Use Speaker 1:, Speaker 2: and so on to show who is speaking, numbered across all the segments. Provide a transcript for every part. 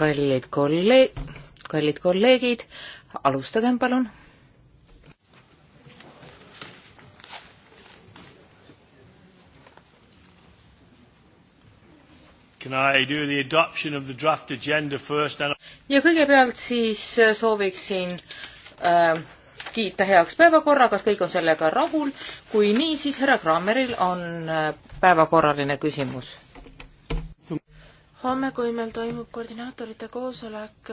Speaker 1: kallid kolleeg-, kallid kolleegid, alustagem palun. Can I do the adoption of the draft agenda first and... ja kõigepealt siis äh, sooviksin äh, kiita heaks päevakorra, kas kõik on sellega rahul, kui nii, siis härra Krammeril on äh, päevakorraline küsimus
Speaker 2: homme, kui meil toimub koordinaatorite koosolek,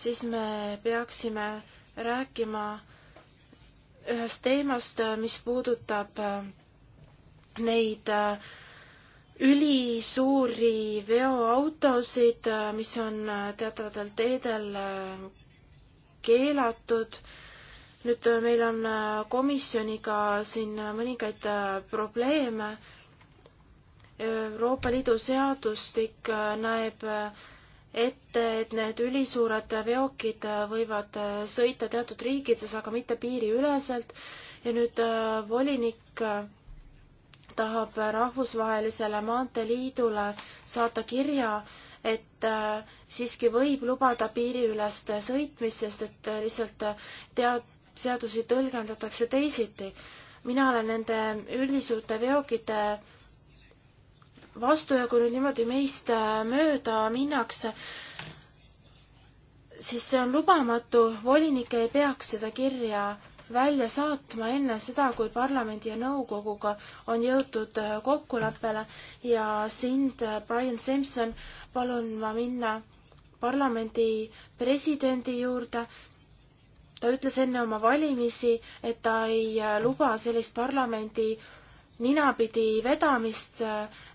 Speaker 2: siis me peaksime rääkima ühest teemast, mis puudutab äh, neid äh, ülisuuri veoautosid, äh, mis on teatavatel teedel keelatud. nüüd meil on komisjoniga siin mõningaid probleeme Euroopa Liidu seadustik äh, näeb äh, ette, et need ülisuured veokid äh, võivad sõita teatud riikides, aga mitte piiriüleselt ja nüüd volinik tahab Rahvusvahelisele Maanteeliidule saata kirja, et siiski võib lubada piiriülest sõitmist, sest et lihtsalt tead-, seadusi tõlgendatakse teisiti. mina olen nende ülisuurte veokite vastu ja kui nüüd niimoodi meist äh, mööda minnakse, siis see on lubamatu, volinik ei peaks seda kirja välja saatma enne seda, kui parlamendi ja nõukoguga on jõutud äh, kokkuleppele ja sind, äh, Brian Simson, palun ma minna parlamendi presidendi juurde. ta ütles enne oma valimisi, et ta ei luba sellist parlamendi ninapidi vedamist,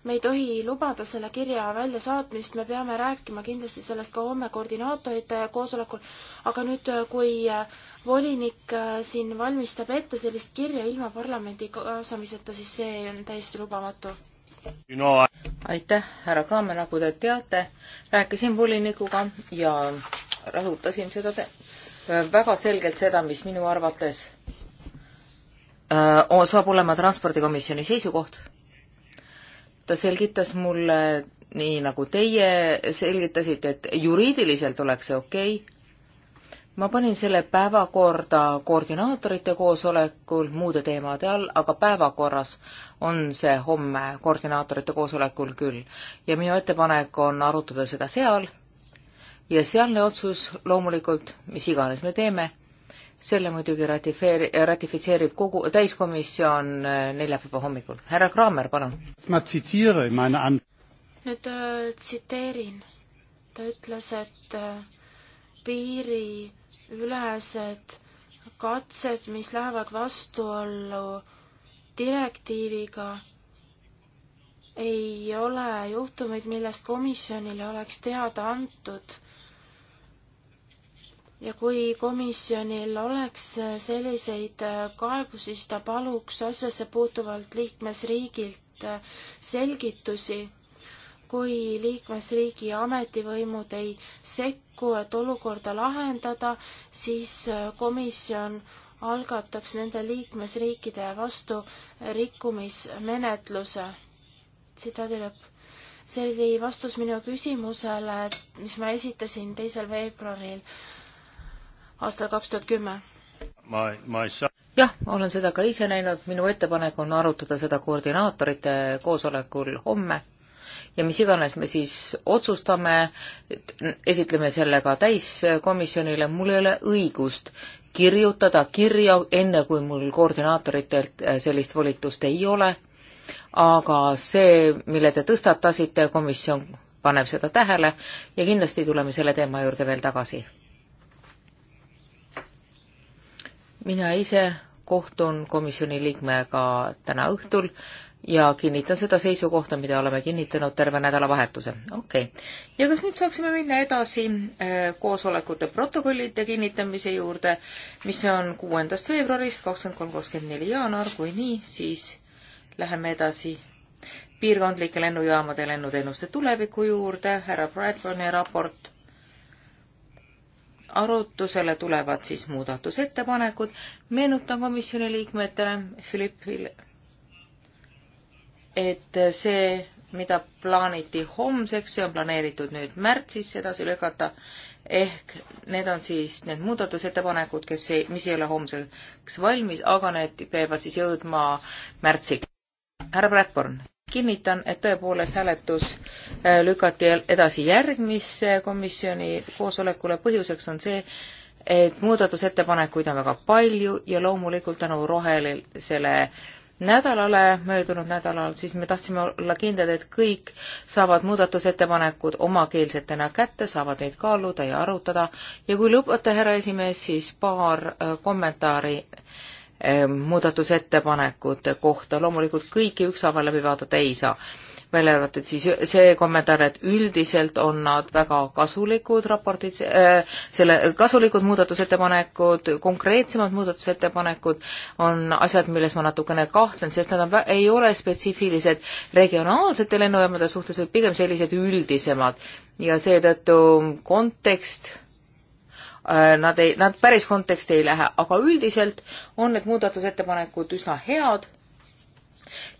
Speaker 2: me ei tohi lubada selle kirja väljasaatmist, me peame rääkima kindlasti sellest ka homme koordinaatorite koosolekul, aga nüüd, kui volinik äh, siin valmistab ette sellist kirja ilma parlamendi kaasamiseta, siis see on
Speaker 1: täiesti lubamatu. No. aitäh, härra Kraame, nagu te teate, rääkisin volinikuga ja rõhutasin seda väga selgelt seda, mis minu arvates Äh, saab olema Transpordikomisjoni seisukoht. ta selgitas mulle, nii nagu teie selgitasite, et juriidiliselt oleks see okei okay., ma panin selle päevakorda koordinaatorite koosolekul muude teemade all, aga päevakorras on see homme koordinaatorite koosolekul küll. ja minu ettepanek on arutada seda seal ja sealne otsus loomulikult, mis iganes me teeme selle muidugi ratifeeri-, ratifitseerib kogu, täiskomisjon äh, neljapäeva hommikul. härra Kraamer, palun.
Speaker 3: ma tsiteerin, ma annan.
Speaker 2: nüüd äh, tsiteerin. ta ütles, et äh, piiriülesed katsed, mis lähevad vastuollu direktiiviga, ei ole juhtumeid, millest komisjonile oleks teada antud ja kui komisjonil oleks selliseid kaebusi, siis ta paluks asjasse puutuvalt liikmesriigilt selgitusi, kui liikmesriigi ametivõimud ei sekku, et olukorda lahendada, siis komisjon algataks nende liikmesriikide vastu rikkumismenetluse. tsitaadi lõpp. see oli vastus minu küsimusele, mis ma esitasin teisel veebruaril aastal kaks tuhat kümme.
Speaker 1: jah, ma olen seda ka ise näinud, minu ettepanek on arutada seda koordinaatorite koosolekul homme ja mis iganes me siis otsustame, esitleme selle ka täiskomisjonile, mul ei ole õigust kirjutada kirja, enne kui mul koordinaatoritelt äh, sellist volitust ei ole, aga see, mille te tõstatasite, komisjon paneb seda tähele ja kindlasti tuleme selle teema juurde veel tagasi. mina ise kohtun komisjoni liikmega täna õhtul ja kinnitan seda seisukohta, mida oleme kinnitanud terve nädalavahetuse. okei okay.. ja kas nüüd saaksime minna edasi äh, koosolekute protokollide kinnitamise juurde, mis on kuuendast veebruarist, kakskümmend kolm, kakskümmend neli jaanuar, kui nii, siis läheme edasi piirkondlike lennujaamade lennuteenuste tuleviku juurde, härra Bradburni raport arutusele tulevad siis muudatusettepanekud. meenutan komisjoni liikmetele, Philippile, et see, mida plaaniti homseks, see on planeeritud nüüd märtsis edasi lükata, ehk need on siis need muudatusettepanekud, kes ei, mis ei ole homseks valmis, aga need peavad siis jõudma märtsiks. härra Bradburn kinnitan, et tõepoolest hääletus äh, lükati edasi järgmisse komisjoni koosolekule, põhjuseks on see, et muudatusettepanekuid on väga palju ja loomulikult tänu rohelisele nädalale, möödunud nädalal, siis me tahtsime olla kindlad, et kõik saavad muudatusettepanekud omakeelsetena kätte, saavad neid kaaluda ja arutada ja kui lubate, härra esimees, siis paar äh, kommentaari äh, muudatusettepanekute kohta, loomulikult kõiki ükshaaval läbi vaadata ei saa. välja arvatud siis see kommentaar, et üldiselt on nad väga kasulikud raportid äh,, selle, kasulikud muudatusettepanekud, konkreetsemad muudatusettepanekud on asjad, milles ma natukene kahtlen, sest nad on, ei ole spetsiifilised regionaalsete lennujaamade suhtes, vaid pigem sellised üldisemad ja seetõttu kontekst Äh, nad ei, nad päris konteksti ei lähe, aga üldiselt on need muudatusettepanekud üsna head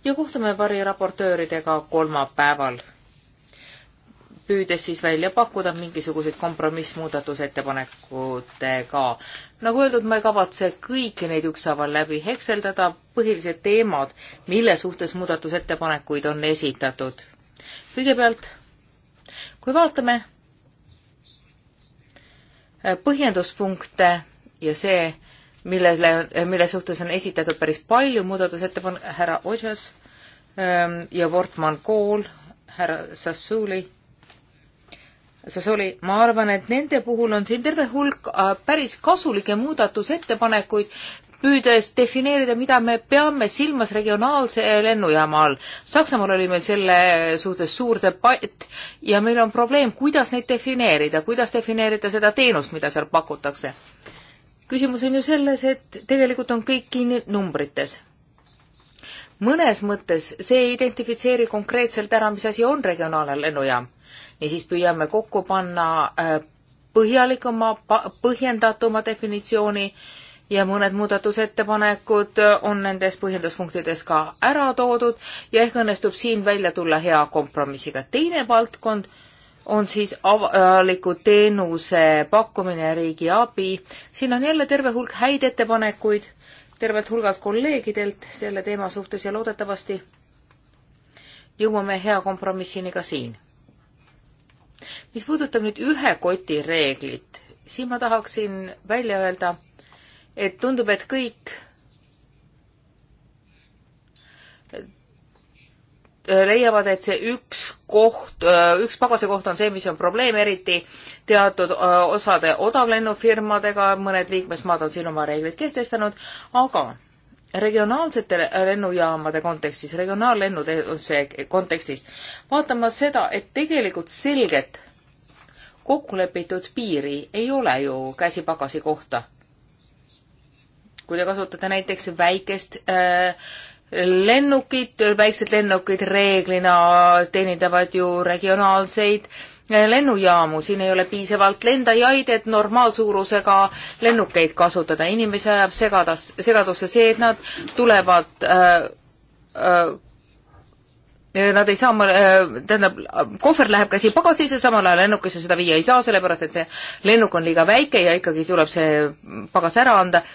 Speaker 1: ja kohtume variraportööridega kolmapäeval, püüdes siis välja pakkuda mingisuguseid kompromissmuudatusettepanekutega. nagu öeldud, ma ei kavatse kõiki neid ükshaaval läbi hekseldada, põhilised teemad, mille suhtes muudatusettepanekuid on esitatud. kõigepealt, kui vaatame põhjenduspunkte ja see, millele, mille suhtes on esitatud päris palju muudatusettepanek, härra Ojas ähm, ja Wortmann Kool, härra Sassuli, Sassuli, ma arvan, et nende puhul on siin terve hulk äh, päris kasulikke muudatusettepanekuid, püüdes defineerida, mida me peame silmas regionaalse lennujaama all. Saksamaal oli meil selle suhtes suur debatt ja meil on probleem, kuidas neid defineerida, kuidas defineerida seda teenust, mida seal pakutakse. küsimus on ju selles, et tegelikult on kõik kinni numbrites mõnes mõttes see ei identifitseeri konkreetselt ära, mis asi on regionaalne lennujaam. niisiis püüame kokku panna äh, põhjalikuma, põhjendatuma definitsiooni äh, ja mõned muudatusettepanekud on nendes põhjenduspunktides ka ära toodud ja ehk õnnestub siin välja tulla hea kompromissiga. teine valdkond on siis avaliku teenuse pakkumine ja riigi abi. siin on jälle terve hulk häid ettepanekuid tervelt hulgalt kolleegidelt selle teema suhtes ja loodetavasti jõuame hea kompromissini ka siin. mis puudutab nüüd ühe koti reeglit, siin ma tahaksin välja öelda, et tundub, et kõik äh, leiavad, et see üks koht, äh, üks pagase koht on see, mis on probleem, eriti teatud äh, osade odavlennufirmadega, mõned liikmesmaad on siin oma reeglid kehtestanud, aga regionaalsete lennujaamade kontekstis, regionaallennude kontekstis, vaatama seda, et tegelikult selget kokkulepitud piiri ei ole ju käsipagasi kohta kui te kasutate näiteks väikest äh, lennukid, väiksed lennukid reeglina teenindavad ju regionaalseid äh, lennujaamu, siin ei ole piisavalt lendajaid, et normaalsuurusega lennukeid kasutada. inimesi ajab segadas, segadusse see, et nad tulevad äh, äh, Nad ei saa, äh, tähendab, kohver läheb käsipagasisse, samal ajal lennukisse seda viia ei saa, sellepärast et see lennuk on liiga väike ja ikkagi tuleb see pagas ära anda äh,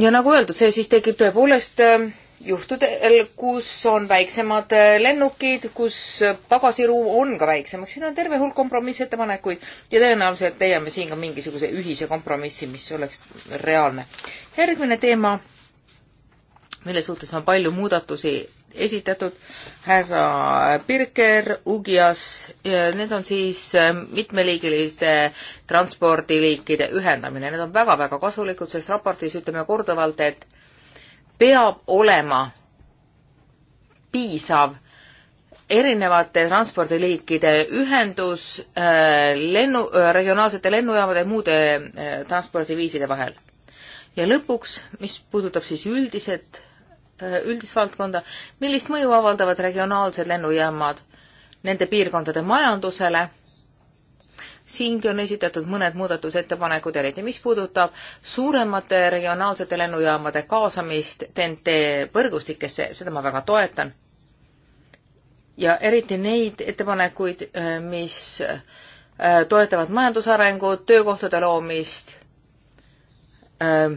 Speaker 1: ja nagu öeldud, see siis tekib tõepoolest äh, juhtudel, kus on väiksemad äh, lennukid, kus äh, pagasiruum on ka väiksemaks, siin on terve hulk kompromissettepanekuid ja tõenäoliselt leiame siin ka mingisuguse ühise kompromissi, mis oleks reaalne. järgmine teema, mille suhtes on palju muudatusi esitatud, härra Birker, Ugias, need on siis ähm, mitmeliigiliste transpordiliikide ühendamine, need on väga-väga kasulikud, sest raportis ütleme korduvalt, et peab olema piisav erinevate transpordiliikide ühendus äh, lennu äh,, regionaalsete lennujaamade ja muude äh, transpordiviiside vahel. ja lõpuks, mis puudutab siis üldiset Äh, üldist valdkonda, millist mõju avaldavad regionaalsed lennujaamad nende piirkondade majandusele, siingi on esitatud mõned muudatusettepanekud, eriti mis puudutab suuremate regionaalsete lennujaamade kaasamist TNT võrgustikesse, seda ma väga toetan. ja eriti neid ettepanekuid, äh, mis äh, toetavad majandusarengut, töökohtade loomist ähm,,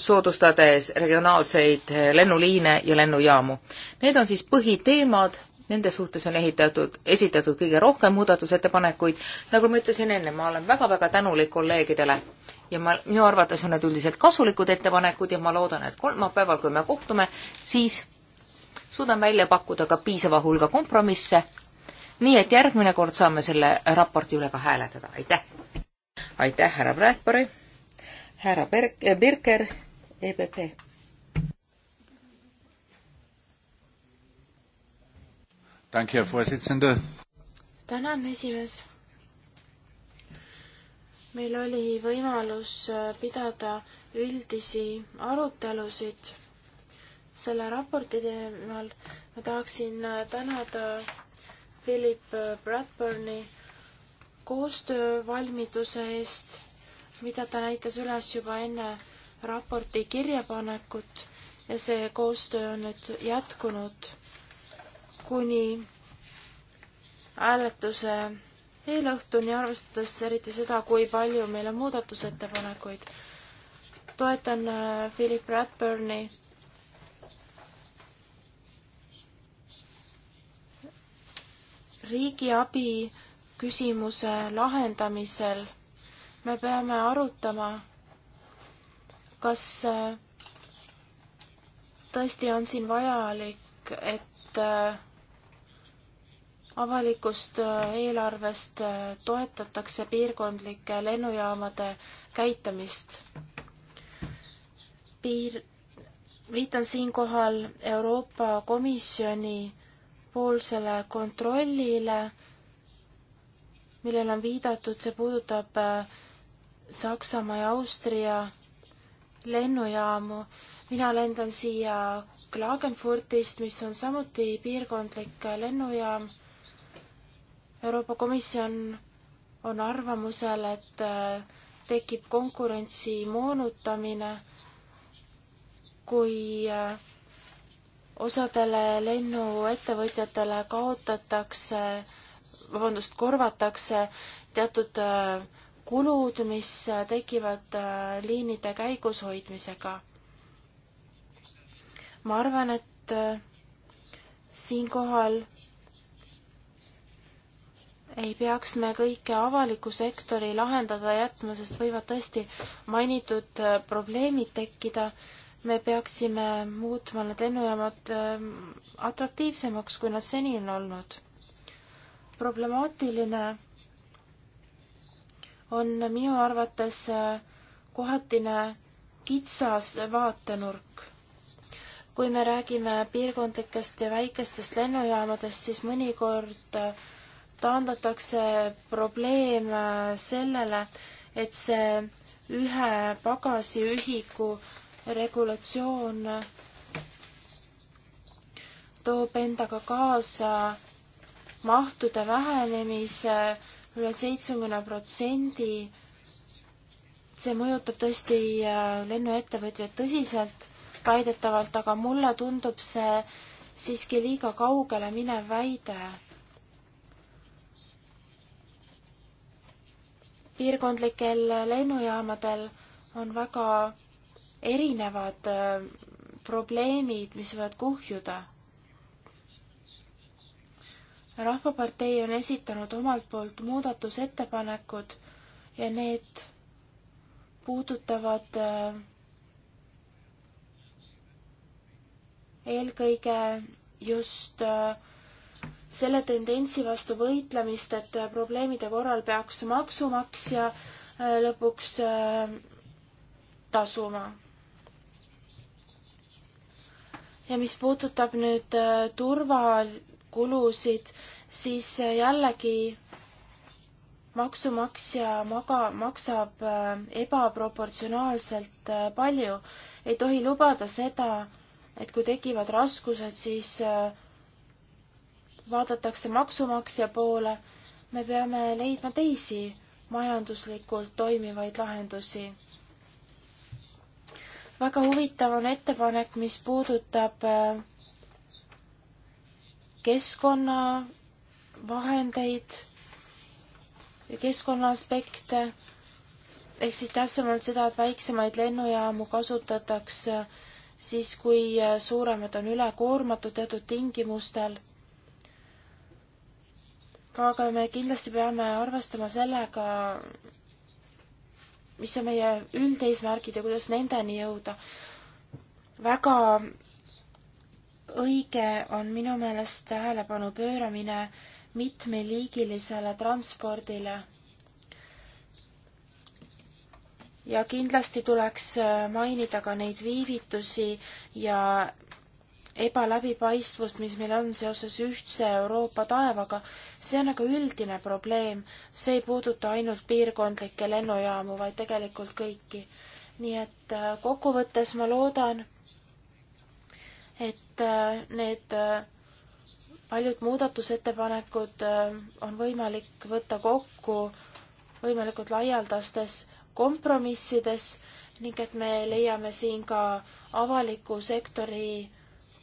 Speaker 1: soodustades regionaalseid eh, lennuliine ja lennujaamu. Need on siis põhiteemad, nende suhtes on ehitatud, esitatud kõige rohkem muudatusettepanekuid, nagu ma ütlesin enne, ma olen väga-väga tänulik kolleegidele ja ma, minu arvates on need üldiselt kasulikud ettepanekud ja ma loodan, et kolmapäeval, kui me kohtume, siis suudan välja pakkuda ka piisava hulga kompromisse, nii et järgmine kord saame selle raporti üle ka hääletada, aitäh! aitäh, härra Bradbury, härra Berk-, Birker EPP.
Speaker 2: tänan, esimees. meil oli võimalus äh, pidada üldisi arutelusid selle raporti teemal. ma tahaksin äh, tänada Philip äh, Bradburni koostöövalmiduse eest, mida ta näitas üles juba enne raporti kirjapanekut ja see koostöö on nüüd jätkunud kuni hääletuse eelõhtuni, arvestades eriti seda, kui palju meil on muudatusettepanekuid. toetan äh, Philip Radburni riigiabi küsimuse lahendamisel me peame arutama kas äh, tõesti on siin vajalik, et äh, avalikust äh, eelarvest toetatakse piirkondlike lennujaamade käitamist? piir, viitan siinkohal Euroopa Komisjoni poolsele kontrollile, millele on viidatud, see puudutab Saksamaa ja Austria lennujaamu. mina lendan siia Klagenfurtist, mis on samuti piirkondlik lennujaam. Euroopa Komisjon on arvamusel, et äh, tekib konkurentsi moonutamine, kui äh, osadele lennuettevõtjatele kaotatakse, vabandust, korvatakse teatud äh, kulud, mis tekivad äh, liinide käigus hoidmisega. ma arvan, et äh, siinkohal ei peaks me kõike avaliku sektori lahendada jätma, sest võivad tõesti mainitud äh, probleemid tekkida. me peaksime muutma need lennujaamad atraktiivsemaks, kui nad seni on olnud. problemaatiline on minu arvates äh, kohatine kitsas vaatenurk. kui me räägime piirkondlikest ja väikestest lennujaamadest, siis mõnikord äh, taandatakse probleem äh, sellele, et see ühe pagasiühiku regulatsioon toob endaga kaasa mahtude vähenemise üle seitsmekümne protsendi. see mõjutab tõesti äh, lennuettevõtjaid tõsiselt, väidetavalt, aga mulle tundub see siiski liiga kaugele minev väide. piirkondlikel lennujaamadel on väga erinevad äh, probleemid, mis võivad kuhjuda rahvapartei on esitanud omalt poolt muudatusettepanekud ja need puudutavad äh, eelkõige just äh, selle tendentsi vastu võitlemist, et äh, probleemide korral peaks maksumaksja lõpuks tasuma. ja mis puudutab nüüd turva kulusid, siis jällegi maksumaksja maga-, maksab äh, ebaproportsionaalselt äh, palju. ei tohi lubada seda, et kui tekivad raskused, siis äh, vaadatakse maksumaksja poole. me peame leidma teisi majanduslikult toimivaid lahendusi. väga huvitav on ettepanek, mis puudutab äh, keskkonnavahendeid ja keskkonnaaspekte, ehk siis täpsemalt seda, et väiksemaid lennujaamu kasutatakse siis, kui suuremad on ülekoormatud teatud tingimustel. aga me kindlasti peame arvestama sellega, mis on meie üldeesmärgid ja kuidas nendeni jõuda. väga õige on minu meelest tähelepanu pööramine mitmeliigilisele transpordile. ja kindlasti tuleks mainida ka neid viivitusi ja ebaläbipaistvust, mis meil on seoses ühtse Euroopa taevaga, see on aga üldine probleem, see ei puuduta ainult piirkondlikke lennujaamu, vaid tegelikult kõiki. nii et kokkuvõttes ma loodan, et äh, need äh, paljud muudatusettepanekud äh, on võimalik võtta kokku võimalikult laialdastes kompromissides ning et me leiame siin ka avaliku sektori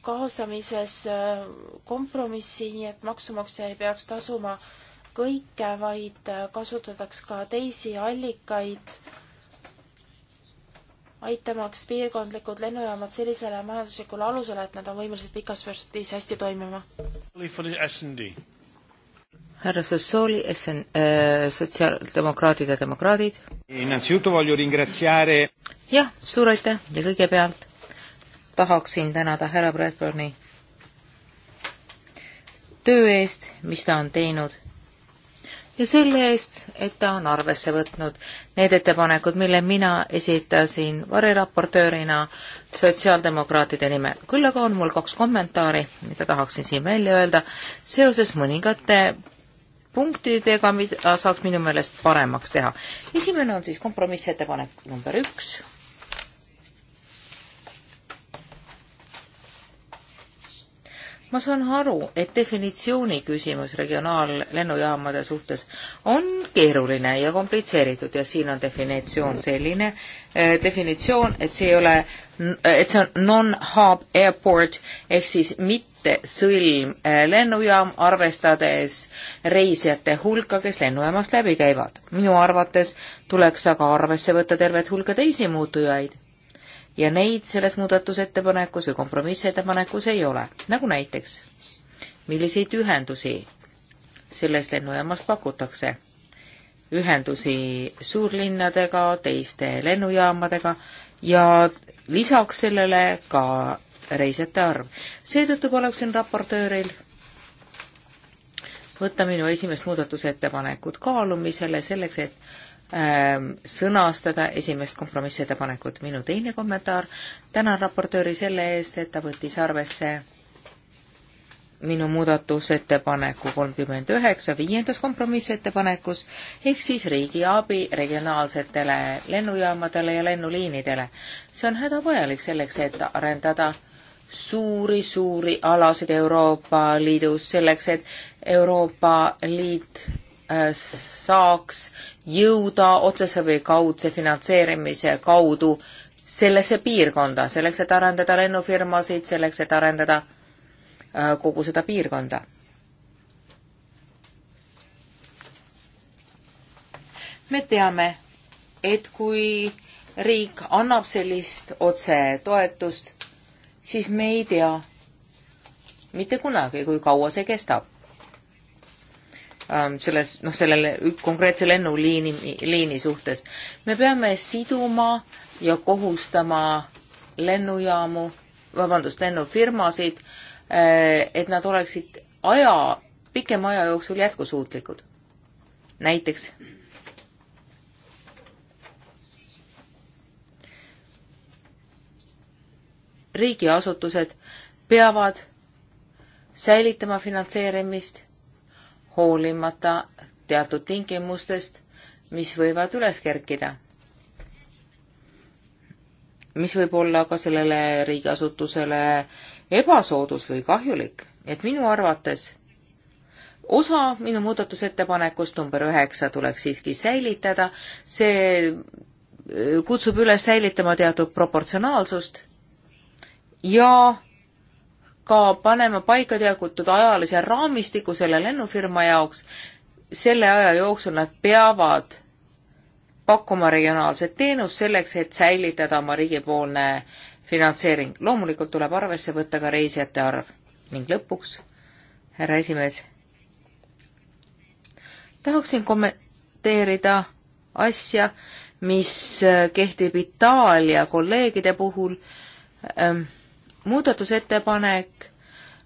Speaker 2: kaasamises kompromissi, nii et maksumaksja ei peaks tasuma kõike, vaid kasutataks ka teisi allikaid aitamaks piirkondlikud lennujaamad sellisele majanduslikule alusele, et nad on võimelised pikas perspektiivis hästi toimima.
Speaker 1: härra Sassoli, SN äh,, sotsiaaldemokraadid ja demokraadid. jah, suur aitäh ja kõigepealt tahaksin tänada härra Bradburni töö eest, mis ta on teinud ja selle eest, et ta on arvesse võtnud need ettepanekud, mille mina esitasin variraportöörina sotsiaaldemokraatide nimel. küll aga on mul kaks kommentaari, mida tahaksin siin välja öelda seoses mõningate punktidega, mida saaks minu meelest paremaks teha. esimene on siis kompromissettepanek number üks ma saan aru, et definitsiooni küsimus regionaallennujaamade suhtes on keeruline ja komplitseeritud ja siin on definitsioon selline eh, definitsioon, et see ei ole, et see on non-hub airport ehk siis mitte sõlm eh, lennujaam, arvestades reisijate hulka, kes lennujaamast läbi käivad. minu arvates tuleks aga arvesse võtta tervet hulka teisi muutujaid ja neid selles muudatusettepanekus või kompromissettepanekus ei ole, nagu näiteks milliseid ühendusi sellest lennujaamast pakutakse. ühendusi suurlinnadega, teiste lennujaamadega ja lisaks sellele ka reisijate arv. seetõttu paluksin raportööril võtta minu esimest muudatusettepanekut kaalumisele selleks, et Ähm, sõnastada esimest kompromissettepanekut. minu teine kommentaar, tänan raportööri selle eest, et ta võttis arvesse minu muudatusettepaneku kolmkümmend üheksa viiendas kompromissettepanekus ehk siis riigiabi regionaalsetele lennujaamadele ja lennuliinidele. see on hädavajalik selleks, et arendada suuri-suuri alasid Euroopa Liidus, selleks et Euroopa Liit Äh, saaks jõuda otsese või kaudse finantseerimise kaudu sellesse piirkonda, selleks et arendada lennufirmasid, selleks et arendada äh, kogu seda piirkonda. me teame, et kui riik annab sellist otsetoetust, siis me ei tea mitte kunagi, kui kaua see kestab Ähm, selles, noh, sellele konkreetse lennuliini, liini suhtes. me peame siduma ja kohustama lennujaamu, vabandust, lennufirmasid, äh, et nad oleksid aja, pikema aja jooksul jätkusuutlikud. näiteks riigiasutused peavad säilitama finantseerimist hoolimata teatud tingimustest, mis võivad üles kerkida. mis võib olla ka sellele riigiasutusele ebasoodus või kahjulik, et minu arvates osa minu muudatusettepanekust number üheksa tuleks siiski säilitada, see kutsub üles säilitama teatud proportsionaalsust ja ka panema paika teatud ajalise raamistiku selle lennufirma jaoks. selle aja jooksul nad peavad pakkuma regionaalset teenust selleks, et säilitada oma riigipoolne finantseering. loomulikult tuleb arvesse võtta ka reisijate arv. ning lõpuks, härra esimees, tahaksin kommenteerida asja, mis kehtib Itaalia kolleegide puhul ähm, muudatusettepanek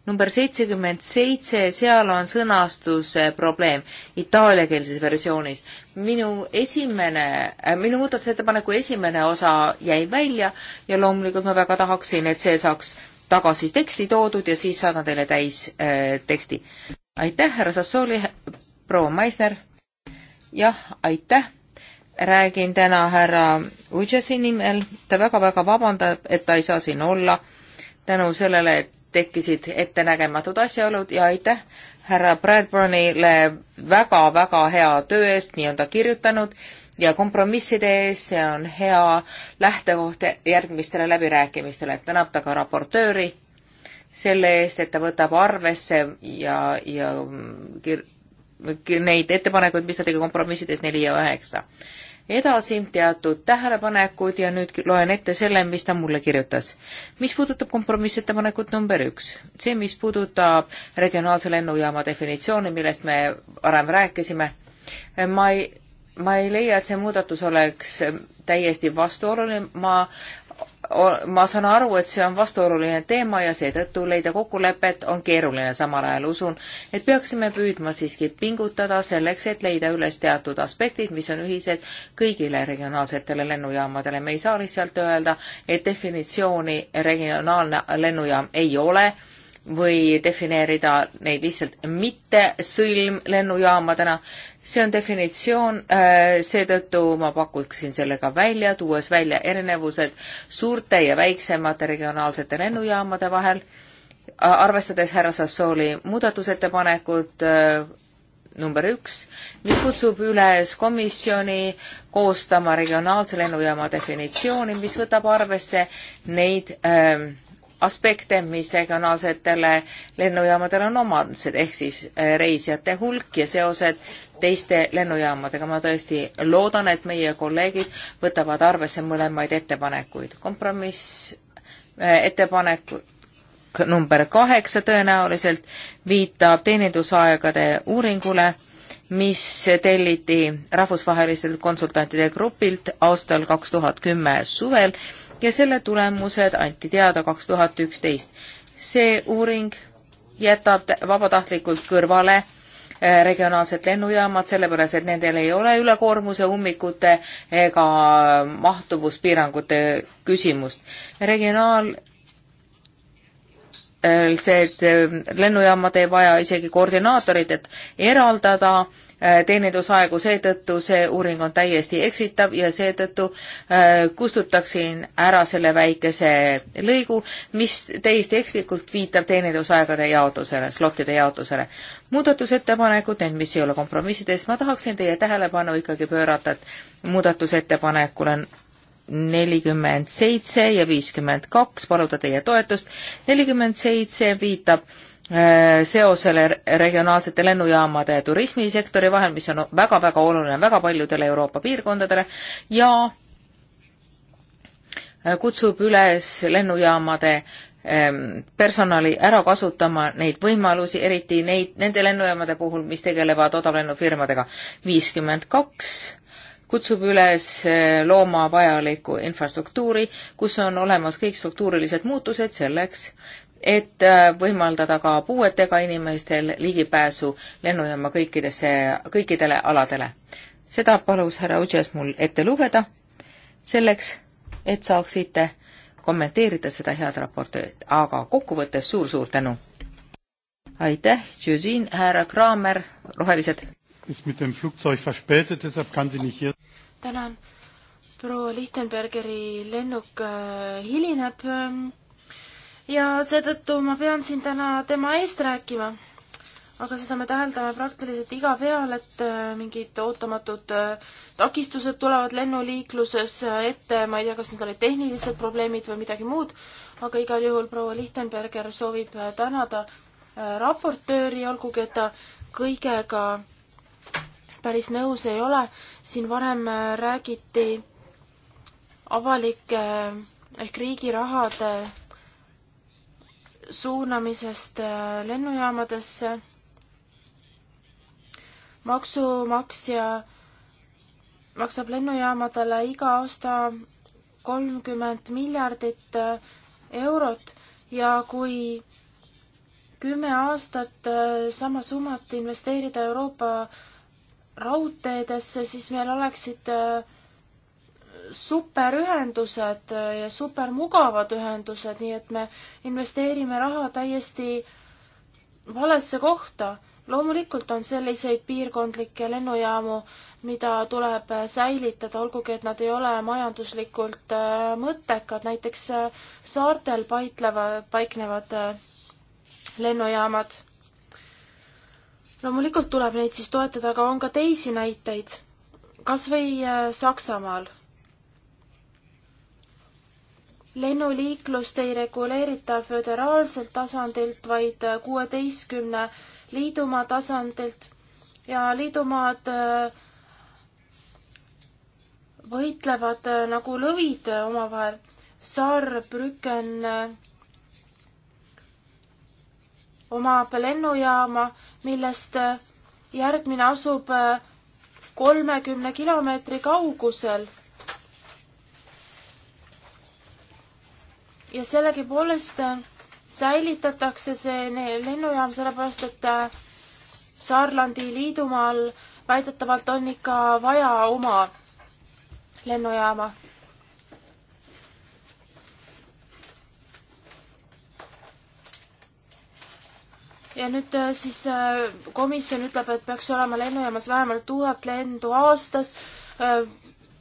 Speaker 1: number seitsekümmend seitse, seal on sõnastuse probleem itaaliakeelses versioonis. minu esimene, äh, minu muudatusettepaneku esimene osa jäi välja ja loomulikult ma väga tahaksin, et see saaks tagasi teksti toodud ja siis saadan teile täis äh, teksti. aitäh, härra Sassooli, proua Maisner. jah, aitäh. räägin täna härra Udžesi nimel, ta väga-väga vabandab, et ta ei saa siin olla tänu sellele, et tekkisid ettenägematud asjaolud ja aitäh härra Bradburnile väga-väga hea töö eest, nii on ta kirjutanud, ja kompromisside ees, see on hea lähtekoht järgmistele läbirääkimistele, tänab ta ka raportööri selle eest, et ta võtab arvesse ja, ja kir-, neid ettepanekuid, mis ta tegi kompromissides neli ja üheksa edasi teatud tähelepanekud ja nüüd loen ette selle, mis ta mulle kirjutas. mis puudutab kompromissettepanekut number üks, see, mis puudutab regionaalse lennujaama definitsiooni, millest me varem rääkisime, ma ei ma ei leia, et see muudatus oleks täiesti vastuoluline, ma ma saan aru, et see on vastuoluline teema ja seetõttu leida kokkulepet on keeruline, samal ajal usun, et peaksime püüdma siiski pingutada selleks, et leida üles teatud aspektid, mis on ühised kõigile regionaalsetele lennujaamadele. me ei saa lihtsalt öelda, et definitsiooni regionaalne lennujaam ei ole või defineerida neid lihtsalt mitte sõlmlennujaamadena see on definitsioon, äh, seetõttu ma pakuksin sellega välja, tuues välja erinevused suurte ja väiksemate regionaalsete lennujaamade vahel, arvestades härra Sassooli muudatusettepanekut äh, number üks, mis kutsub üles komisjoni koostama regionaalse lennujaama definitsiooni, mis võtab arvesse neid ähm, aspekte, mis regionaalsetele lennujaamadele on omased, ehk siis äh, reisijate hulk ja seosed teiste lennujaamadega. ma tõesti loodan, et meie kolleegid võtavad arvesse mõlemaid ettepanekuid. kompromiss äh, ettepanek number kaheksa tõenäoliselt viitab teenindusaegade uuringule, mis telliti rahvusvahelistelt konsultantide grupilt aastal kaks tuhat kümme suvel ja selle tulemused anti teada kaks tuhat üksteist. see uuring jätab vabatahtlikult kõrvale Eh, regionaalsed lennujaamad, sellepärast et nendel ei ole ülekoormuse ummikute ega mahtuvuspiirangute küsimust. regionaal eh, see, et eh, lennujaamad ei vaja isegi koordinaatorit, et eraldada äh, Äh, teenindusaegu, seetõttu see uuring on täiesti eksitav ja seetõttu äh, kustutaksin ära selle väikese lõigu, mis täiesti ekslikult viitab teenindusaegade jaotusele, slotide jaotusele. muudatusettepanekud, need, mis ei ole kompromissidest, ma tahaksin teie tähelepanu ikkagi pöörata, et muudatusettepanekul on nelikümmend seitse ja viiskümmend kaks, paluda teie toetust. nelikümmend seitse viitab äh, Äh, seosele regionaalsete lennujaamade ja turismisektori vahel, mis on väga-väga oluline väga paljudele Euroopa piirkondadele ja äh, kutsub üles lennujaamade ähm, personali ära kasutama neid võimalusi, eriti neid, nende lennujaamade puhul, mis tegelevad odavlennufirmadega. viiskümmend kaks kutsub üles äh, looma vajalikku infrastruktuuri, kus on olemas kõik struktuurilised muutused selleks, et äh, võimaldada ka puuetega inimestel ligipääsu lennujaama kõikidesse, kõikidele aladele. seda palus härra Udžes mul ette lugeda, selleks et saaksite kommenteerida seda head raportööd, aga kokkuvõttes suur-suur tänu! aitäh, Jüzin, härra Kraamer, Rohelised!
Speaker 2: tänan! proua Lichtenbergeri lennuk äh, hilineb ähm, ja seetõttu ma pean siin täna tema eest rääkima. aga seda me täheldame praktiliselt iga peal, et äh, mingid ootamatud äh, takistused tulevad lennuliikluses äh, ette, ma ei tea, kas need olid tehnilised probleemid või midagi muud, aga igal juhul proua Lichtenberger soovib tänada raportööri, olgugi et ta kõigega päris nõus ei ole, siin varem räägiti avalike ehk riigi rahade suunamisest äh, lennujaamadesse. maksumaksja maksab lennujaamadele iga aasta kolmkümmend miljardit äh, eurot ja kui kümme aastat äh, sama summat investeerida Euroopa raudteedesse, siis meil oleksid äh, superühendused ja supermugavad ühendused, nii et me investeerime raha täiesti valesse kohta. loomulikult on selliseid piirkondlikke lennujaamu, mida tuleb säilitada, olgugi et nad ei ole majanduslikult äh, mõttekad, näiteks äh, saartel paitleva, paiknevad äh, lennujaamad. loomulikult tuleb neid siis toetada, aga on ka teisi näiteid, kas või Saksamaal lennuliiklust ei reguleerita föderaalselt tasandilt, vaid kuueteistkümne liidumaa tasandilt ja liidumaad äh, võitlevad äh, nagu lõvid omavahel. Saarbrücken äh, omab lennujaama, millest järgmine asub kolmekümne kilomeetri kaugusel ja sellegipoolest äh, säilitatakse see lennujaam sellepärast, et äh, Saarlandi liidumaal väidetavalt on ikka vaja oma lennujaama. ja nüüd äh, siis komisjon ütleb, et peaks olema lennujaamas vähemalt tuhat lendu aastas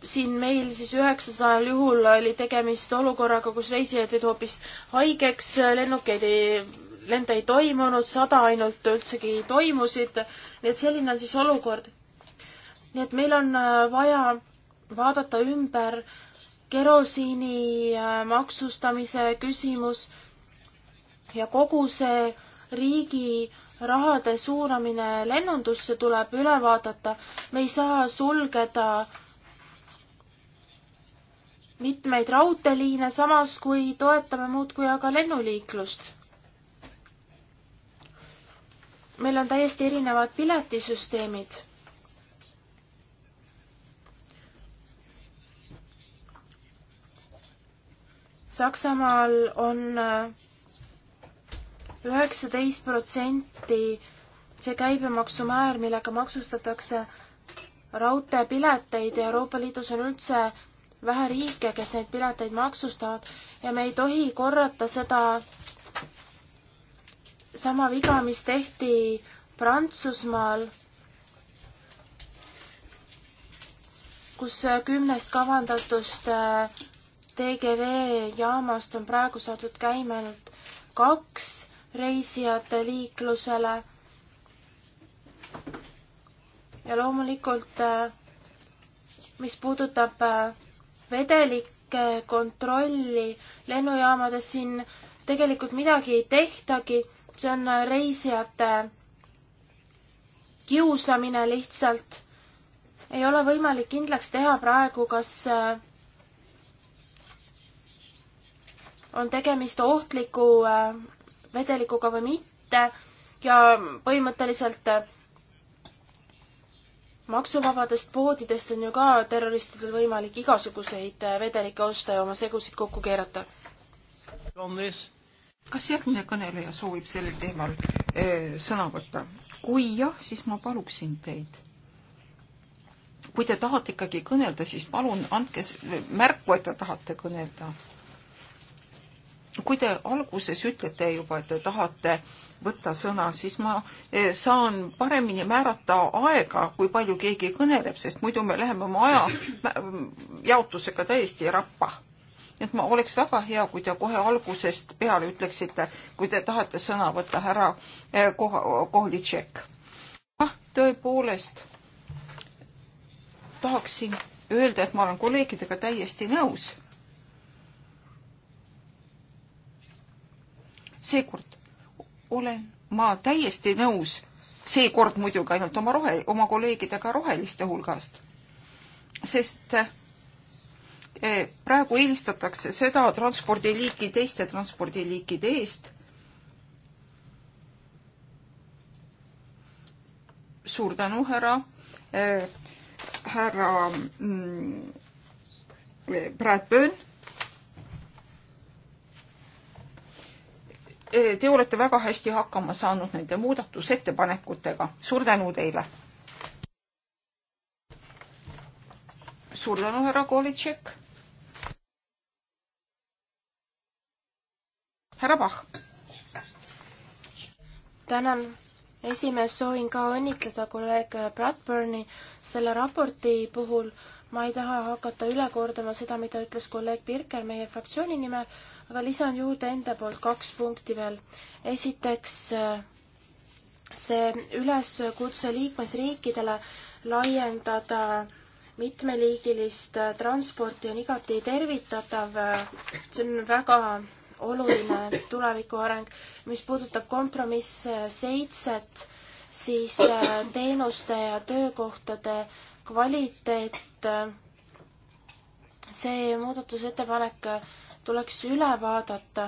Speaker 2: siin meil siis üheksasajal juhul oli tegemist olukorraga, kus reisijad jäid hoopis haigeks, lennukeid ei, lende ei toimunud, sada ainult üldsegi toimusid, nii et selline on siis olukord. nii et meil on äh, vaja vaadata ümber kerosiini äh, maksustamise küsimus ja kogu see riigi rahade suunamine lennundusse tuleb üle vaadata. me ei saa sulgeda äh, mitmeid raudteeliine, samas kui toetame muudkui aga lennuliiklust. meil on täiesti erinevad piletisüsteemid. Saksamaal on äh, üheksateist protsenti see käibemaksumäär, millega maksustatakse raudteepileteid ja Euroopa Liidus on üldse vähe riike, kes neid pileteid maksustavad ja me ei tohi korrata seda sama viga, mis tehti Prantsusmaal, kus kümnest kavandatust äh, TGV jaamast on praegu saadud käima ainult kaks reisijate liiklusele. ja loomulikult, äh, mis puudutab äh, vedelike äh, kontrolli lennujaamades siin tegelikult midagi ei tehtagi, see on äh, reisijate kiusamine lihtsalt. ei ole võimalik kindlaks teha praegu, kas äh, on tegemist ohtliku vedelikuga või mitte ja põhimõtteliselt maksuvabadest poodidest on ju ka terroristidel võimalik igasuguseid äh, vedelikke osta ja oma segusid
Speaker 3: kokku keerata. kas järgmine kõneleja soovib sellel teemal öö, äh, sõna võtta? kui jah, siis ma paluksin teid. kui te tahate ikkagi kõnelda, siis palun andke märku, et te tahate kõnelda. kui te alguses ütlete juba, et te tahate võtta sõna, siis ma eh, saan paremini määrata aega, kui palju keegi kõneleb, sest muidu me läheme oma aja jaotusega täiesti rappa. et ma oleks väga hea, kui te kohe algusest peale ütleksite, kui te tahate sõna võtta, härra eh, Kohlitšek. jah, tõepoolest tahaksin öelda, et ma olen kolleegidega täiesti nõus. seekord olen ma täiesti nõus, seekord muidugi ainult oma rohe, oma kolleegidega roheliste hulgast, sest eh, praegu eelistatakse seda transpordiliiki teiste transpordiliikide eest. suur tänu, härra, eh, härra mm, eh, Brad Byrne te olete väga hästi hakkama saanud nende muudatusettepanekutega. suur tänu teile. suur tänu, härra Kolitšek. härra Pahh.
Speaker 2: tänan esimees, soovin ka õnnitleda kolleeg Bradburni selle raporti puhul. ma ei taha hakata üle kordama seda, mida ütles kolleeg Birker meie fraktsiooni nimel, aga lisan juurde enda poolt kaks punkti veel. esiteks see üleskutse liikmesriikidele laiendada mitmeliigilist transporti on igati tervitatav. see on väga oluline tulevikuareng. mis puudutab kompromiss seitset, siis äh, teenuste ja töökohtade kvaliteet, äh, see muudatusettepanek tuleks üle vaadata.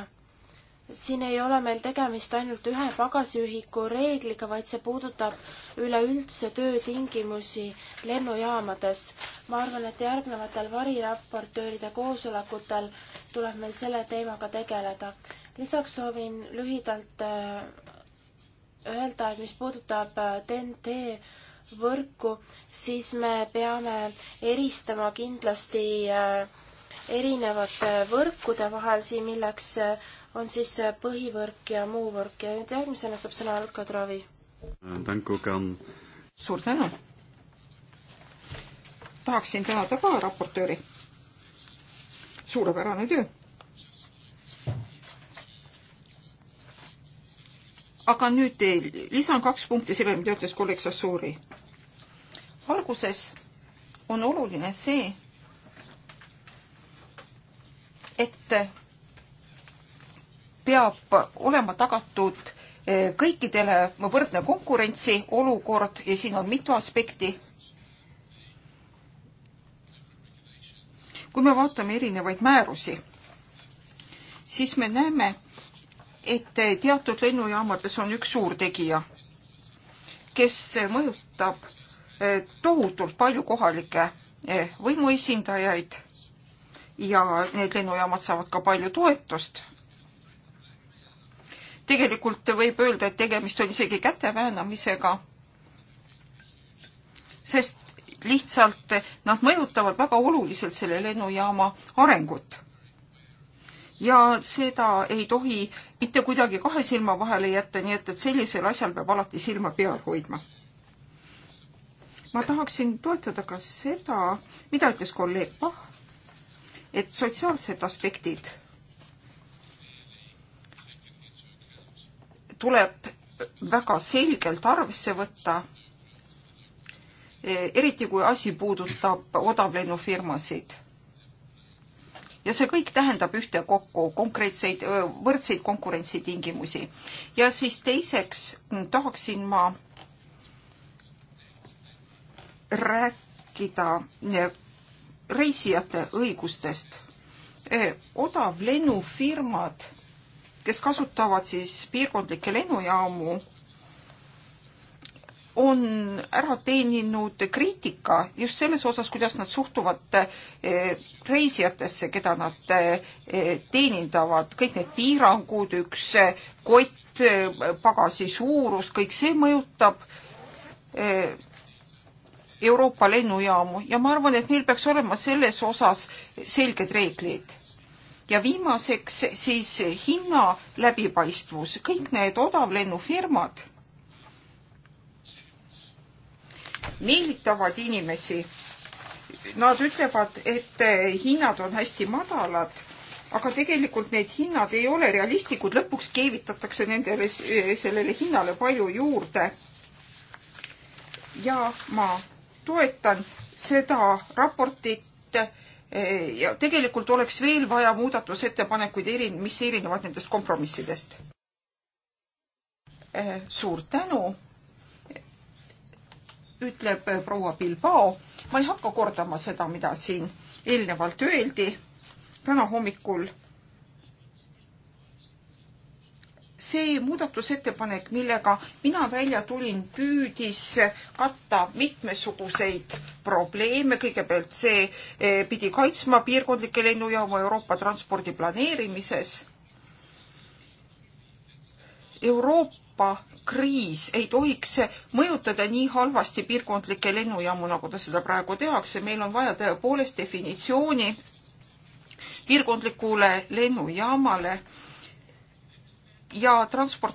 Speaker 2: siin ei ole meil tegemist ainult ühe pagasiühiku reegliga, vaid see puudutab üleüldse töötingimusi lennujaamades. ma arvan, et järgnevatel variraportööride koosolekutel tuleb meil selle teemaga tegeleda. lisaks soovin lühidalt äh, öelda, et mis puudutab TNT äh, võrku, siis me peame eristama kindlasti äh, erinevate äh, võrkude vahel siin, milleks äh, on siis äh, põhivõrk ja muu võrk ja nüüd järgmisena
Speaker 3: saab sõna Alko Travi. suur tänu! tahaksin tänada ka raportööri. suurepärane töö! aga nüüd lisan kaks punkti sellele, mida ütles kolleeg Sassuuri. alguses on oluline see, et peab olema tagatud eh, kõikidele võrdne konkurentsi olukord ja siin on mitu aspekti. kui me vaatame erinevaid määrusi, siis me näeme, et teatud lennujaamades on üks suurtegija, kes mõjutab eh, tohutult palju kohalikke eh, võimuesindajaid ja need lennujaamad saavad ka palju toetust. tegelikult võib öelda, et tegemist on isegi käteväänamisega, sest lihtsalt nad mõjutavad väga oluliselt selle lennujaama arengut. ja seda ei tohi mitte kuidagi kahe silma vahele jätta, nii et, et sellisel asjal peab alati silma peal hoidma. ma tahaksin toetada ka seda, mida ütles kolleeg Pahv, et sotsiaalsed aspektid tuleb väga selgelt arvesse võtta, eriti kui asi puudutab odavlennufirmasid. ja see kõik tähendab ühtekokku konkreetseid võrdseid konkurentsitingimusi. ja siis teiseks tahaksin ma rääkida reisijate õigustest. E, odavlennufirmad, kes kasutavad siis piirkondlikke lennujaamu, on ära teeninud kriitika just selles osas, kuidas nad suhtuvad e, reisijatesse, keda nad e, teenindavad, kõik need piirangud, üks kott, pagasi suurus, kõik see mõjutab Euroopa lennujaamu ja ma arvan, et meil peaks olema selles osas selged reeglid. ja viimaseks siis hinna läbipaistvus, kõik need odavlennufirmad meelitavad inimesi. Nad ütlevad, et hinnad on hästi madalad, aga tegelikult need hinnad ei ole realistlikud, lõpuks keevitatakse nendele, sellele hinnale palju juurde ja ma toetan seda raportit eh, ja tegelikult oleks veel vaja muudatusettepanekuid, mis erinevad nendest kompromissidest. Eh, suur tänu, ütleb eh, proua Bilbao. ma ei hakka kordama seda, mida siin eelnevalt öeldi. täna hommikul see muudatusettepanek, millega mina välja tulin, püüdis katta mitmesuguseid probleeme, kõigepealt see eh, pidi kaitsma piirkondlikke lennujaama Euroopa transpordi planeerimises. Euroopa kriis ei tohiks mõjutada nii halvasti piirkondlikke lennujaamu, nagu ta seda praegu tehakse, meil on vaja tõepoolest definitsiooni piirkondlikule lennujaamale ja transport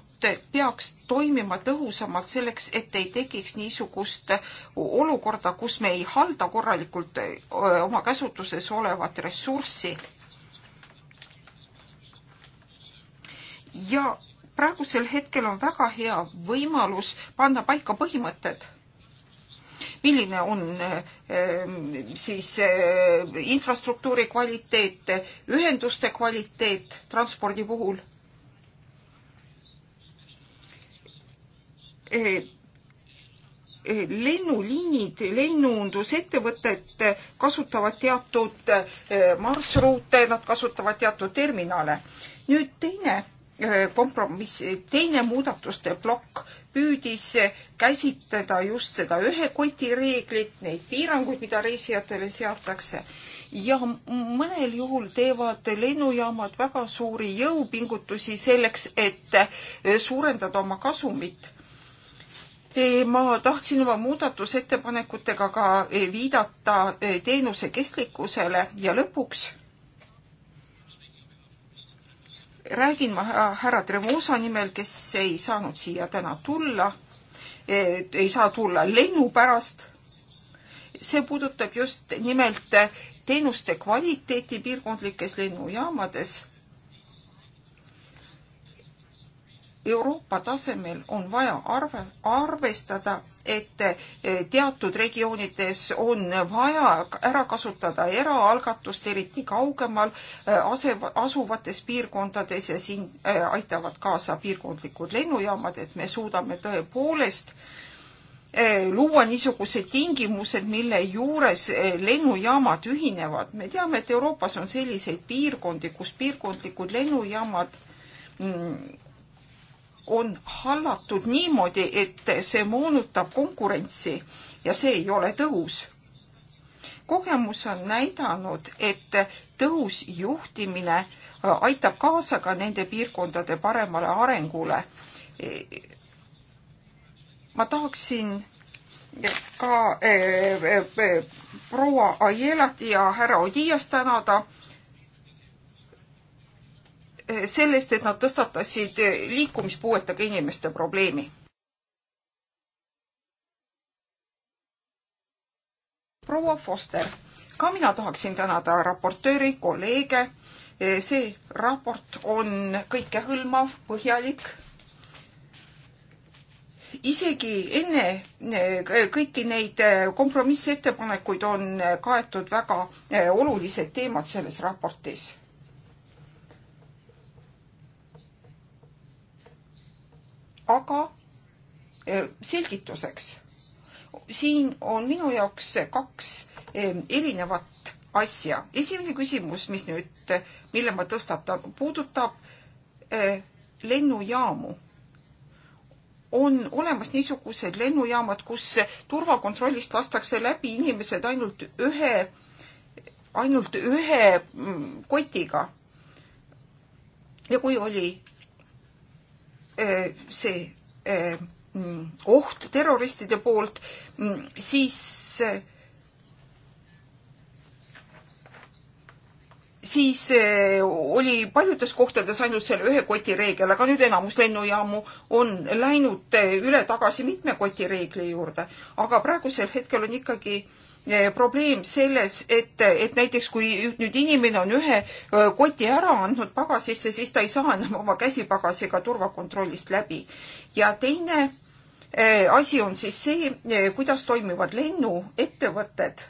Speaker 3: peaks toimima tõhusamalt selleks, et ei tekiks niisugust olukorda, kus me ei halda korralikult oma käsutuses olevat ressurssi. ja praegusel hetkel on väga hea võimalus panna paika põhimõtted, milline on siis infrastruktuuri kvaliteet, ühenduste kvaliteet transpordi puhul Eh, eh, lennuliinid, lennundusettevõtted kasutavad teatud eh, marsruute, nad kasutavad teatud terminale. nüüd teine kompromiss, teine muudatuste plokk püüdis käsitleda just seda ühe koti reeglit, neid piiranguid, mida reisijatele seatakse ja mõnel juhul teevad lennujaamad väga suuri jõupingutusi selleks, et suurendada oma kasumit ma tahtsin oma muudatusettepanekutega ka eh, viidata eh, teenuse kestlikkusele ja lõpuks räägin ma härra Tremosa nimel, kes ei saanud siia täna tulla, eh, ei saa tulla lennu pärast. see puudutab just nimelt teenuste kvaliteeti piirkondlikes lennujaamades Euroopa tasemel on vaja arve, arvestada, et eh, teatud regioonides on vaja ära kasutada eraalgatust, eriti kaugemal eh, ase, asuvates piirkondades ja siin eh, aitavad kaasa piirkondlikud lennujaamad, et me suudame tõepoolest luua niisugused tingimused, mille juures lennujaamad ühinevad. me teame, et Euroopas on selliseid piirkondi, kus piirkondlikud lennujaamad mm, on hallatud niimoodi, et see moonutab konkurentsi ja see ei ole tõhus. kogemus on näidanud, et tõhus juhtimine aitab kaasa ka nende piirkondade paremale arengule. ma tahaksin ka eh, eh, eh, proua Aielat ja härra Odijas tänada sellest, et nad tõstatasid liikumispuuetega inimeste probleemi. proua Foster, ka mina tahaksin tänada raportööri, kolleege. see raport on kõikehõlmav, põhjalik isegi enne kõiki neid kompromissettepanekuid on kaetud väga eh, olulised teemad selles raportis. aga selgituseks, siin on minu jaoks kaks erinevat asja. esimene küsimus, mis nüüd, mille ma tõstatan, puudutab lennujaamu on olemas niisugused lennujaamad, kus turvakontrollist lastakse läbi inimesed ainult ühe, ainult ühe mm, kotiga. ja kui oli Äh, see äh, mm, oht terroristide poolt, mm, siis, äh, siis oli paljudes kohtades ainult selle ühe koti reegel, aga nüüd enamus lennujaamu on läinud üle tagasi mitme koti reegli juurde. aga praegusel hetkel on ikkagi äh, Äh, probleem selles, et, et näiteks kui nüüd inimene on ühe äh, koti ära andnud pagasisse, siis ta ei saa enam oma käsipagasiga turvakontrollist läbi. ja teine äh, asi on siis see, kuidas toimivad lennuettevõtted.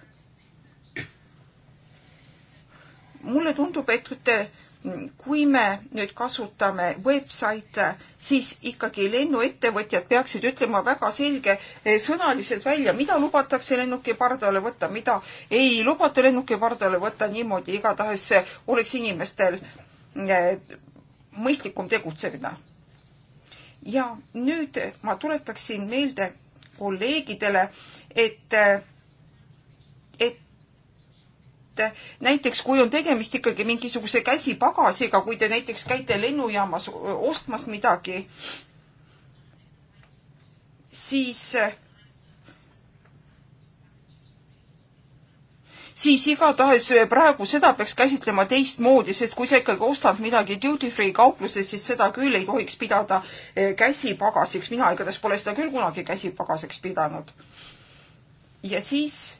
Speaker 3: mulle tundub, et kui me nüüd kasutame website, siis ikkagi lennuettevõtjad peaksid ütlema väga selge eh, sõnaliselt välja, mida lubatakse lennuki pardale võtta, mida ei lubata lennuki pardale võtta, niimoodi igatahes oleks inimestel eh, mõistlikum tegutsemine. ja nüüd ma tuletaksin meelde kolleegidele, et eh, et näiteks kui on tegemist ikkagi mingisuguse käsipagasiga, kui te näiteks käite lennujaamas ostmas midagi, siis siis igatahes praegu seda peaks käsitlema teistmoodi, sest kui sa ikkagi ostad midagi duty free kaupluses, siis seda küll ei tohiks pidada eh, käsipagasiks, mina igatahes pole seda küll kunagi käsipagaseks pidanud. ja siis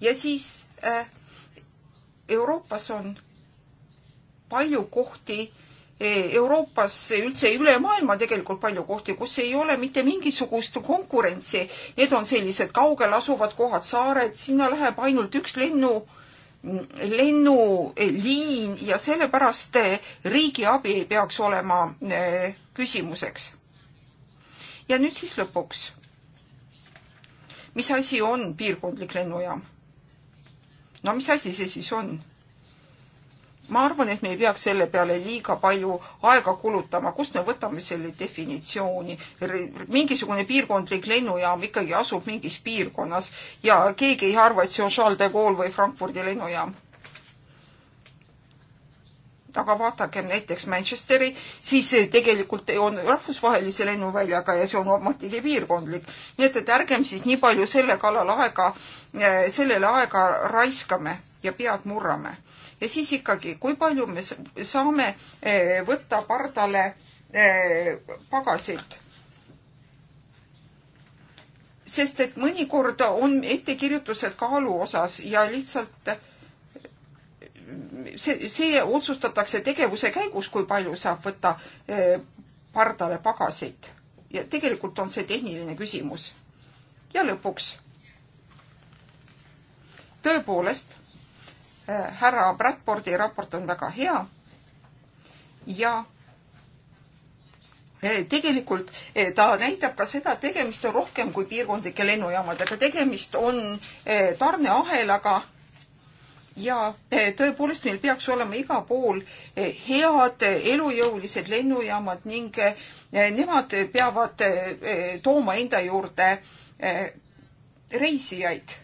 Speaker 3: ja siis äh, Euroopas on palju kohti, äh, Euroopas üldse üle maailma tegelikult palju kohti, kus ei ole mitte mingisugust konkurentsi. Need on sellised kaugel asuvad kohad, saared, sinna läheb ainult üks lennu, lennuliin äh, ja sellepärast äh, riigiabi ei peaks olema küsimuseks. ja nüüd siis lõpuks. mis asi on piirkondlik lennujaam? no mis asi see siis on? ma arvan, et me ei peaks selle peale liiga palju aega kulutama, kust me võtame selle definitsiooni. mingisugune piirkondlik lennujaam ikkagi asub mingis piirkonnas ja keegi ei arva, et see on Charles de Gaulle või Frankfurdi lennujaam aga vaadakem näiteks Manchesteri, siis tegelikult on rahvusvahelise lennuväljaga ja see on ometigi piirkondlik. nii et, et ärgem siis nii palju selle kallal aega, eh, sellele aega raiskame ja pead murrame. ja siis ikkagi, kui palju me saame eh, võtta pardale eh, pagasit sest et mõnikord on ettekirjutused kaalu osas ja lihtsalt see, see otsustatakse tegevuse käigus, kui palju saab võtta eh, pardale pagasit. ja tegelikult on see tehniline küsimus. ja lõpuks. tõepoolest, eh, härra Bradfordi raport on väga hea ja eh, tegelikult ta näitab ka seda, et tegemist on rohkem kui piirkondlike lennujaamadega, tegemist on tarneahelaga ja eh, tõepoolest meil peaks olema igal pool eh, head eh, elujõulised lennujaamad ning nemad peavad tooma enda juurde reisijaid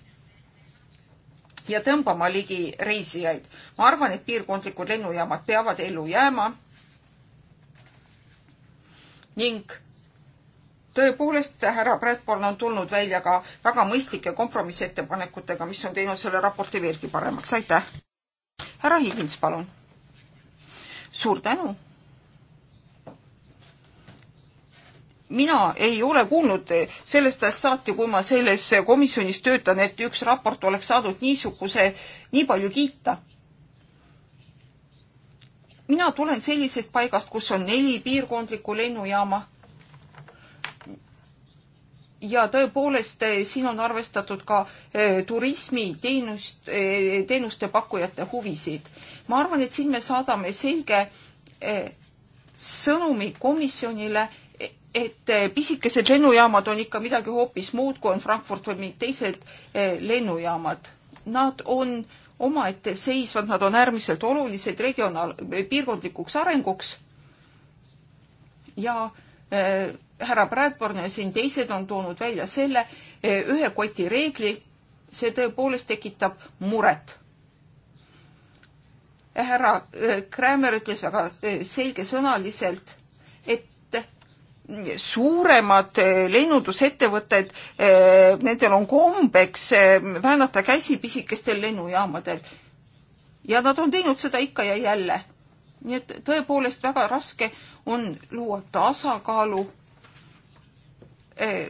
Speaker 3: ja tõmbama ligi reisijaid. ma arvan, et piirkondlikud lennujaamad peavad ellu jääma ning tõepoolest, härra Bradborn on tulnud välja ka väga mõistlike kompromissettepanekutega, mis on teinud selle raporti veelgi paremaks, aitäh. härra Higins, palun. suur tänu. mina ei ole kuulnud sellest ajast saati, kui ma selles komisjonis töötan, et üks raport oleks saadud niisuguse, nii palju kiita mina tulen sellisest paigast, kus on neli piirkondlikku lennujaama ja tõepoolest eh, siin on arvestatud ka eh, turismiteenust, eh, teenuste pakkujate huvisid. ma arvan, et siin me saadame selge sõnumi komisjonile, et pisikesed lennujaamad on ikka midagi hoopis muud, kui on Frankfurt või mingid teised lennujaamad. Nad on omaette seisvad, nad on äärmiselt olulised regionaal, piirkondlikuks arenguks ja äh, Äh, härra Bradburn ja siin teised on toonud välja selle äh, ühe koti reegli, see tõepoolest tekitab muret. Äh, härra Krämer ütles väga selgesõnaliselt, et suuremad lennundusettevõtted, nendel on kombeks väänata käsi pisikestel lennujaamadel. ja nad on teinud seda ikka ja jälle nii et tõepoolest väga raske on luua tasakaalu eh,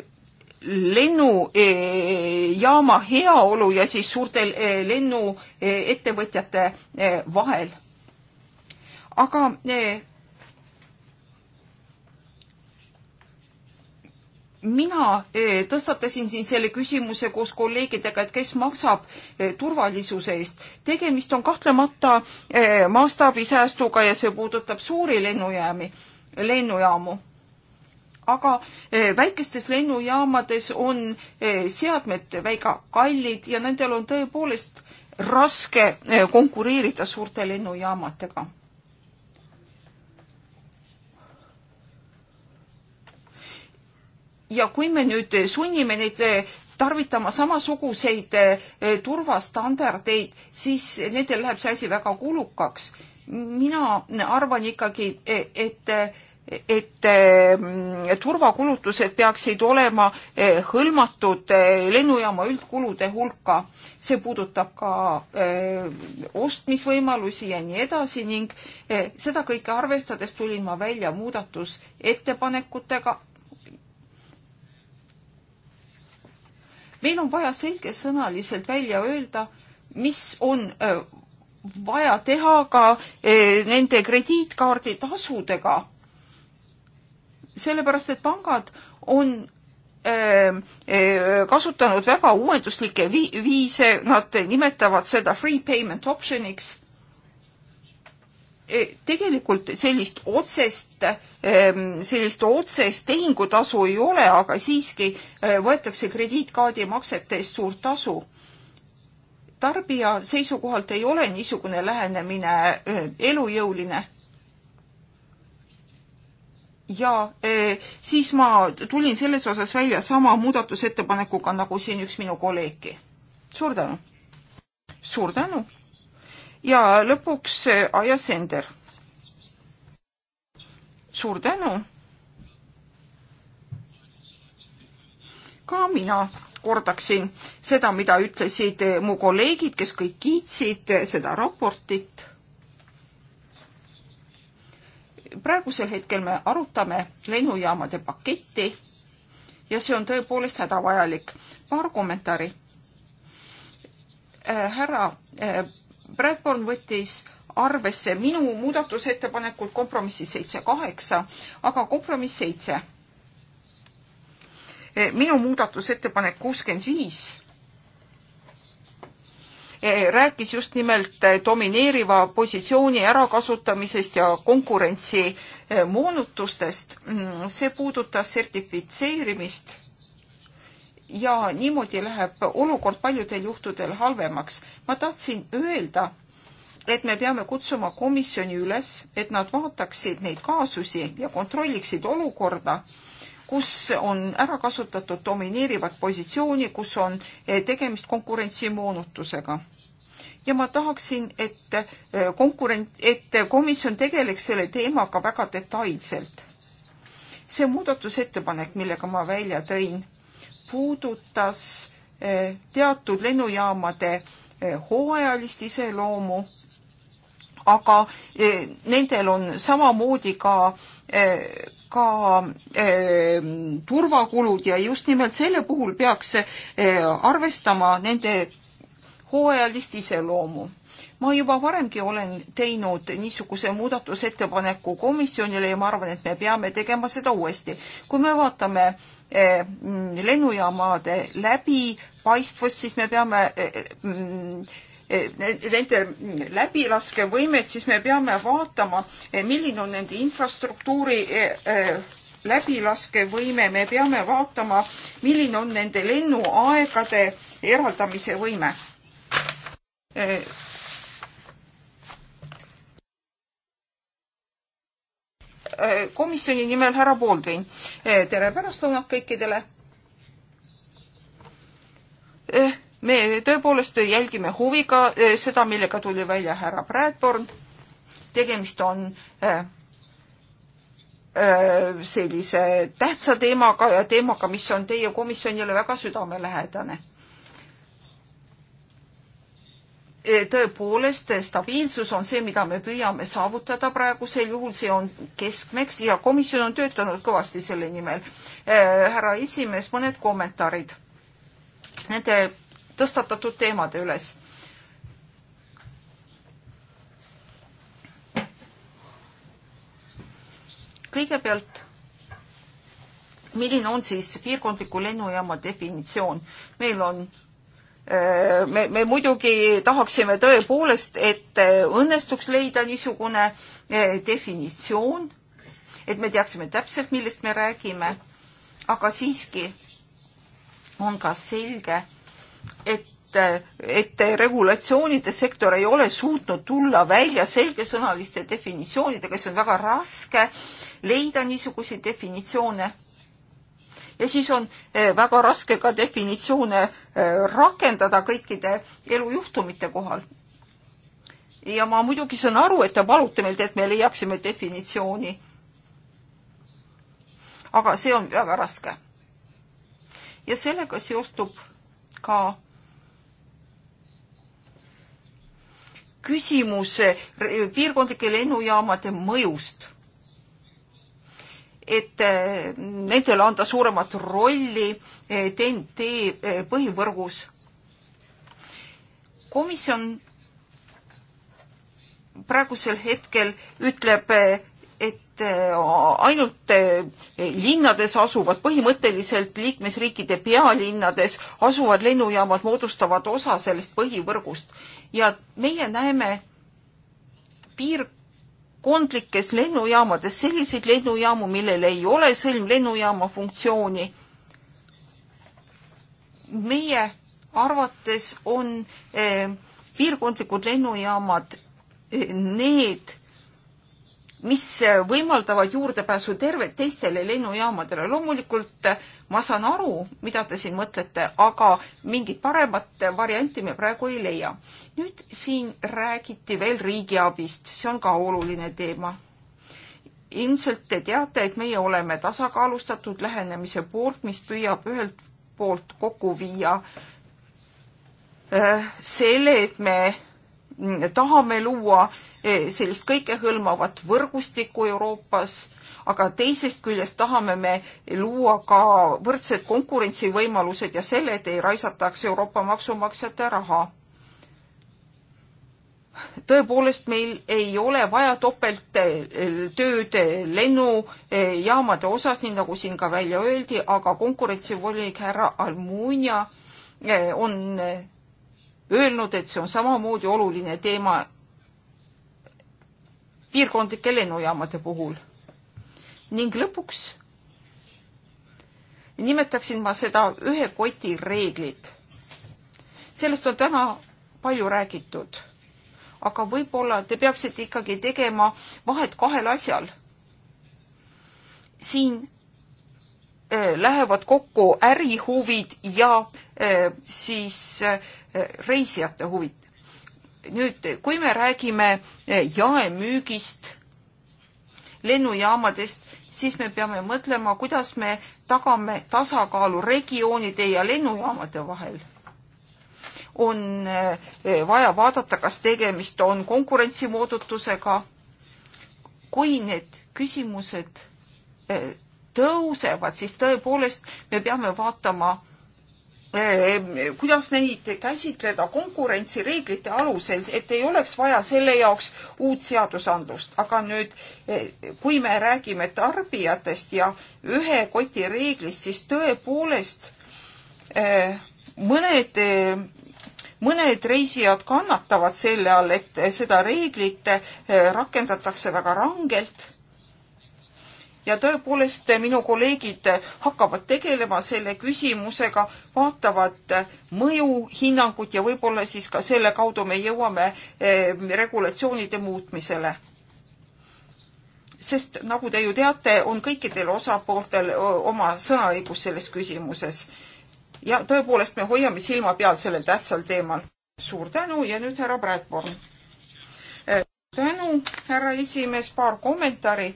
Speaker 3: lennujaama eh, heaolu ja siis suurte eh, lennuettevõtjate vahel. aga mina eh, tõstatasin siin selle küsimuse koos kolleegidega, et kes maksab eh, turvalisuse eest. tegemist on kahtlemata eh, mastaabisäästuga ja see puudutab suuri lennujaami, lennujaamu. aga väikestes lennujaamades on seadmed väga kallid ja nendel on tõepoolest raske konkureerida suurte lennujaamadega ja kui me nüüd sunnime neid eh, tarvitama samasuguseid eh, turvastandardeid, siis nendel läheb see asi väga kulukaks. mina arvan ikkagi, eh, et, et, et turvakulutused peaksid olema hõlmatud lennujaama üldkulude hulka. see puudutab ka ostmisvõimalusi ja nii edasi ning seda kõike arvestades tulin ma välja muudatusettepanekutega meil on vaja selgesõnaliselt välja öelda, mis on äh, vaja teha ka äh, nende krediitkaarditasudega. sellepärast, et pangad on äh, kasutanud väga uuenduslikke viise, nad nimetavad seda free payment option'iks tegelikult sellist otsest, sellist otsest tehingutasu ei ole, aga siiski e, võetakse krediitkaardi maksete eest suurt tasu. tarbija seisukohalt ei ole niisugune lähenemine e, elujõuline. ja e, siis ma tulin selles osas välja sama muudatusettepanekuga, nagu siin üks minu kolleegki. suur tänu! suur tänu! ja lõpuks äh, Aja Sender. suur tänu. ka mina kordaksin seda, mida ütlesid äh, mu kolleegid, kes kõik kiitsid äh, seda raportit. praegusel hetkel me arutame lennujaamade paketti ja see on tõepoolest hädavajalik. paar kommentaari. härra Bradborn võttis arvesse minu muudatusettepanekut kompromissis seitse kaheksa, aga kompromiss seitse. Eh, minu muudatusettepanek kuuskümmend viis eh, rääkis just nimelt eh, domineeriva positsiooni ärakasutamisest ja konkurentsi moonutustest. Mm, see puudutas sertifitseerimist ja niimoodi läheb olukord paljudel juhtudel halvemaks. ma tahtsin öelda, et me peame kutsuma komisjoni üles, et nad vaataksid neid kaasusi ja kontrolliksid olukorda, kus on ära kasutatud domineerivat positsiooni, kus on eh, tegemist konkurentsimoonutusega. ja ma tahaksin, et eh, konkurent, et komisjon tegeleks selle teemaga väga detailselt. see muudatusettepanek, millega ma välja tõin puudutas eh, teatud lennujaamade eh, hooajalist iseloomu, aga eh, nendel on samamoodi ka ka e, turvakulud ja just nimelt selle puhul peaks e, arvestama nende hooajalist iseloomu ma juba varemgi olen teinud niisuguse muudatusettepaneku komisjonile ja ma arvan, et me peame tegema seda uuesti. kui me vaatame eh, lennujaamade läbipaistvust, siis me peame eh, mm, eh, nende läbilaskevõimet, siis me peame vaatama, milline on nende infrastruktuuri läbilaskevõime, me peame vaatama, milline on nende lennuaegade eraldamise võime. Äh, komisjoni nimel härra Baldwin. Äh, tere pärastlõunat kõikidele. Äh, me tõepoolest jälgime huviga seda, millega tuli välja härra Bradburn. tegemist on sellise tähtsa teemaga ja teemaga, mis on teie komisjonile väga südamelähedane E, tõepoolest stabiilsus on see, mida me püüame saavutada praegusel juhul, see on keskmeks ja komisjon on töötanud kõvasti selle nimel. E, härra esimees, mõned kommentaarid nende tõstatatud teemade üles. kõigepealt, milline on siis piirkondliku lennujaama definitsioon? meil on Äh, me, me muidugi tahaksime tõepoolest, et äh, õnnestuks leida niisugune äh, definitsioon, et me teaksime täpselt, millest me räägime, aga siiski on ka selge, et et regulatsioonide sektor ei ole suutnud tulla välja selgesõnaliste definitsioonidega, see on väga raske leida niisuguseid definitsioone ja siis on eh, väga raske ka definitsioone eh, rakendada kõikide elujuhtumite kohal. ja ma muidugi saan aru, et te palute meilt, et me leiaksime definitsiooni. aga see on väga raske. ja sellega seostub ka küsimus piirkondlike lennujaamade mõjust et äh, nendele anda suuremat rolli TNT äh, äh, põhivõrgus. komisjon praegusel hetkel ütleb, et ainult linnades asuvad, põhimõtteliselt liikmesriikide pealinnades asuvad lennujaamad moodustavad osa sellest põhivõrgust ja meie näeme piir, kondlikes lennujaamades, selliseid lennujaamu, millel ei ole sõlmlennujaama funktsiooni. meie arvates on eh, piirkondlikud lennujaamad eh, need mis võimaldavad juurdepääsu tervet teistele lennujaamadele. loomulikult äh, ma saan aru, mida te siin mõtlete, aga mingit paremat varianti me praegu ei leia. nüüd siin räägiti veel riigiabist, see on ka oluline teema. ilmselt te teate, et meie oleme tasakaalustatud lähenemise poolt, mis püüab ühelt poolt kokku viia äh, selle, et me tahame luua eh, sellist kõikehõlmavat võrgustikku Euroopas, aga teisest küljest tahame me luua ka võrdsed konkurentsivõimalused ja selle, et ei raisataks Euroopa maksumaksjate raha. tõepoolest, meil ei ole vaja topelttööd eh, eh, lennujaamade osas, nii nagu siin ka välja öeldi, aga konkurentsivolinik härra Almunia on öelnud, et see on samamoodi oluline teema piirkondlike lennujaamade puhul. ning lõpuks nimetaksin ma seda ühe koti reeglit. sellest on täna palju räägitud, aga võib-olla te peaksite ikkagi tegema vahet kahel asjal. siin lähevad kokku ärihuvid ja siis reisijate huvid. nüüd, kui me räägime jaemüügist, lennujaamadest, siis me peame mõtlema, kuidas me tagame tasakaalu regioonide ja lennujaamade vahel on vaja vaadata, kas tegemist on konkurentsimoodutusega. kui need küsimused tõusevad, siis tõepoolest me peame vaatama, eh, kuidas neid käsitleda konkurentsireeglite alusel, et ei oleks vaja selle jaoks uut seadusandlust. aga nüüd, eh, kui me räägime tarbijatest ja ühe koti reeglist, siis tõepoolest eh, mõned mõned reisijad kannatavad selle all, et seda reeglit rakendatakse väga rangelt ja tõepoolest minu kolleegid hakkavad tegelema selle küsimusega, vaatavad mõjuhinnangut ja võib-olla siis ka selle kaudu me jõuame eh, regulatsioonide muutmisele. sest nagu te ju teate, on kõikidel osapooltel oma sõnaõigus selles küsimuses. ja tõepoolest me hoiame silma peal sellel tähtsal teemal. suur tänu ja nüüd härra Bradborn. Eh, tänu, härra esimees, paar kommentaari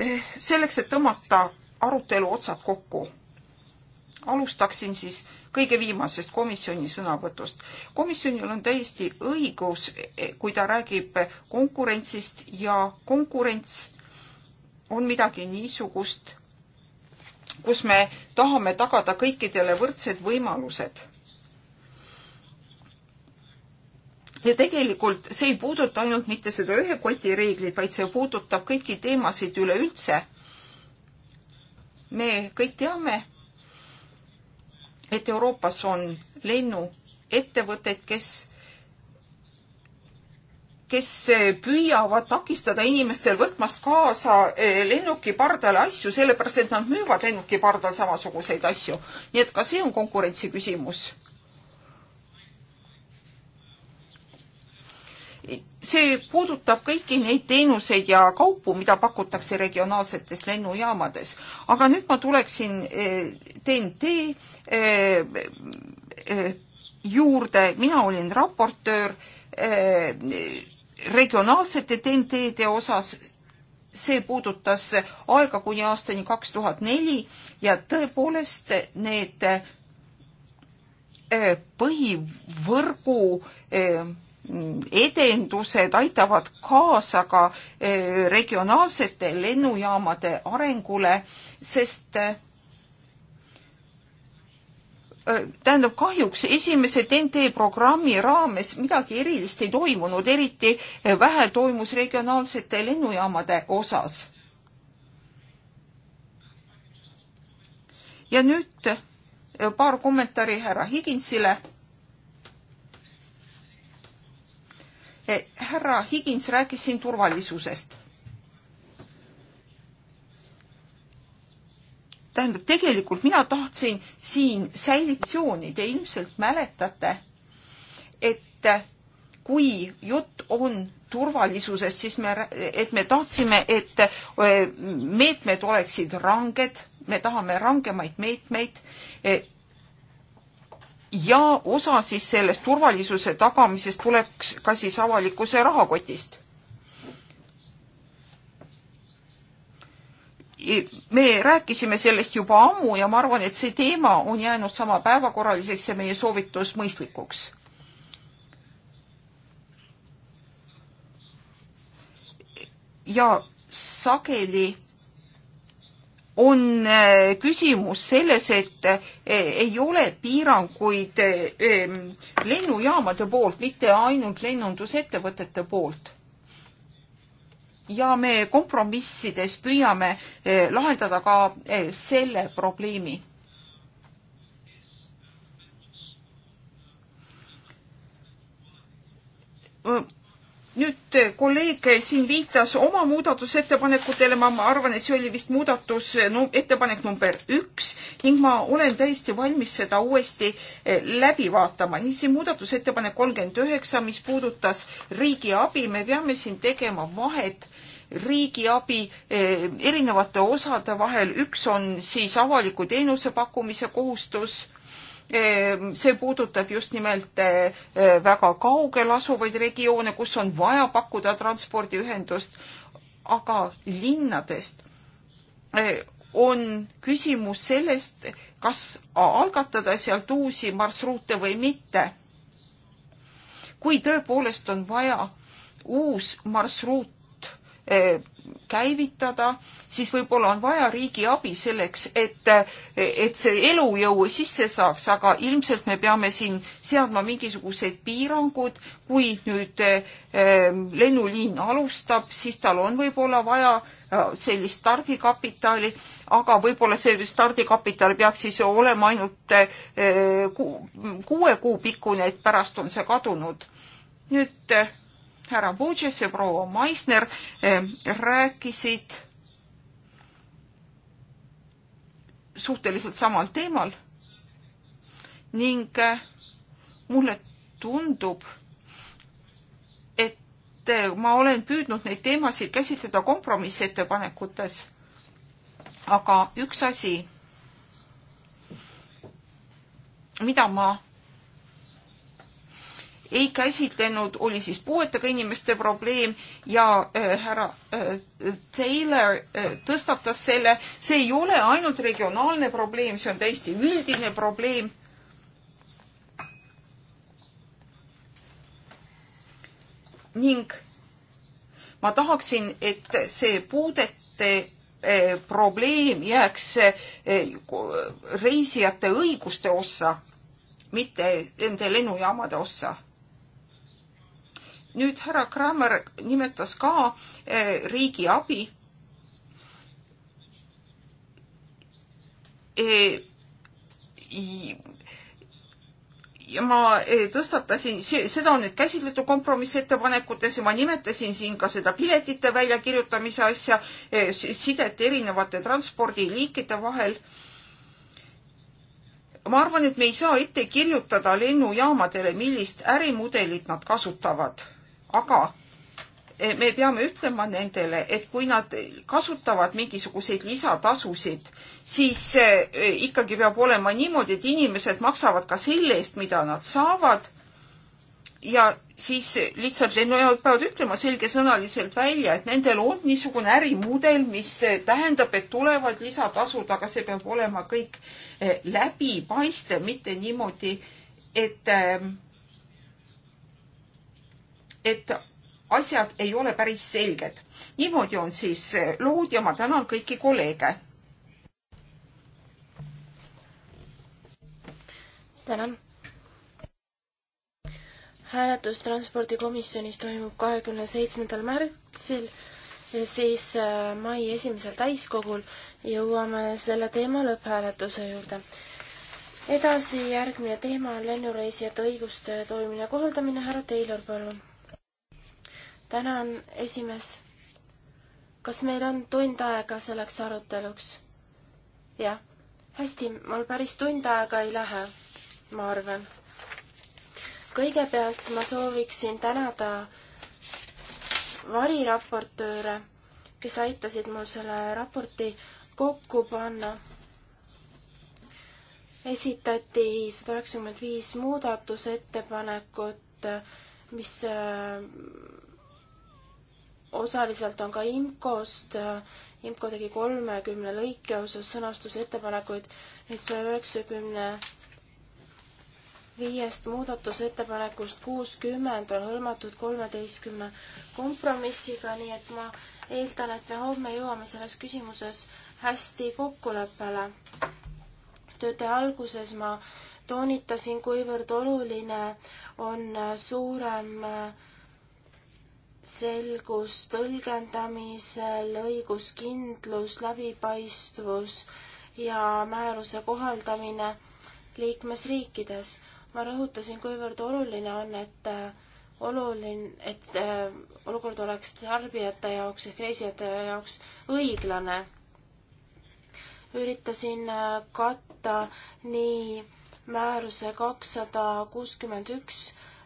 Speaker 3: Eh, selleks, et tõmmata arutelu otsad kokku, alustaksin siis kõige viimasest komisjoni sõnavõtust. komisjonil on täiesti õigus, eh, kui ta räägib konkurentsist ja konkurents on midagi niisugust, kus me tahame tagada kõikidele võrdsed võimalused ja tegelikult see ei puuduta ainult mitte seda ühe koti reeglit, vaid see puudutab kõiki teemasid üleüldse. me kõik teame, et Euroopas on lennuettevõtted, kes, kes püüavad takistada inimestel võtmast kaasa eh, lennuki pardale asju, sellepärast et nad müüvad lennuki pardal samasuguseid asju. nii et ka see on konkurentsi küsimus see puudutab kõiki neid teenuseid ja kaupu, mida pakutakse regionaalsetes lennujaamades. aga nüüd ma tuleksin TNT eh, eh, eh, juurde, mina olin raportöör regionaalsete TNT-de osas, see puudutas aega kuni aastani kaks tuhat neli ja tõepoolest need põhivõrgu edendused aitavad kaasa ka eh, regionaalsete lennujaamade arengule, sest eh, eh, tähendab, kahjuks esimese TNT programmi raames midagi erilist ei toimunud, eriti vähe toimus regionaalsete lennujaamade osas. ja nüüd paar kommentaari härra Higinsile Eh, härra Higins rääkis siin turvalisusest. tähendab, tegelikult mina tahtsin siin säilitsiooni, te ilmselt mäletate, et kui jutt on turvalisusest, siis me, et me tahtsime, et eh, meetmed oleksid ranged, me tahame rangemaid meetmeid, eh, ja osa siis sellest turvalisuse tagamisest tuleks ka siis avalikkuse rahakotist. me rääkisime sellest juba ammu ja ma arvan, et see teema on jäänud sama päevakorraliseks ja meie soovitus mõistlikuks ja sageli on äh, küsimus selles, et äh, ei ole piiranguid äh, lennujaamade poolt, mitte ainult lennundusettevõtete poolt. ja me kompromissides püüame lahendada ka selle probleemi nüüd kolleeg siin viitas oma muudatusettepanekutele, ma arvan, et see oli vist muudatus no,, ettepanek number üks ning ma olen täiesti valmis seda uuesti eh, läbi vaatama. nii, see muudatusettepanek kolmkümmend üheksa, mis puudutas riigiabi, me peame siin tegema vahet riigiabi eh, erinevate osade vahel, üks on siis avaliku teenuse pakkumise kohustus Ehm, see puudutab just nimelt eh, eh, väga kaugel asuvaid regioone, kus on vaja pakkuda transpordiühendust, aga linnadest eh, on küsimus sellest, kas algatada sealt uusi marsruute või mitte. kui tõepoolest on vaja uus marsruut Eh, käivitada, siis võib-olla on vaja riigi abi selleks, et, et see elujõu sisse saaks, aga ilmselt me peame siin seadma mingisugused piirangud. kui nüüd eh, lennuliin alustab, siis tal on võib-olla vaja eh, sellist stardikapitali, aga võib-olla see stardikapital peaks siis olema ainult kuue kuu pikkune, et pärast on see kadunud. nüüd härra Vooges ja proua Maisner eh, rääkisid suhteliselt samal teemal ning eh, mulle tundub, et eh, ma olen püüdnud neid teemasid käsitleda kompromissettepanekutes, aga üks asi, mida ma ei käsitlenud, oli siis puuetega inimeste probleem ja äh, härra äh, Taylor äh, tõstatas selle, see ei ole ainult regionaalne probleem, see on täiesti üldine probleem. ning ma tahaksin, et see puudete äh, probleem jääks äh, reisijate õiguste ossa, mitte nende lennujaamade ossa nüüd härra Kramer nimetas ka riigi abi. ja ma tõstatasin, see, seda on nüüd käsitletud kompromissettepanekutes ja ma nimetasin siin ka seda piletite väljakirjutamise asja, sidet erinevate transpordiliikide vahel ma arvan, et me ei saa ette kirjutada lennujaamadele, millist ärimudelit nad kasutavad aga eh, me peame ütlema nendele, et kui nad kasutavad mingisuguseid lisatasusid, siis eh, ikkagi peab olema niimoodi, et inimesed maksavad ka selle eest, mida nad saavad. ja siis lihtsalt lennujaamad peavad ütlema selgesõnaliselt välja, et nendel on niisugune ärimudel, mis tähendab, et tulevad lisatasud, aga see peab olema kõik eh, läbipaistev, mitte niimoodi, et äh, et asjad ei ole päris selged. niimoodi on siis lood ja ma tänan kõiki kolleege. tänan.
Speaker 2: hääletus transpordikomisjonis toimub kahekümne seitsmendal märtsil ja siis äh, mai esimesel täiskogul jõuame selle teema lõpphääletuse juurde edasi järgmine teema on lennureisijate õiguste toimimine ja kohaldamine, härra Taylor, palun tänan, esimees. kas meil on tund aega selleks aruteluks? jah, hästi, mul päris tund aega ei lähe, ma arvan. kõigepealt ma sooviksin tänada variraportööre, kes aitasid mul selle raporti kokku panna. esitati sada üheksakümmend viis muudatusettepanekut, mis äh, osaliselt on ka IMCO-st, IMCO tegi kolmekümne lõike osas sõnastusettepanekuid, nüüd saja üheksakümne viiest muudatusettepanekust kuuskümmend on hõlmatud kolmeteistkümne kompromissiga, nii et ma eeldan, et me homme jõuame selles küsimuses hästi kokkuleppele. tööde alguses ma toonitasin, kuivõrd oluline on suurem äh, selgus tõlgendamisel, õiguskindlus, läbipaistvus ja määruse kohaldamine liikmesriikides. ma rõhutasin, kuivõrd oluline on, et äh, oluline, et äh, olukord oleks tarbijate jaoks ehk reisijate jaoks õiglane. üritasin äh, katta nii määruse kakssada kuuskümmend üks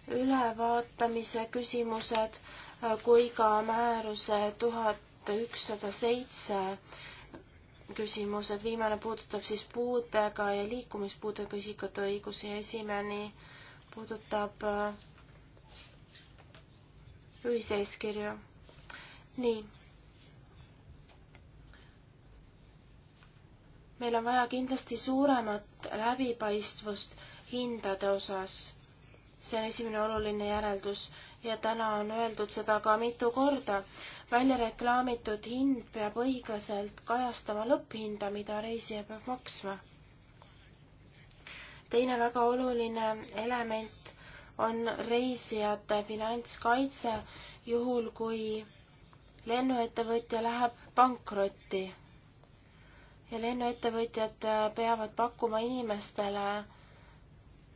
Speaker 2: ülevaatamise küsimused kui ka määruse tuhat ükssada seitse küsimus, et viimane puudutab siis puudega ja liikumispuudega isikute õigusi ja esimene puudutab äh, ühiseeskirju. nii. meil on vaja kindlasti suuremat läbipaistvust hindade osas. see on esimene oluline järeldus ja täna on öeldud seda ka mitu korda. välja reklaamitud hind peab õiglaselt kajastama lõpphinda, mida reisija peab maksma. teine väga oluline element on reisijate finantskaitse juhul, kui lennuettevõtja läheb pankrotti. ja lennuettevõtjad peavad pakkuma inimestele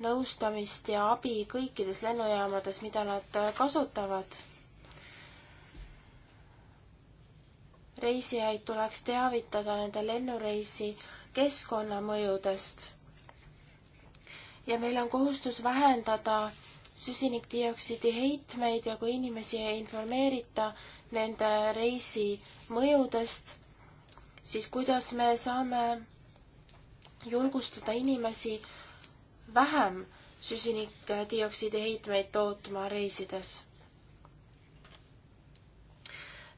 Speaker 2: nõustamist ja abi kõikides lennujaamades, mida nad äh, kasutavad. reisijaid tuleks teavitada nende lennureisi keskkonnamõjudest. ja meil on kohustus vähendada süsinikdioksiidi heitmeid ja kui inimesi ei informeerita nende reisi mõjudest, siis kuidas me saame julgustada inimesi vähem süsinikdioksiidi heitmeid tootma reisides.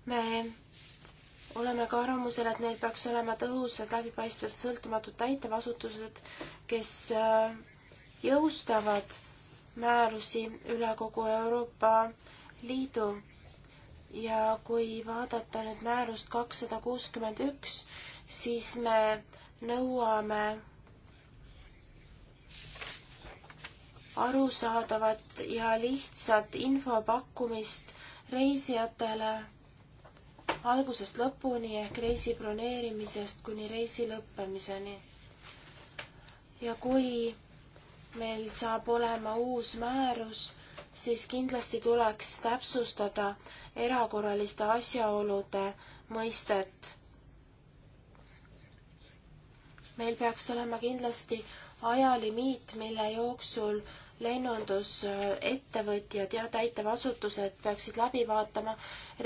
Speaker 2: me oleme ka arvamusel, et neil peaks olema tõhusad, läbipaistvad, sõltumatud täitevasutused, kes äh, jõustavad määrusi üle kogu Euroopa Liidu. ja kui vaadata nüüd määrust kakssada kuuskümmend üks, siis me nõuame arusaadavat ja lihtsat info pakkumist reisijatele algusest lõpuni ehk reisi broneerimisest kuni reisi lõppemiseni. ja kui meil saab olema uus määrus, siis kindlasti tuleks täpsustada erakorraliste asjaolude mõistet. meil peaks olema kindlasti ajalimiit, mille jooksul lennundusettevõtjad ja täitevasutused peaksid läbi vaatama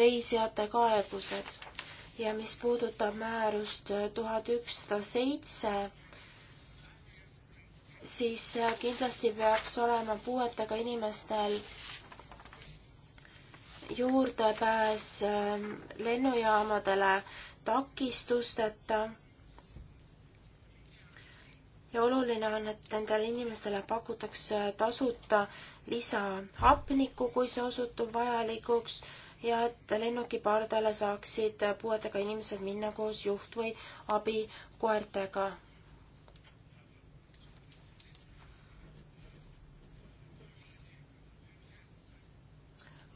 Speaker 2: reisijate kaebused. ja mis puudutab määrust tuhat ükssada seitse, siis kindlasti peaks olema puuetega inimestel juurdepääs ähm, lennujaamadele takistusteta ja oluline on, et nendele inimestele pakutakse tasuta lisahapnikku, kui see osutub vajalikuks ja et lennukipardale saaksid puuetega inimesed minna koos juht või abikoertega.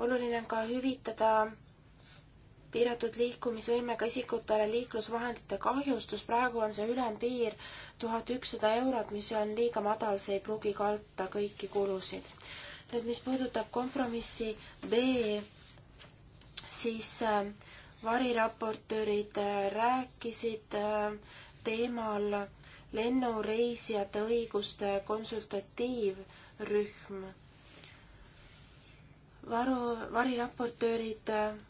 Speaker 2: oluline on ka hüvitada piiratud liikumisvõimega isikutele liiklusvahendite kahjustus, praegu on see ülempiir tuhat ükssada eurot, mis on liiga madal, see ei pruugi katta kõiki kulusid. nüüd, mis puudutab kompromissi B, siis äh, variraportöörid äh, rääkisid äh, teemal lennureisijate õiguste konsultatiivrühm. varu, variraportöörid äh,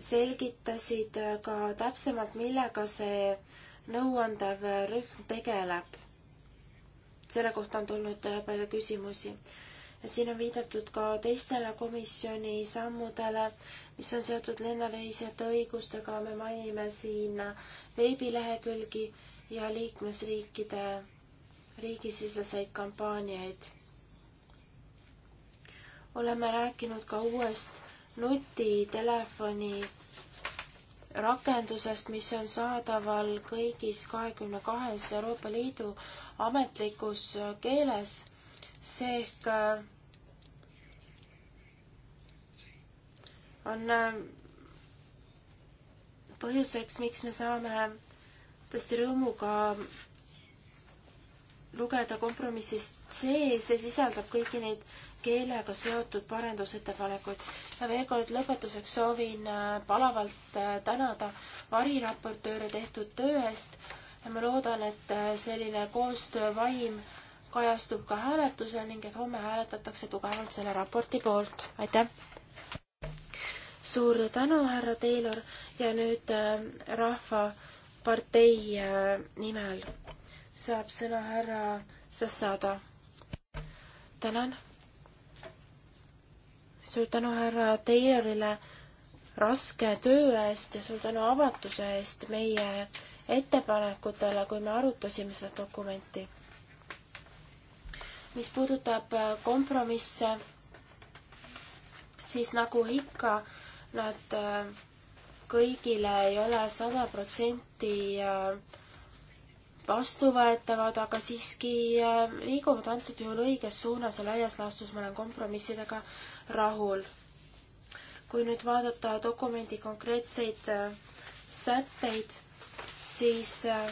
Speaker 2: selgitasid äh, ka täpsemalt, millega see nõuandev rühm tegeleb. selle kohta on tulnud äh, palju küsimusi. siin on viidatud ka teistele komisjoni sammudele, mis on seotud lennareisijate õigustega, me mainime siin veebilehekülgi ja liikmesriikide riigisiseseid kampaaniaid. oleme rääkinud ka uuest nutitelefoni rakendusest, mis on saadaval kõigis kahekümne kahes Euroopa Liidu ametlikus keeles. seega on äh, põhjuseks, miks me saame tõesti rõõmuga lugeda kompromissist C, see sisaldab kõiki neid keelega seotud parendusettepanekuid. ja veel kord lõpetuseks soovin äh, palavalt äh, tänada variraportööre tehtud töö eest ja ma loodan, et äh, selline koostöövaim kajastub ka hääletusel ning et homme hääletatakse tugevalt selle raporti poolt. aitäh! suur tänu, härra Taylor ja nüüd äh, Rahvapartei äh, nimel saab sõna härra Sassada. tänan suur tänu härra Taylorile raske töö eest ja suur tänu avatuse eest meie ettepanekutele, kui me arutasime seda dokumenti. mis puudutab äh, kompromisse, siis nagu ikka, nad äh, kõigile ei ole sada protsenti äh, vastuvõetavad, aga siiski äh, liiguvad antud juhul õiges suunas ja laias laastus ma olen kompromissidega rahul. kui nüüd vaadata dokumendi konkreetseid äh, sätteid, siis äh,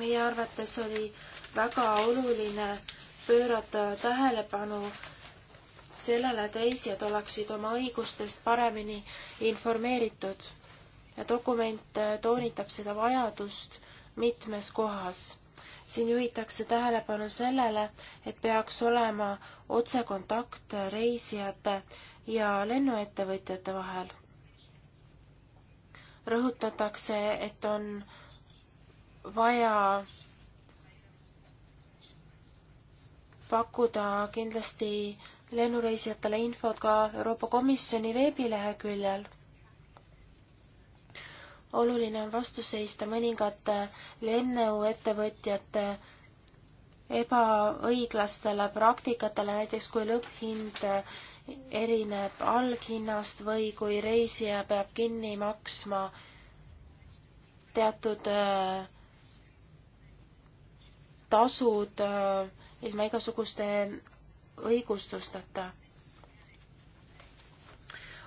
Speaker 2: meie arvates oli väga oluline pöörata tähelepanu sellele, et reisijad oleksid oma õigustest paremini informeeritud ja dokument äh, toonitab seda vajadust mitmes kohas. siin juhitakse tähelepanu sellele, et peaks olema otsekontakt reisijate ja lennuettevõtjate vahel. rõhutatakse, et on vaja pakkuda kindlasti lennureisijatele infot ka Euroopa Komisjoni veebileheküljel oluline on vastu seista mõningate lennuettevõtjate ebaõiglastele praktikatele, näiteks kui lõpphind erineb alghinnast või kui reisija peab kinni maksma teatud äh, tasud äh, ilma igasuguste õigustusteta.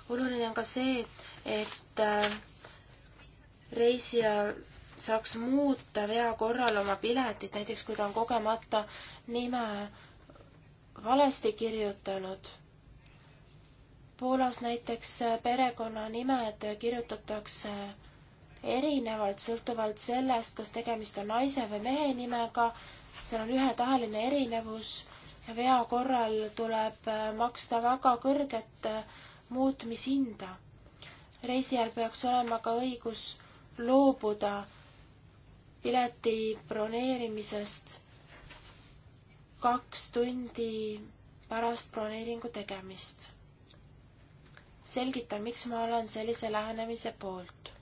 Speaker 2: oluline on ka see, et äh, reisija saaks muuta vea korral oma piletit, näiteks kui ta on kogemata nime valesti kirjutanud Poolas näiteks perekonnanimed kirjutatakse erinevalt, sõltuvalt sellest, kas tegemist on naise või mehe nimega. seal on ühetaheline erinevus ja vea korral tuleb maksta väga kõrget muutmishinda. reisijal peaks olema ka õigus loobuda pileti broneerimisest kaks tundi pärast broneeringu tegemist. selgitan, miks ma olen sellise lähenemise poolt.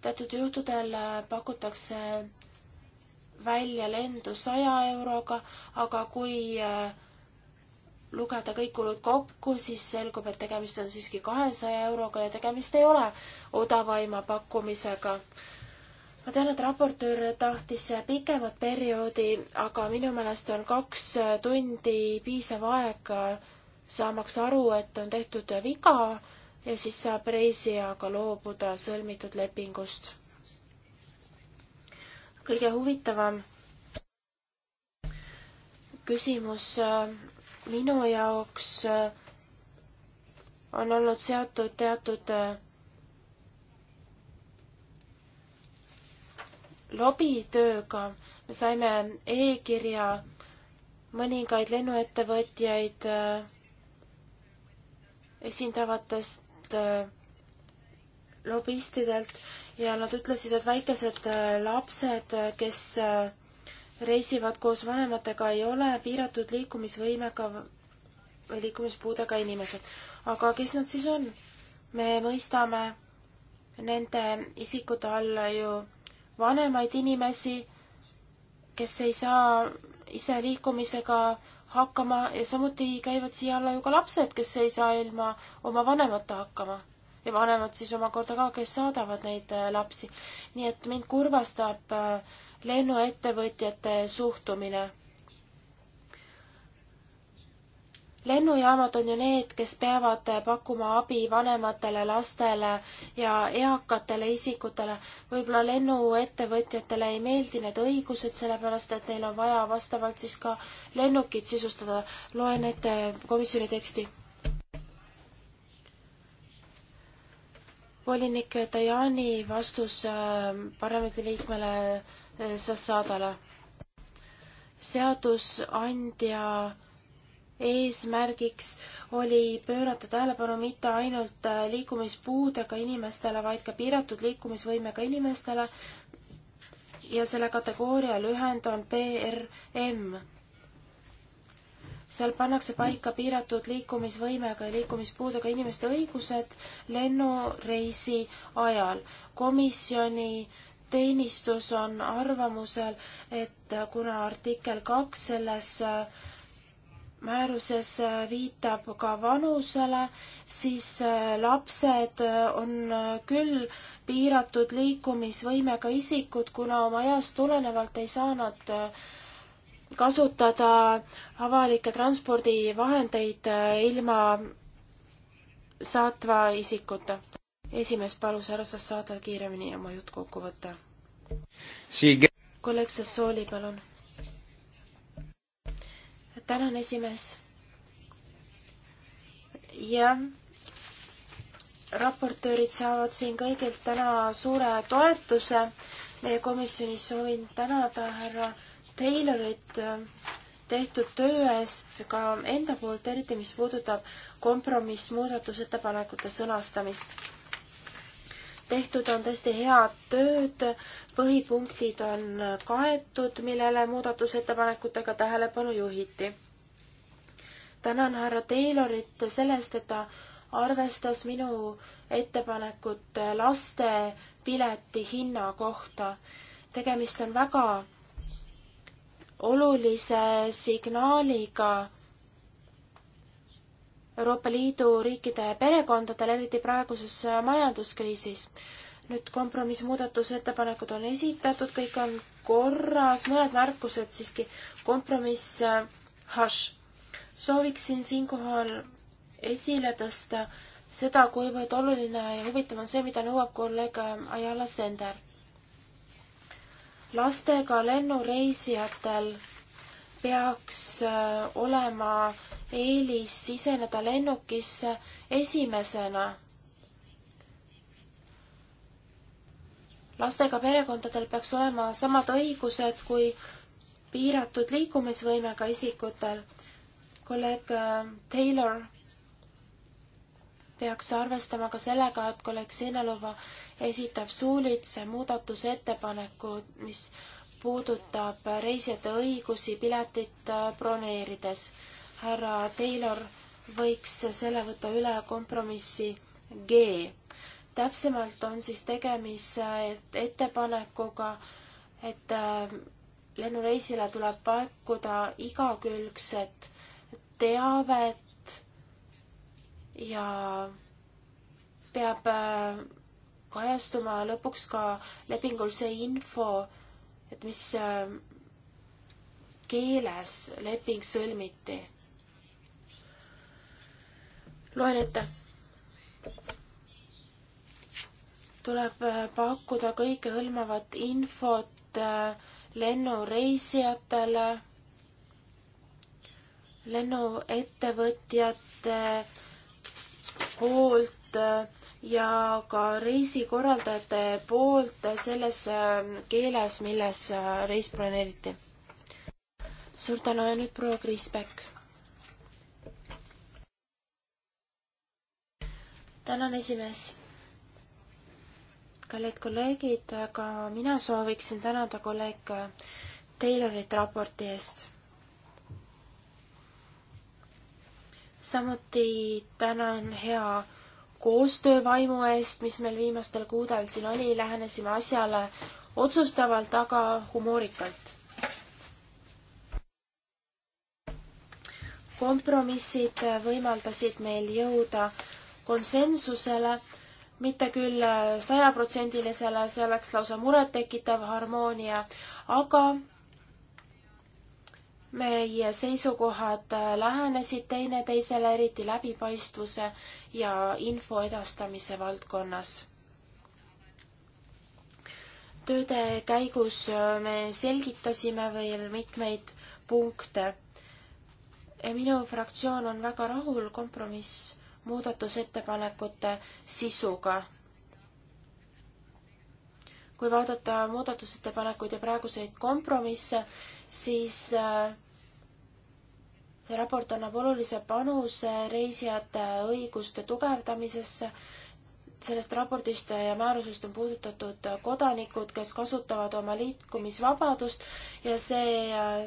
Speaker 2: teatud juhtudel pakutakse välja lendu saja euroga, aga kui äh, lugeda kõik kulud kokku, siis selgub, et tegemist on siiski kahesaja euroga ja tegemist ei ole odavaima pakkumisega. ma tean, et raportöör tahtis pikemat perioodi, aga minu meelest on kaks tundi piisav aeg saamaks aru, et on tehtud viga ja siis saab reisijaga loobuda sõlmitud lepingust. kõige huvitavam küsimus minu jaoks äh, on olnud seatud teatud äh, lobitööga. me saime e-kirja mõningaid lennuettevõtjaid äh, esindavatest lobistidelt ja nad ütlesid, et väikesed lapsed, kes reisivad koos vanematega ei ole piiratud liikumisvõimega või liikumispuudega inimesed. aga kes nad siis on? me mõistame nende isikute alla ju vanemaid inimesi, kes ei saa ise liikumisega hakkama ja samuti käivad siia alla ju ka lapsed, kes ei saa ilma oma vanemata hakkama. ja vanemad siis omakorda ka, kes saadavad neid äh, lapsi. nii et mind kurvastab äh, lennuettevõtjate suhtumine. lennujaamad on ju need, kes peavad pakkuma abi vanematele, lastele ja eakatele isikutele. võib-olla lennuettevõtjatele ei meeldi need õigused, sellepärast et neil on vaja vastavalt siis ka lennukid sisustada. loen ette komisjoni teksti. volinik Tajani vastus äh, parlamendiliikmele Sassadale. seadusandja eesmärgiks oli pöörata tähelepanu mitte ainult äh, liikumispuudega inimestele, vaid ka piiratud liikumisvõimega inimestele ja selle kategooria lühend on PRM. seal pannakse paika piiratud liikumisvõimega ja liikumispuudega inimeste õigused lennureisi ajal. komisjoni teenistus on arvamusel, et kuna artikkel kaks selles äh, määruses äh, viitab ka vanusele, siis äh, lapsed on küll piiratud liikumisvõimega isikud, kuna oma east tulenevalt ei saa nad kasutada avalikke transpordivahendeid ilma saatva isikuta. esimees palus härra Sassaatal kiiremini oma jutt kokku võtta kolleeg Sassooli, palun. tänan, esimees. jah, raportöörid saavad siin kõigilt täna suure toetuse. meie komisjonis soovin tänada härra Taylorit äh, tehtud töö eest ka enda poolt, eriti mis puudutab kompromissmuudatusettepanekute sõnastamist tehtud on tõesti head tööd, põhipunktid on kaetud, millele muudatusettepanekutega tähelepanu juhiti. tänan härra Taylorit selle eest, et ta arvestas minu ettepanekut laste pileti hinna kohta. tegemist on väga olulise signaaliga Euroopa Liidu riikide perekondadel, eriti praeguses majanduskriisis. nüüd kompromissmuudatusettepanekud on esitatud, kõik on korras, mõned märkused siiski. kompromiss äh, hash. sooviksin siinkohal esile tõsta seda, kuivõrd oluline ja huvitav on see, mida nõuab kolleeg äh, Ayala Sender. lastega lennureisijatel peaks äh, olema eelis siseneda lennukisse esimesena. lastega perekondadel peaks olema samad õigused kui piiratud liikumisvõimega isikutel. kolleeg äh, Taylor peaks arvestama ka sellega, et kolleeg Sinelova esitab suulitse muudatusettepaneku, mis puudutab reisijate õigusi piletit äh, broneerides härra Taylor võiks selle võtta üle kompromissi G. täpsemalt on siis tegemist ettepanekuga, et äh, lennureisile tuleb pakkuda igakülgset teavet ja peab äh, kajastuma lõpuks ka lepingul see info, et mis äh, keeles leping sõlmiti loen ette. tuleb äh, pakkuda kõikehõlmavat infot äh, lennureisijatele, lennuettevõtjate poolt äh, ja ka reisikorraldajate poolt selles keeles, milles reis planeeriti. suur tänu ja nüüd proua Kriis Päkk tänan, esimees. kallid kolleegid, ka mina sooviksin tänada kolleeg Taylorit raporti eest. samuti tänan hea koostöövaimu eest, mis meil viimastel kuudel siin oli, lähenesime asjale otsustavalt, aga humoorikalt. kompromissid võimaldasid meil jõuda konsensusele, mitte küll sajaprotsendilisele, see oleks lausa murettekitav harmoonia, aga meie seisukohad lähenesid teineteisele, eriti läbipaistvuse ja info edastamise valdkonnas tööde käigus me selgitasime veel mitmeid punkte. minu fraktsioon on väga rahul kompromiss muudatusettepanekute sisuga. kui vaadata muudatusettepanekuid ja praeguseid kompromisse, siis äh, see raport annab olulise panuse reisijate õiguste tugevdamisesse sellest raportist ja määrusest on puudutatud kodanikud, kes kasutavad oma liikumisvabadust ja see äh,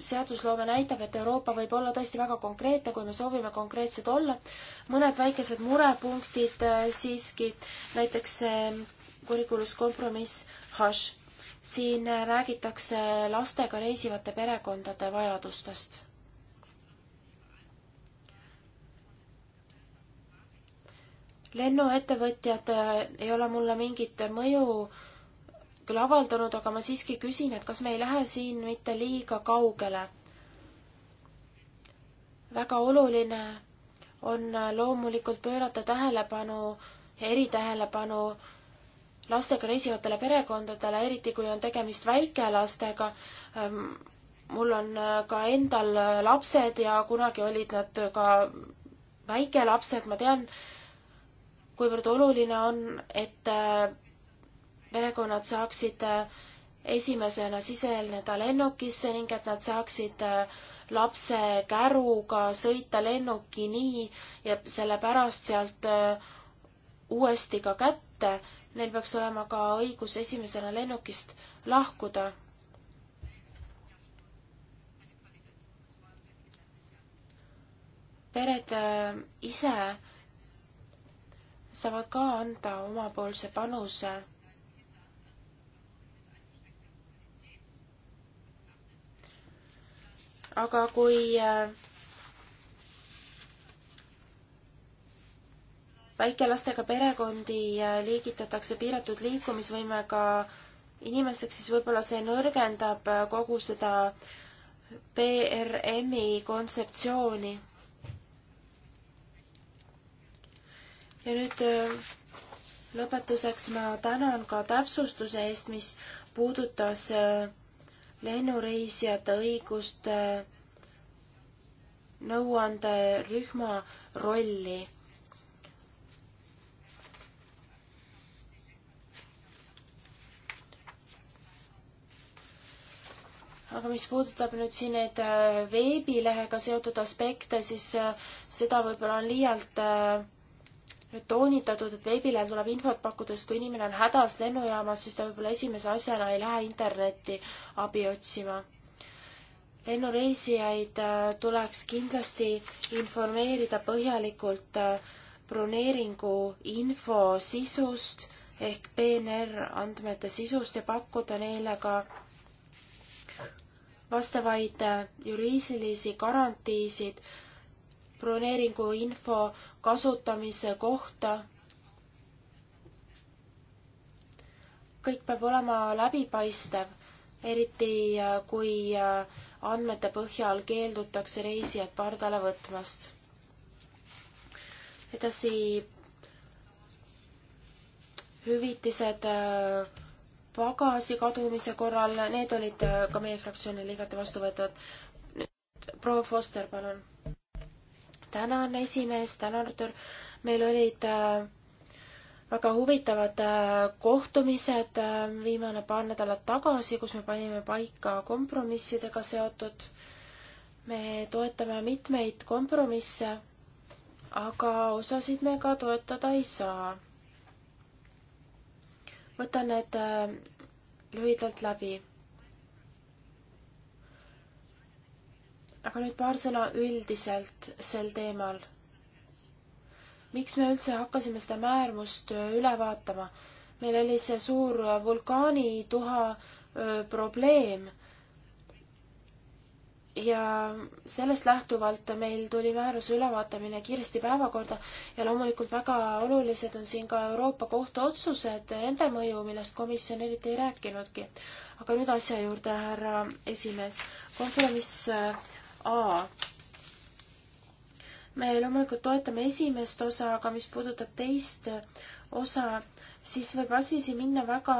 Speaker 2: seadusloome näitab, et Euroopa võib olla tõesti väga konkreetne, kui me soovime konkreetsed olla. mõned väikesed murepunktid äh, siiski, näiteks ähm, kurikuulus kompromiss hash. siin äh, räägitakse lastega reisivate perekondade vajadustest. lennuettevõtjad äh, ei ole mulle mingit mõju küll avaldanud, aga ma siiski küsin, et kas me ei lähe siin mitte liiga kaugele. väga oluline on loomulikult pöörata tähelepanu ja eritähelepanu lastega reisivatele perekondadele, eriti kui on tegemist väikelastega. Ehm, mul on äh, ka endal äh, lapsed ja kunagi olid nad ka väikelapsed, ma tean, kuivõrd oluline on, et äh, perekonnad saaksid äh, esimesena siseneda lennukisse ning et nad saaksid äh, lapse käruga sõita lennuki nii ja selle pärast sealt äh, uuesti ka kätte. Neil peaks olema ka õigus esimesena lennukist lahkuda. pered ise saavad ka anda omapoolse panuse aga kui äh, väikelastega perekondi äh, liigitatakse piiratud liikumisvõimega inimesteks, siis võib-olla see nõrgendab äh, kogu seda PRM-i kontseptsiooni. ja nüüd lõpetuseks ma tänan ka täpsustuse eest, mis puudutas äh, lennureisijate õiguste nõuanderühma rolli. aga mis puudutab nüüd siin neid äh, veebilehega seotud aspekte, siis äh, seda võib-olla on liialt äh, toonitatud, et veebile tuleb infot pakkudes, kui inimene on hädas lennujaamas, siis ta võib-olla esimese asjana ei lähe internetti abi otsima. lennureisijaid äh, tuleks kindlasti informeerida põhjalikult äh, broneeringu info sisust ehk PNR andmete sisust ja pakkuda neile ka vastavaid äh, juriidilisi garantiisid broneeringu info kasutamise kohta. kõik peab olema läbipaistev, eriti äh, kui äh, andmete põhjal keeldutakse reisijad pardale võtmast. edasi hüvitised äh, pagasi kadumise korral, need olid ka meie fraktsioonile igati vastuvõetavad. nüüd proua Foster, palun tänan, esimees, tänan, Artur. meil olid äh, väga huvitavad äh, kohtumised äh, viimane paar nädalat tagasi, kus me panime paika kompromissidega seotud. me toetame mitmeid kompromisse, aga osasid me ka toetada ei saa. võtan need lühidalt läbi aga nüüd paar sõna üldiselt sel teemal. miks me üldse hakkasime seda määrmust äh, üle vaatama? meil oli see suur äh, vulkaanituha äh, probleem. ja sellest lähtuvalt meil tuli määruse ülevaatamine kiiresti päevakorda ja loomulikult väga olulised on siin ka Euroopa Kohtu otsused, nende mõju, millest komisjon eriti ei rääkinudki. aga nüüd asja juurde, härra esimees. kompromiss A. me loomulikult toetame esimest osa, aga mis puudutab teist osa, siis võib asi siin minna väga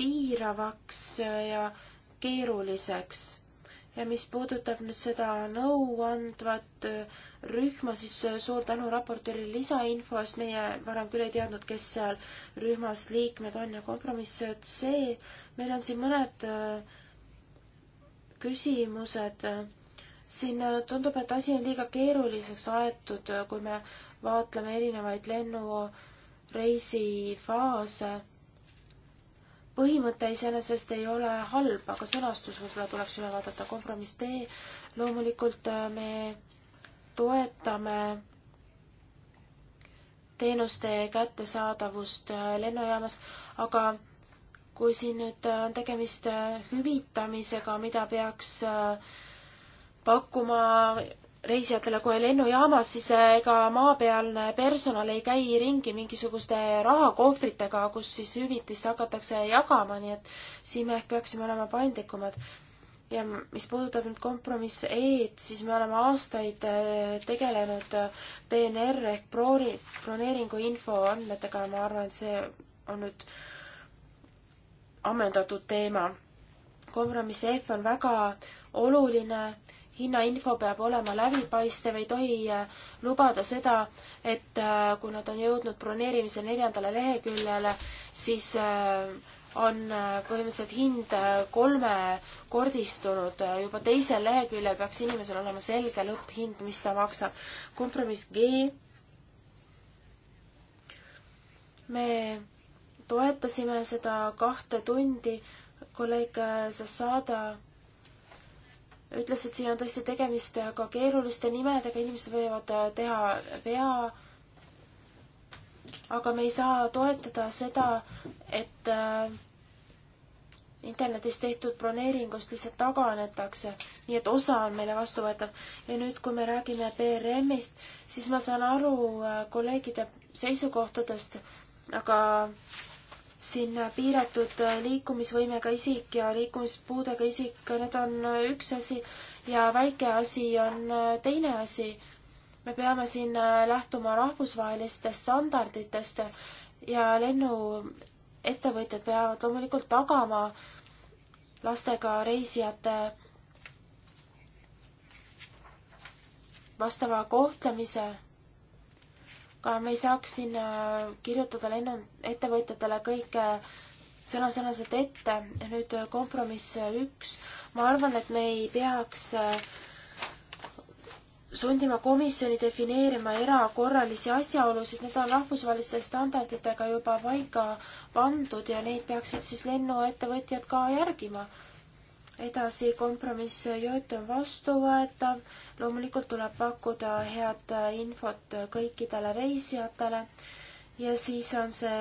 Speaker 2: piiravaks ja keeruliseks. ja mis puudutab nüüd seda nõuandvat rühma, siis suur tänu raportööri lisainfo eest, meie varem küll ei teadnud, kes seal rühmas liikmed on ja kompromiss C, meil on siin mõned äh, küsimused. siin äh, tundub, et asi on liiga keeruliseks aetud, äh, kui me vaatleme erinevaid lennureisifaase. põhimõte iseenesest ei ole halb, aga sõnastus võib-olla tuleks üle vaadata. kompromiss D, loomulikult äh, me toetame teenuste kättesaadavust lennujaamas, aga kui siin nüüd äh, on tegemist äh, hüvitamisega, mida peaks äh, pakkuma reisijatele kohe lennujaamas, siis ega maapealne personal ei käi ringi mingisuguste rahakohvritega, kus siis hüvitist hakatakse jagama, nii et siin me ehk peaksime olema paindlikumad. ja mis puudutab nüüd kompromiss E-d, siis me oleme aastaid tegelenud PNR ehk brooni, broneeringu info andmetega ja ma arvan, et see on nüüd ammendatud teema. kompromiss F on väga oluline, hinnainfo peab olema läbipaistev, ei tohi äh, lubada seda, et äh, kui nad on jõudnud broneerimise neljandale leheküljele, siis äh, on põhimõtteliselt hind kolmekordistunud, juba teisel leheküljel peaks inimesel olema selge lõpphind, mis ta maksab. kompromiss G. me toetasime seda kahte tundi, kolleeg Zasada ütles, et siin on tõesti tegemist ka keeruliste nimedega, inimesed võivad teha vea. aga me ei saa toetada seda, et äh, internetis tehtud broneeringust lihtsalt taganetakse, nii et osa on meile vastuvõetav. ja nüüd, kui me räägime BRM-ist, siis ma saan aru äh, kolleegide seisukohtadest, aga siin piiratud liikumisvõimega isik ja liikumispuudega isik, need on üks asi ja väike asi on teine asi. me peame siin lähtuma rahvusvahelistest standarditest ja lennuettevõtjad peavad loomulikult tagama lastega reisijate vastava kohtlemise ka me ei saaks siin äh, kirjutada lennuettevõtjatele kõike äh, sõna-sõnaselt ette. nüüd äh, kompromiss üks, ma arvan, et me ei peaks sundima komisjoni defineerima erakorralisi asjaolusid, need on rahvusvaheliste standarditega juba paika pandud ja neid peaksid siis lennuettevõtjad ka järgima edasi kompromiss J on vastuvõetav, loomulikult tuleb pakkuda head infot kõikidele reisijatele ja siis on see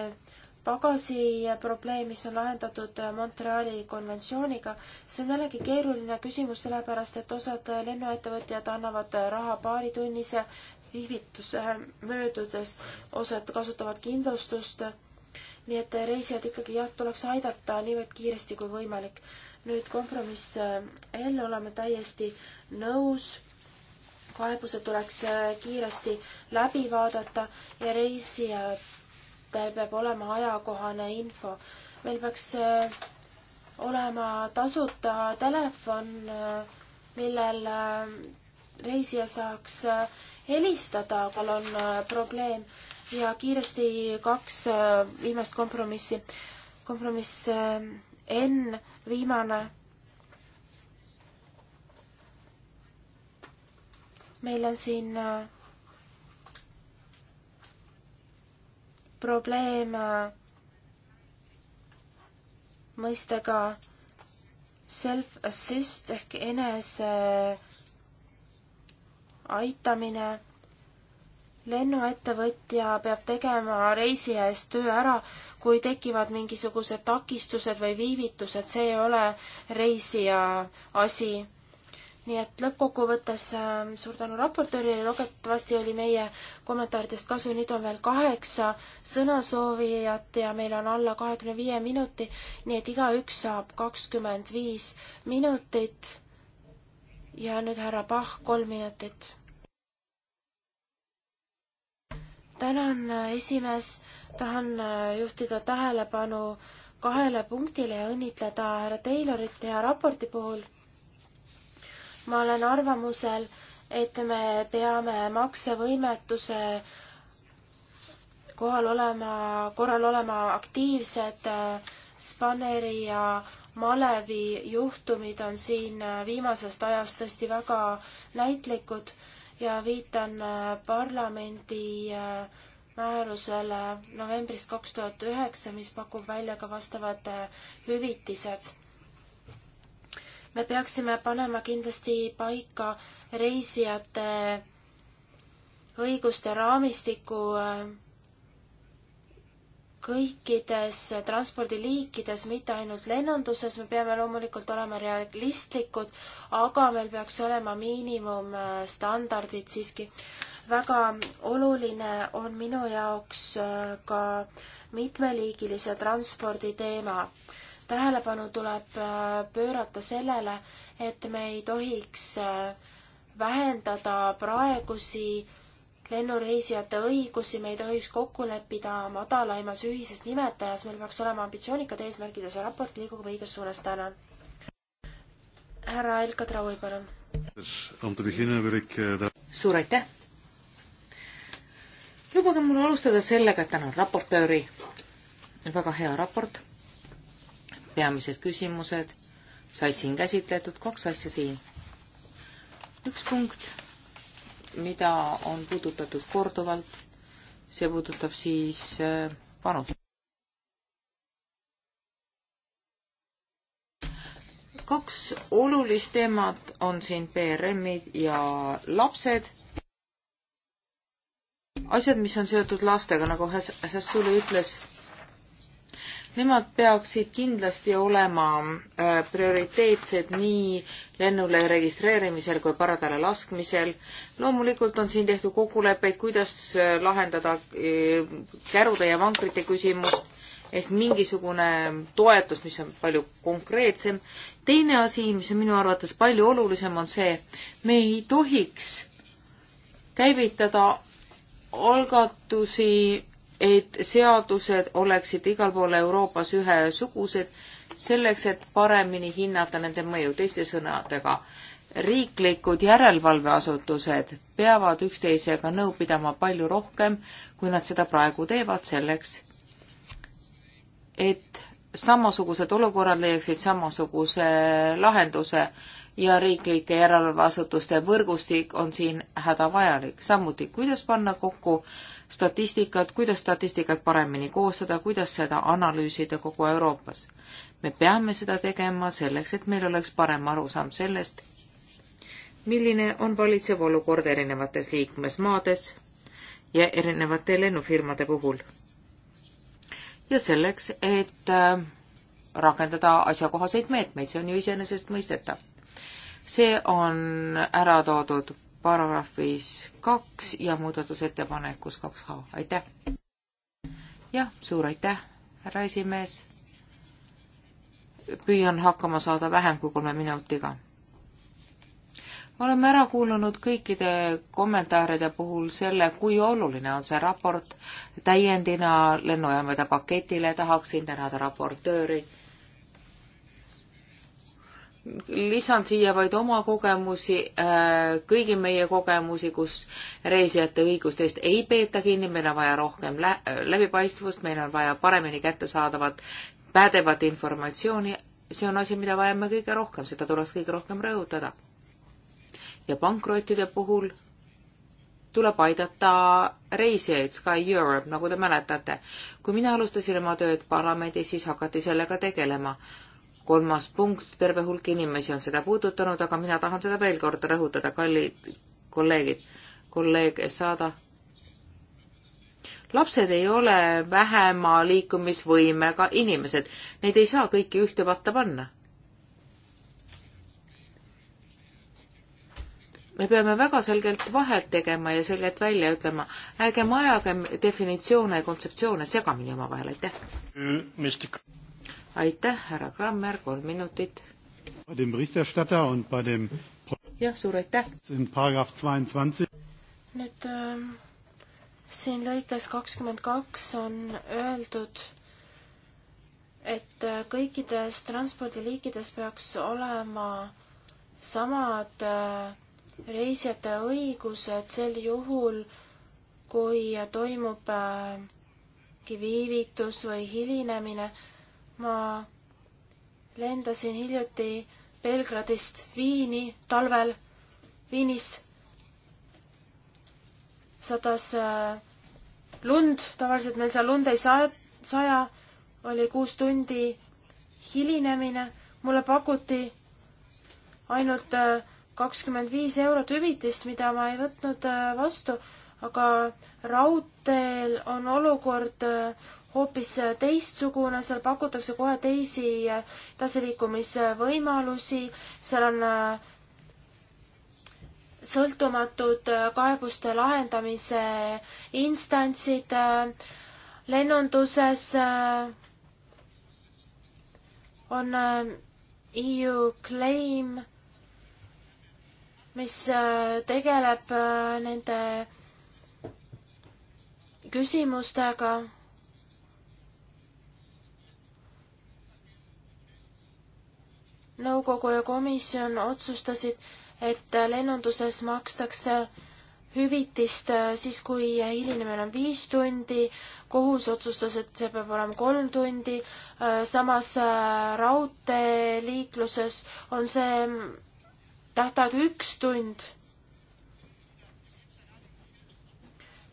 Speaker 2: pagasi probleem, mis on lahendatud Montreali konventsiooniga, see on jällegi keeruline küsimus, sellepärast et osad lennuettevõtjad annavad raha paaritunnise viivituse möödudes, osad kasutavad kindlustust, nii et reisijad ikkagi jah, tuleks aidata niivõrd kiiresti kui võimalik nüüd kompromiss äh, L oleme täiesti nõus, kaebused tuleks äh, kiiresti läbi vaadata ja reisijatel peab olema ajakohane info. meil peaks äh, olema tasuta telefon, millel reisija saaks helistada, tal on probleem ja kiiresti kaks viimast kompromissi. kompromiss N viimane. meil on siin äh, probleem äh, mõistega self-assist ehk enese äh, aitamine lennuettevõtja peab tegema reisija eest töö ära, kui tekivad mingisugused takistused või viivitused, see ei ole reisija asi. nii et lõppkokkuvõttes ähm, suur tänu raportöörile, loodetavasti oli meie kommentaaridest kasu, nüüd on veel kaheksa sõnasoovijat ja meil on alla kahekümne viie minuti, nii et igaüks saab kakskümmend viis minutit. ja nüüd härra Pahh, kolm minutit tänan, äh, esimees. tahan äh, juhtida tähelepanu kahele punktile ja õnnitleda härra Taylorit hea raporti puhul. ma olen arvamusel, et me peame maksevõimetuse kohal olema, korral olema aktiivsed. Äh, Spanneri ja malevi juhtumid on siin viimasest ajast tõesti väga näitlikud ja viitan äh, parlamendi äh, määrusele novembrist kaks tuhat üheksa, mis pakub välja ka vastavad äh, hüvitised. me peaksime panema kindlasti paika reisijate õiguste raamistiku kõikides transpordiliikides, mitte ainult lennunduses, me peame loomulikult olema realistlikud, aga meil peaks olema miinimumstandardid siiski. väga oluline on minu jaoks äh, ka mitmeliigilise transpordi teema. tähelepanu tuleb äh, pöörata sellele, et me ei tohiks äh, vähendada praegusi lennureisijate õigusi, me ei tohiks kokku leppida madalaimas ühises nimetajas, meil peaks olema ambitsioonikad eesmärgid ja see raport liigub õiges suunas, tänan.
Speaker 1: härra Elka Traui, palun.
Speaker 3: Eh,
Speaker 1: suur aitäh! lubage mul alustada sellega, et tänan raportööri, väga hea raport, peamised küsimused said siin käsitletud, kaks asja siin. üks punkt mida on puudutatud korduvalt, see puudutab siis äh, panust. kaks olulist teemat on siin PRM-id ja lapsed. asjad, mis on seotud lastega, nagu Hassuli ütles Nemad peaksid kindlasti olema äh, prioriteetsed nii lennule registreerimisel kui paradale laskmisel. loomulikult on siin tehtud kokkuleppeid, kuidas äh, lahendada äh, kärude ja vankrite küsimust ehk mingisugune toetus, mis on palju konkreetsem. teine asi, mis on minu arvates palju olulisem, on see, me ei tohiks käivitada algatusi, et seadused oleksid igal pool Euroopas ühesugused, selleks et paremini hinnata nende mõju. teiste sõnadega, riiklikud järelevalveasutused peavad üksteisega nõu pidama palju rohkem, kui nad seda praegu teevad, selleks et samasugused olukorrad leiaksid samasuguse lahenduse ja riiklike järelevalveasutuste võrgustik on siin hädavajalik. samuti, kuidas panna kokku äh, statistikat, kuidas statistikat paremini koostada, kuidas seda analüüsida kogu Euroopas. me peame seda tegema selleks, et meil oleks parem arusaam sellest, milline on valitsev olukord erinevates liikmesmaades ja erinevate lennufirmade puhul. ja selleks, et äh, rakendada asjakohaseid meetmeid, see on ju iseenesestmõistetav. see on ära toodud paragrahvis kaks ja muudatusettepanekus kaks H, aitäh! jah, suur aitäh, härra esimees! püüan hakkama saada vähem kui kolme minutiga. oleme ära kuulanud kõikide kommentaaride puhul selle, kui oluline on see raport. täiendina lennujaamade paketile tahaksin tänada raportööri lisan siia vaid oma kogemusi, äh, kõigi meie kogemusi, kus reisijate õigustest ei peeta kinni, meil on vaja rohkem lä läbipaistvust, meil on vaja paremini kättesaadavat pädevat informatsiooni, see on asi, mida vajame kõige rohkem, seda tuleks kõige rohkem rõhutada. ja pankrottide puhul tuleb aidata reisijaid Sky Europe, nagu te mäletate. kui mina alustasin oma tööd parlamendis, siis hakati sellega tegelema kolmas punkt, terve hulk inimesi on seda puudutanud, aga mina tahan seda veel kord rõhutada, kallid kolleegid, kolleeg Sada. lapsed ei ole vähema liikumisvõimega inimesed, neid ei saa kõiki ühte patta panna. me peame väga selgelt vahet tegema ja selgelt välja ütlema, ärgem ajagem definitsioone ja kontseptsioone segamini omavahel, aitäh. Mm, aitäh, härra Klammer, kolm minutit. jah, suur aitäh. nüüd
Speaker 2: äh, siin lõikes kakskümmend kaks on öeldud, et äh, kõikides transpordiliikides peaks olema samad äh, reisijate õigused sel juhul, kui toimub mingi äh, viivitus või hilinemine ma lendasin hiljuti Belgradist Viini talvel. Viinis sadas äh, lund, tavaliselt meil seal lund ei saa, saja, oli kuus tundi hilinemine. mulle pakuti ainult äh, kakskümmend viis eurot hüvitist, mida ma ei võtnud äh, vastu, aga raudteel on olukord hoopis teistsugune, seal pakutakse kohe teisi edasiliikumisvõimalusi, seal on äh, sõltumatud äh, kaebuste lahendamise instantsid äh, lennunduses on EU claim, mis tegeleb nende küsimustega nõukogu ja komisjon otsustasid, et lennunduses makstakse hüvitist äh, siis, kui hilinemine on viis tundi, kohus otsustas, et see peab olema kolm tundi, äh, samas äh, raudteeliikluses on see tähtaeg üks tund.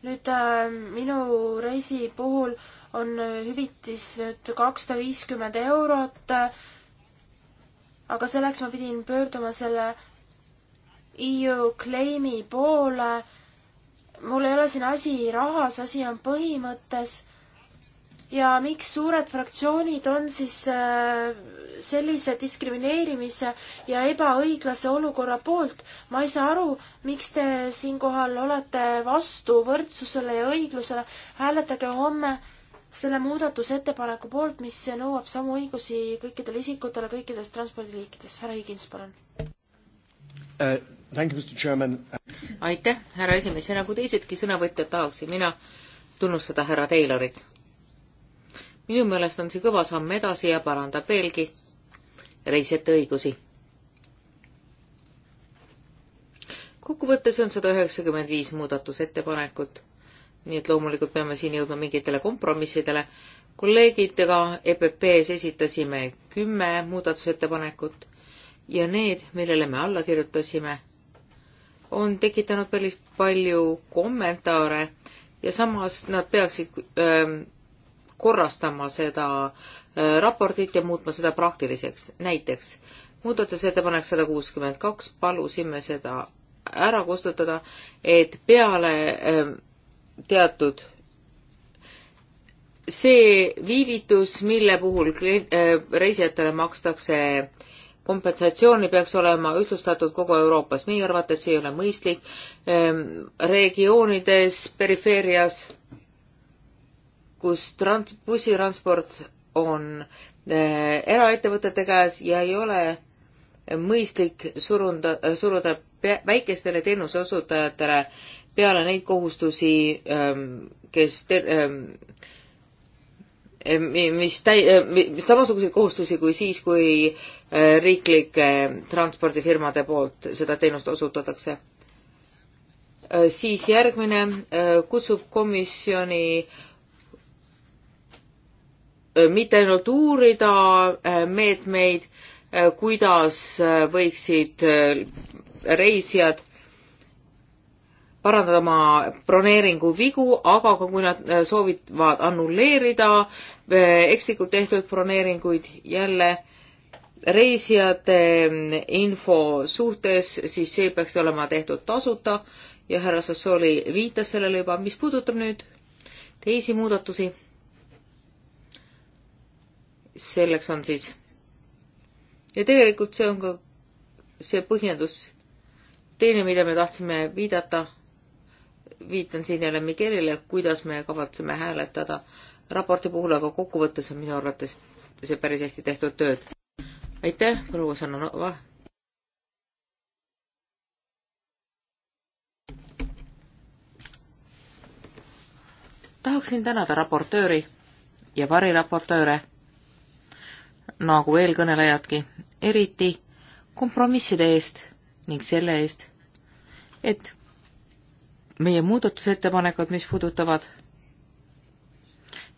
Speaker 2: nüüd minu reisi puhul on hüvitis nüüd kakssada viiskümmend eurot aga selleks ma pidin pöörduma selle EU claim'i poole. mul ei ole siin asi rahas, asi on põhimõttes. ja miks suured fraktsioonid on siis äh, sellise diskrimineerimise ja ebaõiglase olukorra poolt? ma ei saa aru, miks te siinkohal olete vastu võrdsusele ja õiglusele. hääletage homme selle muudatusettepaneku poolt, mis nõuab samu õigusi kõikidele isikutele kõikides transpordiliikides. härra Higins, palun
Speaker 3: uh,.
Speaker 1: aitäh, härra esimees ja nagu teisedki sõnavõtjad, tahaksin mina tunnustada härra Taylorit. minu meelest on see kõva samm edasi ja parandab veelgi reisijate õigusi. kokkuvõttes on sada üheksakümmend viis muudatusettepanekut nii et loomulikult peame siin jõudma mingitele kompromissidele. kolleegidega EPP-s esitasime kümme muudatusettepanekut ja need, millele me alla kirjutasime, on tekitanud päris palju kommentaare ja samas nad peaksid öö, ähm, korrastama seda öö, äh, raportit ja muutma seda praktiliseks. näiteks muudatusettepanek sada kuuskümmend kaks, palusime seda ära kustutada, et peale öö, ähm, teatud see viivitus, mille puhul äh, reisijatele makstakse kompensatsiooni, peaks olema ühtlustatud kogu Euroopas. meie arvates ei ole mõistlik ähm, regioonides, perifeerias, kus trans-, bussitransport on äh, eraettevõtete käes ja ei ole mõistlik surunda, suruda väikestele teenuseosutajatele äh, peale neid kohustusi, ähm, kes ter-, ähm, mis täi-, äh, mis samasuguseid kohustusi kui siis, kui äh, riiklike transpordifirmade poolt seda teenust osutatakse. Äh, siis järgmine kutsub komisjoni mitte ainult uurida meetmeid, kuidas võiksid reisijad parandada oma broneeringu vigu, aga kui nad äh, soovivad annulleerida äh, ekslikult tehtud broneeringuid jälle reisijate mm, info suhtes, siis see peaks olema tehtud tasuta ja härra Sassoli viitas sellele juba, mis puudutab nüüd teisi muudatusi. selleks on siis ja tegelikult see on ka see põhjendus, teine, mida me tahtsime viidata, viitan siin Helemi Kerile, kuidas me kavatseme hääletada raporti puhul, aga kokkuvõttes on minu arvates see päris hästi tehtud tööd. aitäh, proua Sananova. tahaksin tänada raportööri ja variraportööre, nagu eelkõnelejadki, eriti kompromisside eest ning selle eest, et meie muudatusettepanekud, mis puudutavad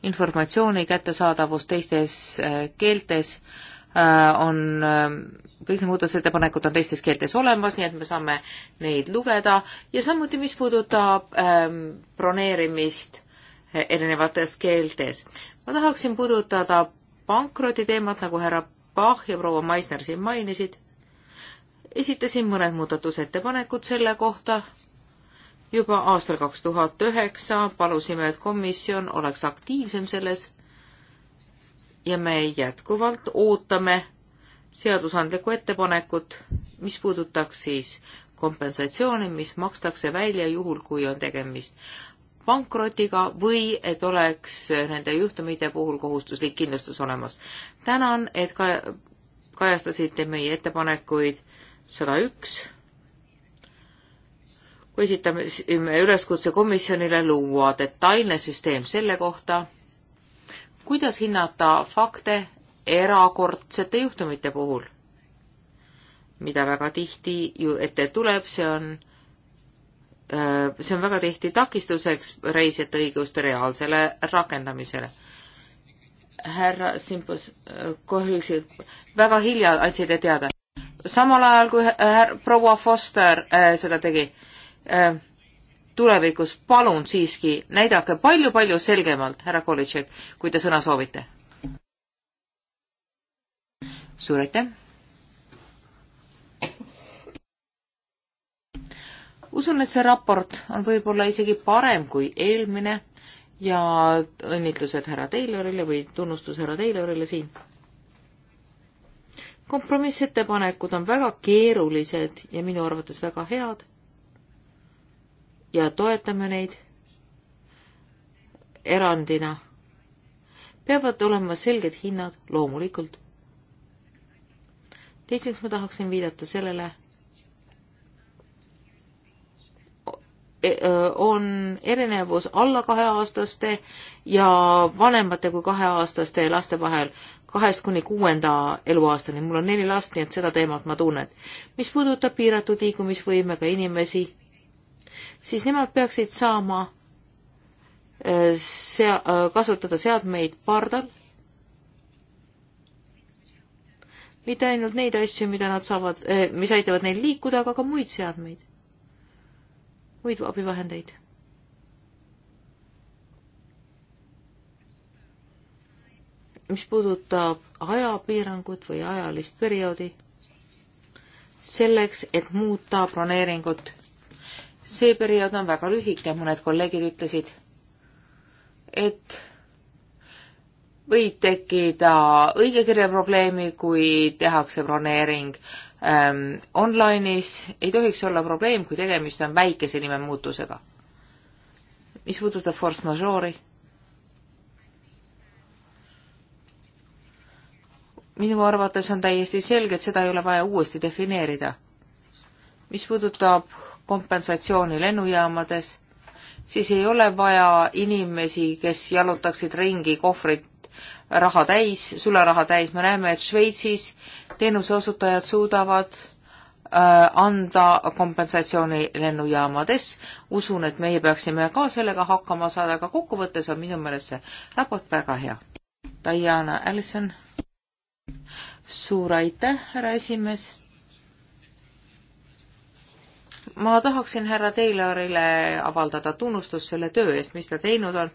Speaker 1: informatsiooni kättesaadavust teistes äh, keeltes, äh, on, äh, kõik need muudatusettepanekud on teistes keeltes olemas, nii et me saame neid lugeda ja samuti, mis puudutab ähm, broneerimist erinevates keeltes. ma tahaksin puudutada pankroti teemat, nagu härra Bach ja proua Maisner siin mainisid. esitasin mõned muudatusettepanekud selle kohta juba aastal kaks tuhat üheksa palusime, et komisjon oleks aktiivsem selles ja me jätkuvalt ootame seadusandlikku ettepanekut, mis puudutaks siis kompensatsiooni, mis makstakse välja juhul, kui on tegemist pankrotiga või et oleks nende juhtumite puhul kohustuslik kindlustus olemas. tänan, et ka kajastasite meie ettepanekuid sada üks kui esitame üleskutse komisjonile luua detailne süsteem selle kohta, kuidas hinnata fakte erakordsete juhtumite puhul, mida väga tihti ju ette tuleb, see on äh, see on väga tihti takistuseks reisijate õiguste reaalsele rakendamisele. härra Simpus, äh, kahjuks väga hilja andsite teada. samal ajal kui härra proua Foster äh, seda tegi, Äh, tulevikus palun siiski näidake palju-palju selgemalt, härra Kolitšek, kui te sõna soovite. suur aitäh! usun, et see raport on võib-olla isegi parem kui eelmine ja õnnitlused härra Taylorile või tunnustus härra Taylorile siin. kompromissettepanekud on väga keerulised ja minu arvates väga head ja toetame neid erandina. peavad olema selged hinnad, loomulikult. teiseks ma tahaksin viidata sellele, e-, e-, on erinevus alla kaheaastaste ja vanemate kui kaheaastaste laste vahel kahest kuni kuuenda eluaastani. mul on neli last, nii et seda teemat ma tunnen. mis puudutab piiratud liikumisvõimega inimesi, siis nemad peaksid saama äh, sea-, äh, kasutada seadmeid pardal, mitte ainult neid asju, mida nad saavad, äh, mis aitavad neil liikuda, aga ka muid seadmeid, muid abivahendeid. mis puudutab ajapiirangut või ajalist perioodi, selleks, et muuta broneeringut see periood on väga lühike, mõned kolleegid ütlesid, et võib tekkida õigekirja probleemi, kui tehakse broneering ähm, online'is, ei tohiks olla probleem, kui tegemist on väikese nimemuutusega. mis puudutab force majeure'i, minu arvates on täiesti selge, et seda ei ole vaja uuesti defineerida. mis puudutab kompensatsiooni lennujaamades, siis ei ole vaja inimesi, kes jalutaksid ringi kohvrit raha täis, sularaha täis, me näeme, et Šveitsis teenuseosutajad suudavad äh, anda kompensatsiooni lennujaamades. usun, et meie peaksime ka sellega hakkama saada, aga kokkuvõttes on minu meelest see raport väga hea. Diana Allison, suur aitäh, härra esimees ma tahaksin härra Taylorile avaldada tunnustust selle töö eest, mis ta teinud on,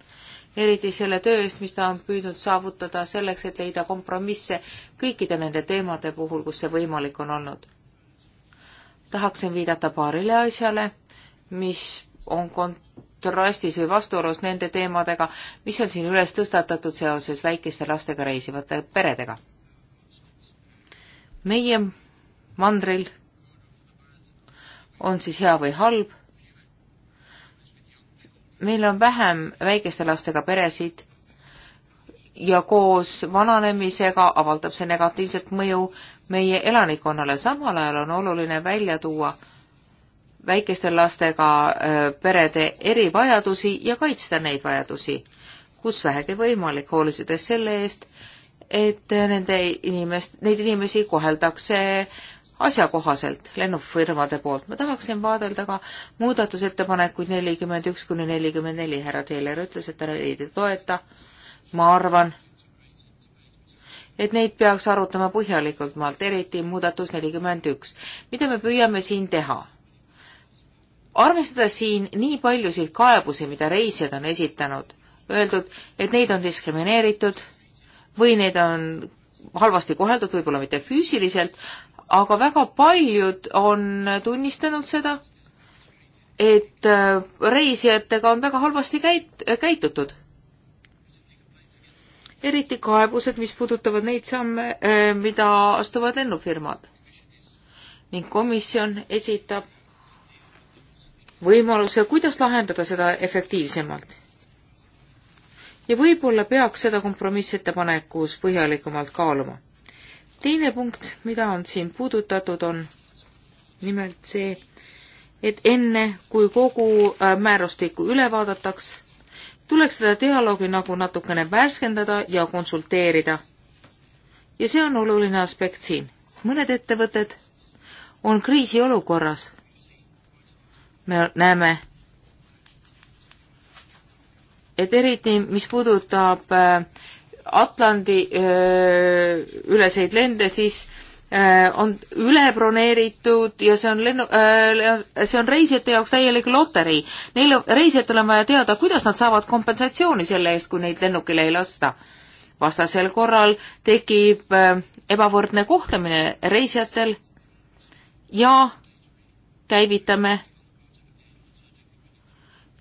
Speaker 1: eriti selle töö eest, mis ta on püüdnud saavutada selleks, et leida kompromisse kõikide nende teemade puhul, kus see võimalik on olnud. tahaksin viidata paarile asjale, mis on kontrastis või vastuolus nende teemadega, mis on siin üles tõstatatud seoses väikeste lastega reisivate peredega. meie mandril on siis hea või halb. meil on vähem väikeste lastega peresid ja koos vananemisega avaldab see negatiivset mõju meie elanikkonnale. samal ajal on oluline välja tuua väikeste lastega äh, perede erivajadusi ja kaitsta neid vajadusi, kus vähegi võimalik, hoolitsedes selle eest, et nende inimest, neid inimesi koheldakse asjakohaselt lennufirmade poolt. ma tahaksin vaadelda ka muudatusettepanekuid nelikümmend üks kuni nelikümmend neli. härra Teeler ütles, et ta neid ei toeta. ma arvan, et neid peaks arutama põhjalikult maalt, eriti muudatus nelikümmend üks. mida me püüame siin teha? arvestada siin nii paljusid kaebusi, mida reisijad on esitanud, öeldud, et neid on diskrimineeritud või neid on halvasti koheldud, võib-olla mitte füüsiliselt, aga väga paljud on tunnistanud seda, et äh, reisijatega on väga halvasti käit-, käitutud. eriti kaebused, mis puudutavad neid samme, äh, mida astuvad lennufirmad. ning komisjon esitab võimaluse, kuidas lahendada seda efektiivsemalt. ja võib-olla peaks seda kompromissettepanekus põhjalikumalt kaaluma teine punkt, mida on siin puudutatud, on nimelt see, et enne, kui kogu äh, määrustikku üle vaadataks, tuleks seda dialoogi nagu natukene värskendada ja konsulteerida. ja see on oluline aspekt siin. mõned ettevõtted on kriisiolukorras. me näeme, et eriti, mis puudutab äh, Atlandi öö, üleseid lende, siis öö, on üle broneeritud ja see on lennu, see on reisijate jaoks täielik loterii. Neil, reisijatel on vaja teada, kuidas nad saavad kompensatsiooni selle eest, kui neid lennukile ei lasta. vastasel korral tekib öö, ebavõrdne kohtlemine reisijatel ja käivitame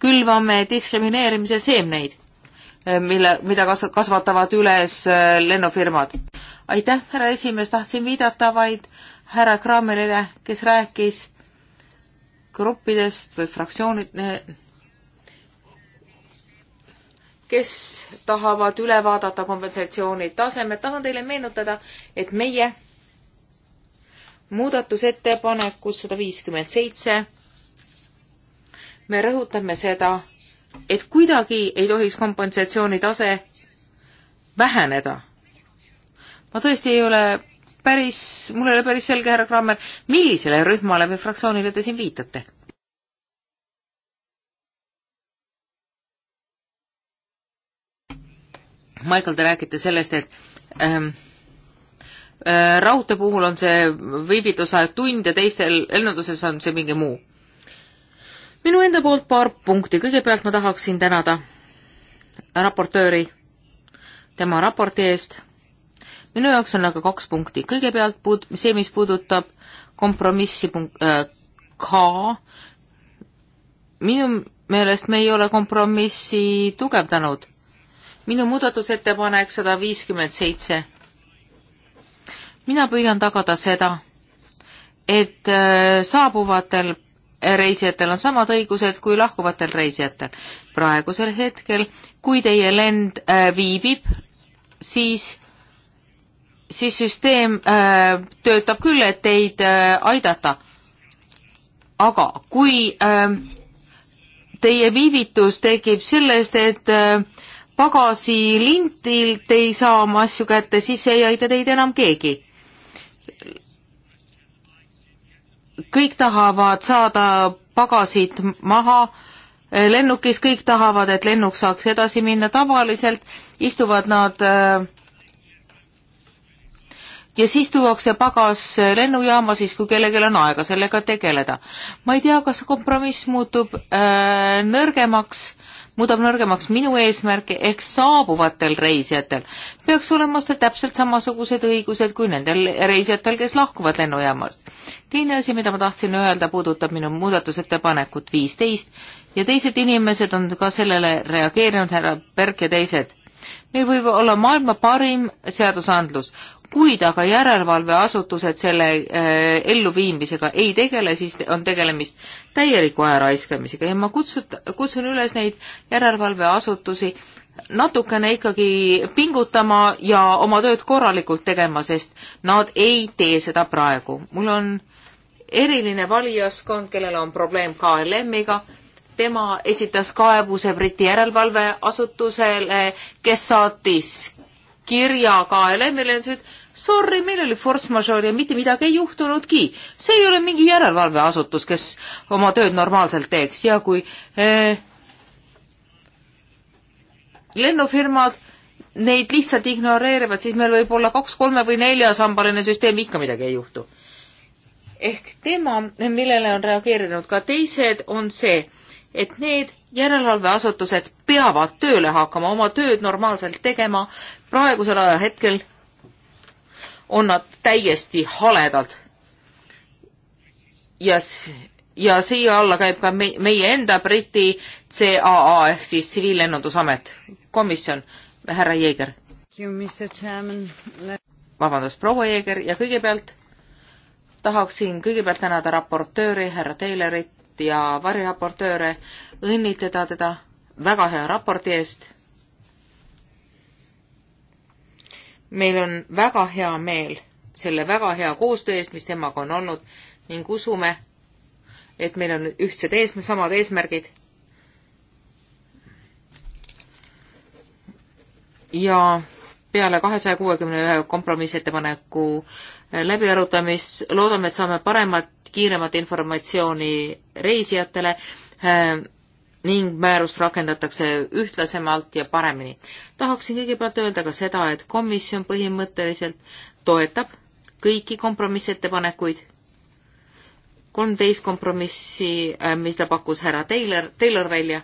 Speaker 1: külvame diskrimineerimise seemneid Eh, mille, mida kas-, kasvatavad üles eh, lennufirmad. aitäh, härra esimees, tahtsin viidata vaid härra Krammerile, kes rääkis gruppidest või fraktsioonid, eh, kes tahavad üle vaadata kompensatsiooni tasemed, tahan teile meenutada, et meie muudatusettepanekus sada viiskümmend seitse me rõhutame seda, et kuidagi ei tohiks kompensatsiooni tase väheneda. ma tõesti ei ole päris, mul ei ole päris selge, härra Krammer, millisele rühmale või fraktsioonile te siin viitate? Michael, te räägite sellest, et ähm, äh, raudtee puhul on see viivitusaeg tund ja teistel lennunduses on see mingi muu minu enda poolt paar punkti, kõigepealt ma tahaksin tänada raportööri tema raporti eest. minu jaoks on aga kaks punkti, kõigepealt puud-, see, mis puudutab kompromissi punkt äh, K, minu meelest me ei ole kompromissi tugevdanud. minu muudatusettepanek sada viiskümmend seitse. mina püüan tagada seda, et äh, saabuvatel reisijatel on samad õigused kui lahkuvatel reisijatel. praegusel hetkel, kui teie lend äh, viibib, siis, siis süsteem äh, töötab küll, et teid äh, aidata. aga kui äh, teie viivitus tekib sellest, et äh, pagasilintilt ei saa oma asju kätte, siis ei aita teid enam keegi kõik tahavad saada pagasid maha lennukis, kõik tahavad, et lennuk saaks edasi minna, tavaliselt istuvad nad äh, ja siis tuuakse pagas lennujaama siis, kui kellelgi on aega sellega tegeleda. ma ei tea, kas kompromiss muutub öö, äh, nõrgemaks muudab nõrgemaks minu eesmärke ehk saabuvatel reisijatel peaks olema seda täpselt samasugused õigused kui nendel reisijatel, kes lahkuvad lennujaamast. teine asi, mida ma tahtsin öelda, puudutab minu muudatusettepanekut viisteist ja teised inimesed on ka sellele reageerinud, härra Berk ja teised meil võib olla maailma parim seadusandlus, kuid aga järelevalveasutused selle äh, elluviimisega ei tegele, siis on tegelemist täieliku aja raiskamisega ja ma kutsut-, kutsun üles neid järelevalveasutusi natukene ikkagi pingutama ja oma tööd korralikult tegema, sest nad ei tee seda praegu. mul on eriline valijaskond, kellel on probleem KLM-iga, tema esitas kaebuse Briti järelevalveasutusele, kes saatis kirja KLM-ile, ütles, et Sorry, meil oli force majeure ja mitte midagi ei juhtunudki. see ei ole mingi järelevalveasutus, kes oma tööd normaalselt teeks ja kui eh, lennufirmad neid lihtsalt ignoreerivad, siis meil võib olla kaks, kolme või neljasambaline süsteem, ikka midagi ei juhtu. ehk teema, millele on reageerinud ka teised, on see, et need järelevalveasutused peavad tööle hakkama, oma tööd normaalselt tegema, praegusel ajahetkel on nad täiesti haledad. ja, ja siia alla käib ka me, meie enda Briti CAA ehk siis Tsiviillennundusamet, komisjon, härra Jeeger. vabandust, proua Jeeger ja kõigepealt tahaksin kõigepealt tänada raportööri härra Taylorit ja variraportööre, õnnitleda teda väga hea raporti eest meil on väga hea meel selle väga hea koostöö eest, mis temaga on olnud ning usume, et meil on ühtsed ees-, samad eesmärgid. ja peale kahesaja kuuekümne ühe kompromissettepaneku äh, läbiarutamist loodame, et saame paremat, kiiremat informatsiooni reisijatele äh, ning määrust rakendatakse ühtlasemalt ja paremini. tahaksin kõigepealt öelda ka seda, et komisjon põhimõtteliselt toetab kõiki kompromissettepanekuid, kolmteist kompromissi, äh, mida pakkus härra Taylor, Taylor välja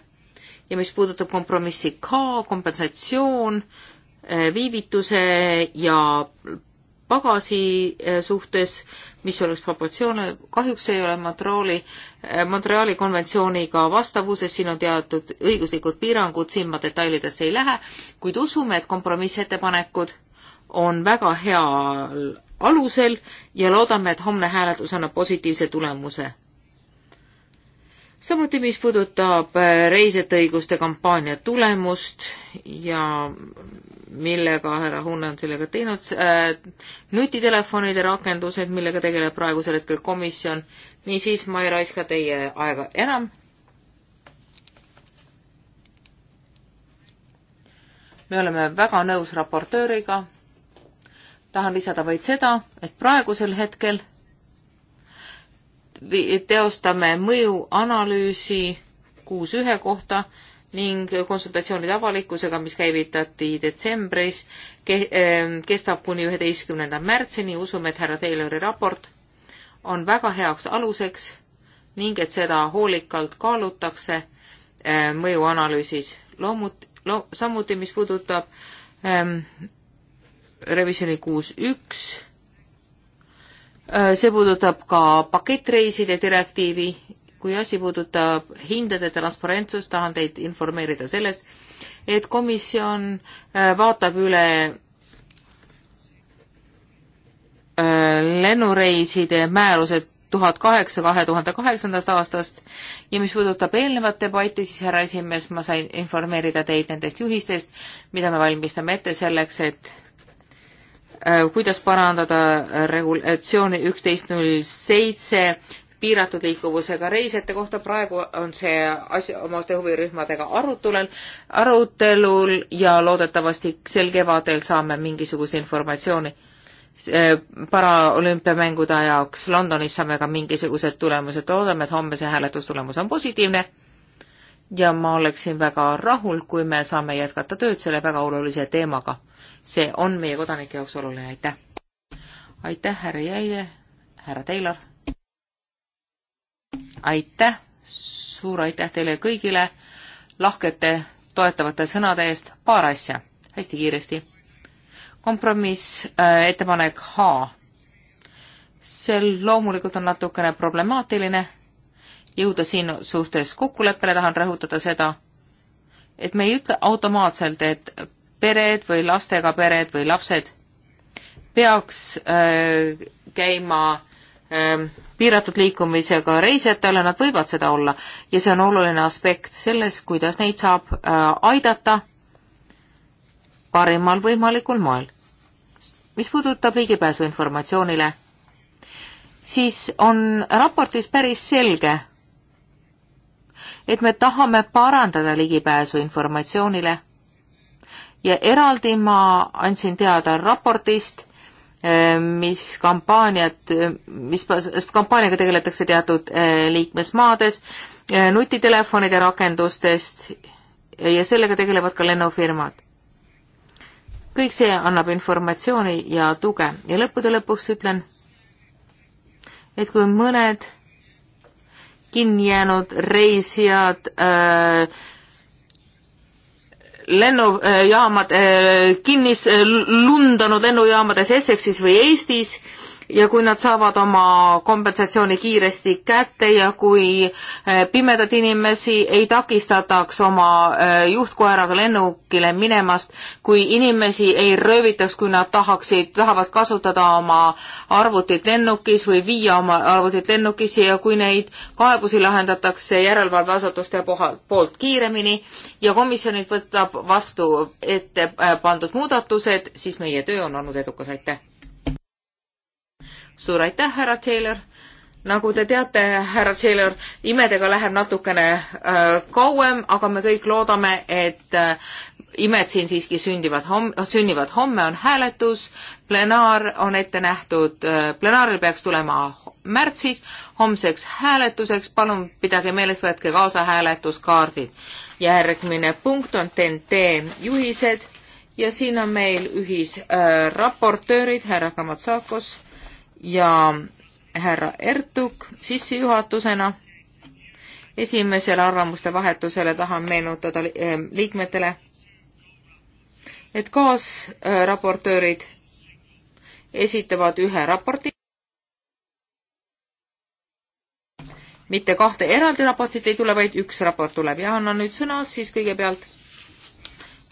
Speaker 1: ja mis puudutab kompromissi K, kompensatsioon äh, viivituse ja pagasi äh, suhtes, mis oleks proportsioone, kahjuks ei ole Montreali, äh, Montreali konventsiooniga vastavuses, siin on teatud õiguslikud piirangud, siin ma detailidesse ei lähe, kuid usume, et kompromissettepanekud on väga heal alusel ja loodame, et homne hääletus annab positiivse tulemuse. samuti, mis puudutab äh, reisijate õiguste kampaania tulemust ja millega härra Hunn on sellega teinud äh,, nutitelefonide rakendused, millega tegeleb praegusel hetkel komisjon, niisiis ma ei raiska teie aega enam. me oleme väga nõus raportööriga. tahan lisada vaid seda, et praegusel hetkel teostame mõjuanalüüsi kuus ühe kohta ning konsultatsioonid avalikkusega, mis käivitati detsembris, ehm, kestab kuni üheteistkümnenda märtsini, usume, et härra Taylori raport on väga heaks aluseks ning et seda hoolikalt kaalutakse ehm, mõjuanalüüsis. loomut-, lo-, samuti, mis puudutab ähm, revisjoni kuus üks, ehm, see puudutab ka pakettreiside direktiivi kui asi puudutab hindade transparentsust, tahan teid informeerida sellest, et komisjon äh, vaatab üle äh, lennureiside määrused tuhat kaheksa kahe tuhande kaheksandast aastast ja mis puudutab eelnevat debatti, siis härra esimees, ma sain informeerida teid nendest juhistest, mida me valmistame ette selleks, et äh, kuidas parandada regulatsiooni üksteist null seitse piiratud liikuvusega reisijate kohta, praegu on see asjaomaste huvirühmadega arutulel, arutelul ja loodetavasti sel kevadel saame mingisugust informatsiooni eh, paraolümpiamängude jaoks Londonis saame ka mingisugused tulemused, loodame, et homme see hääletustulemus on positiivne ja ma oleksin väga rahul, kui me saame jätkata tööd selle väga olulise teemaga. see on meie kodanike jaoks oluline, aitäh! aitäh, härra Jäie, härra Taylor! aitäh, suur aitäh teile kõigile lahkete toetavate sõnade eest, paar asja, hästi kiiresti. kompromiss äh,, ettepanek H. see loomulikult on natukene problemaatiline, jõuda siin suhtes kokkuleppele, tahan rõhutada seda, et me ei ütle automaatselt, et pered või lastega pered või lapsed peaks äh, käima äh, piiratud liikumisega reisijatele, nad võivad seda olla ja see on oluline aspekt selles, kuidas neid saab äh, aidata parimal võimalikul moel. mis puudutab ligipääsu informatsioonile, siis on raportis päris selge, et me tahame parandada ligipääsu informatsioonile ja eraldi ma andsin teada raportist Ehm, mis kampaaniat, mis kampaaniaga tegeletakse teatud eh, liikmesmaades, eh, nutitelefonide rakendustest ja sellega tegelevad ka lennufirmad. kõik see annab informatsiooni ja tuge ja lõppude lõpuks ütlen, et kui mõned kinni jäänud reisijad äh, lennujaamad, äh, äh, kinnis äh, lundanud lennujaamades Essexis või Eestis ja kui nad saavad oma kompensatsiooni kiiresti kätte ja kui eh, pimedad inimesi ei takistataks oma eh, juhtkoeraga lennukile minemast, kui inimesi ei röövitaks, kui nad tahaksid, tahavad kasutada oma arvutit lennukis või viia oma arvutit lennukis ja kui neid kaebusi lahendatakse järelevalveasutuste poolt kiiremini ja komisjonid võtab vastu ette eh, pandud muudatused, siis meie töö on olnud edukas, aitäh! suur aitäh, härra Taylor. nagu te teate, härra Taylor, imedega läheb natukene äh, kauem, aga me kõik loodame, et äh, imed siin siiski sündivad homme, sünnivad homme on hääletus, plenaar on ette nähtud äh,, plenaaril peaks tulema märtsis, homseks hääletuseks, palun pidage meeles, võtke kaasa hääletuskaardid. järgmine punkt on TNT juhised ja siin on meil ühisraportöörid äh,, härra Kamatsakos ja härra Ertug sissejuhatusena. esimesele arvamuste vahetusele tahan meenutada eh, liikmetele, et kaasraportöörid esitavad ühe raporti, mitte kahte eraldi raportit ei tule, vaid üks raport tuleb ja annan nüüd sõna siis kõigepealt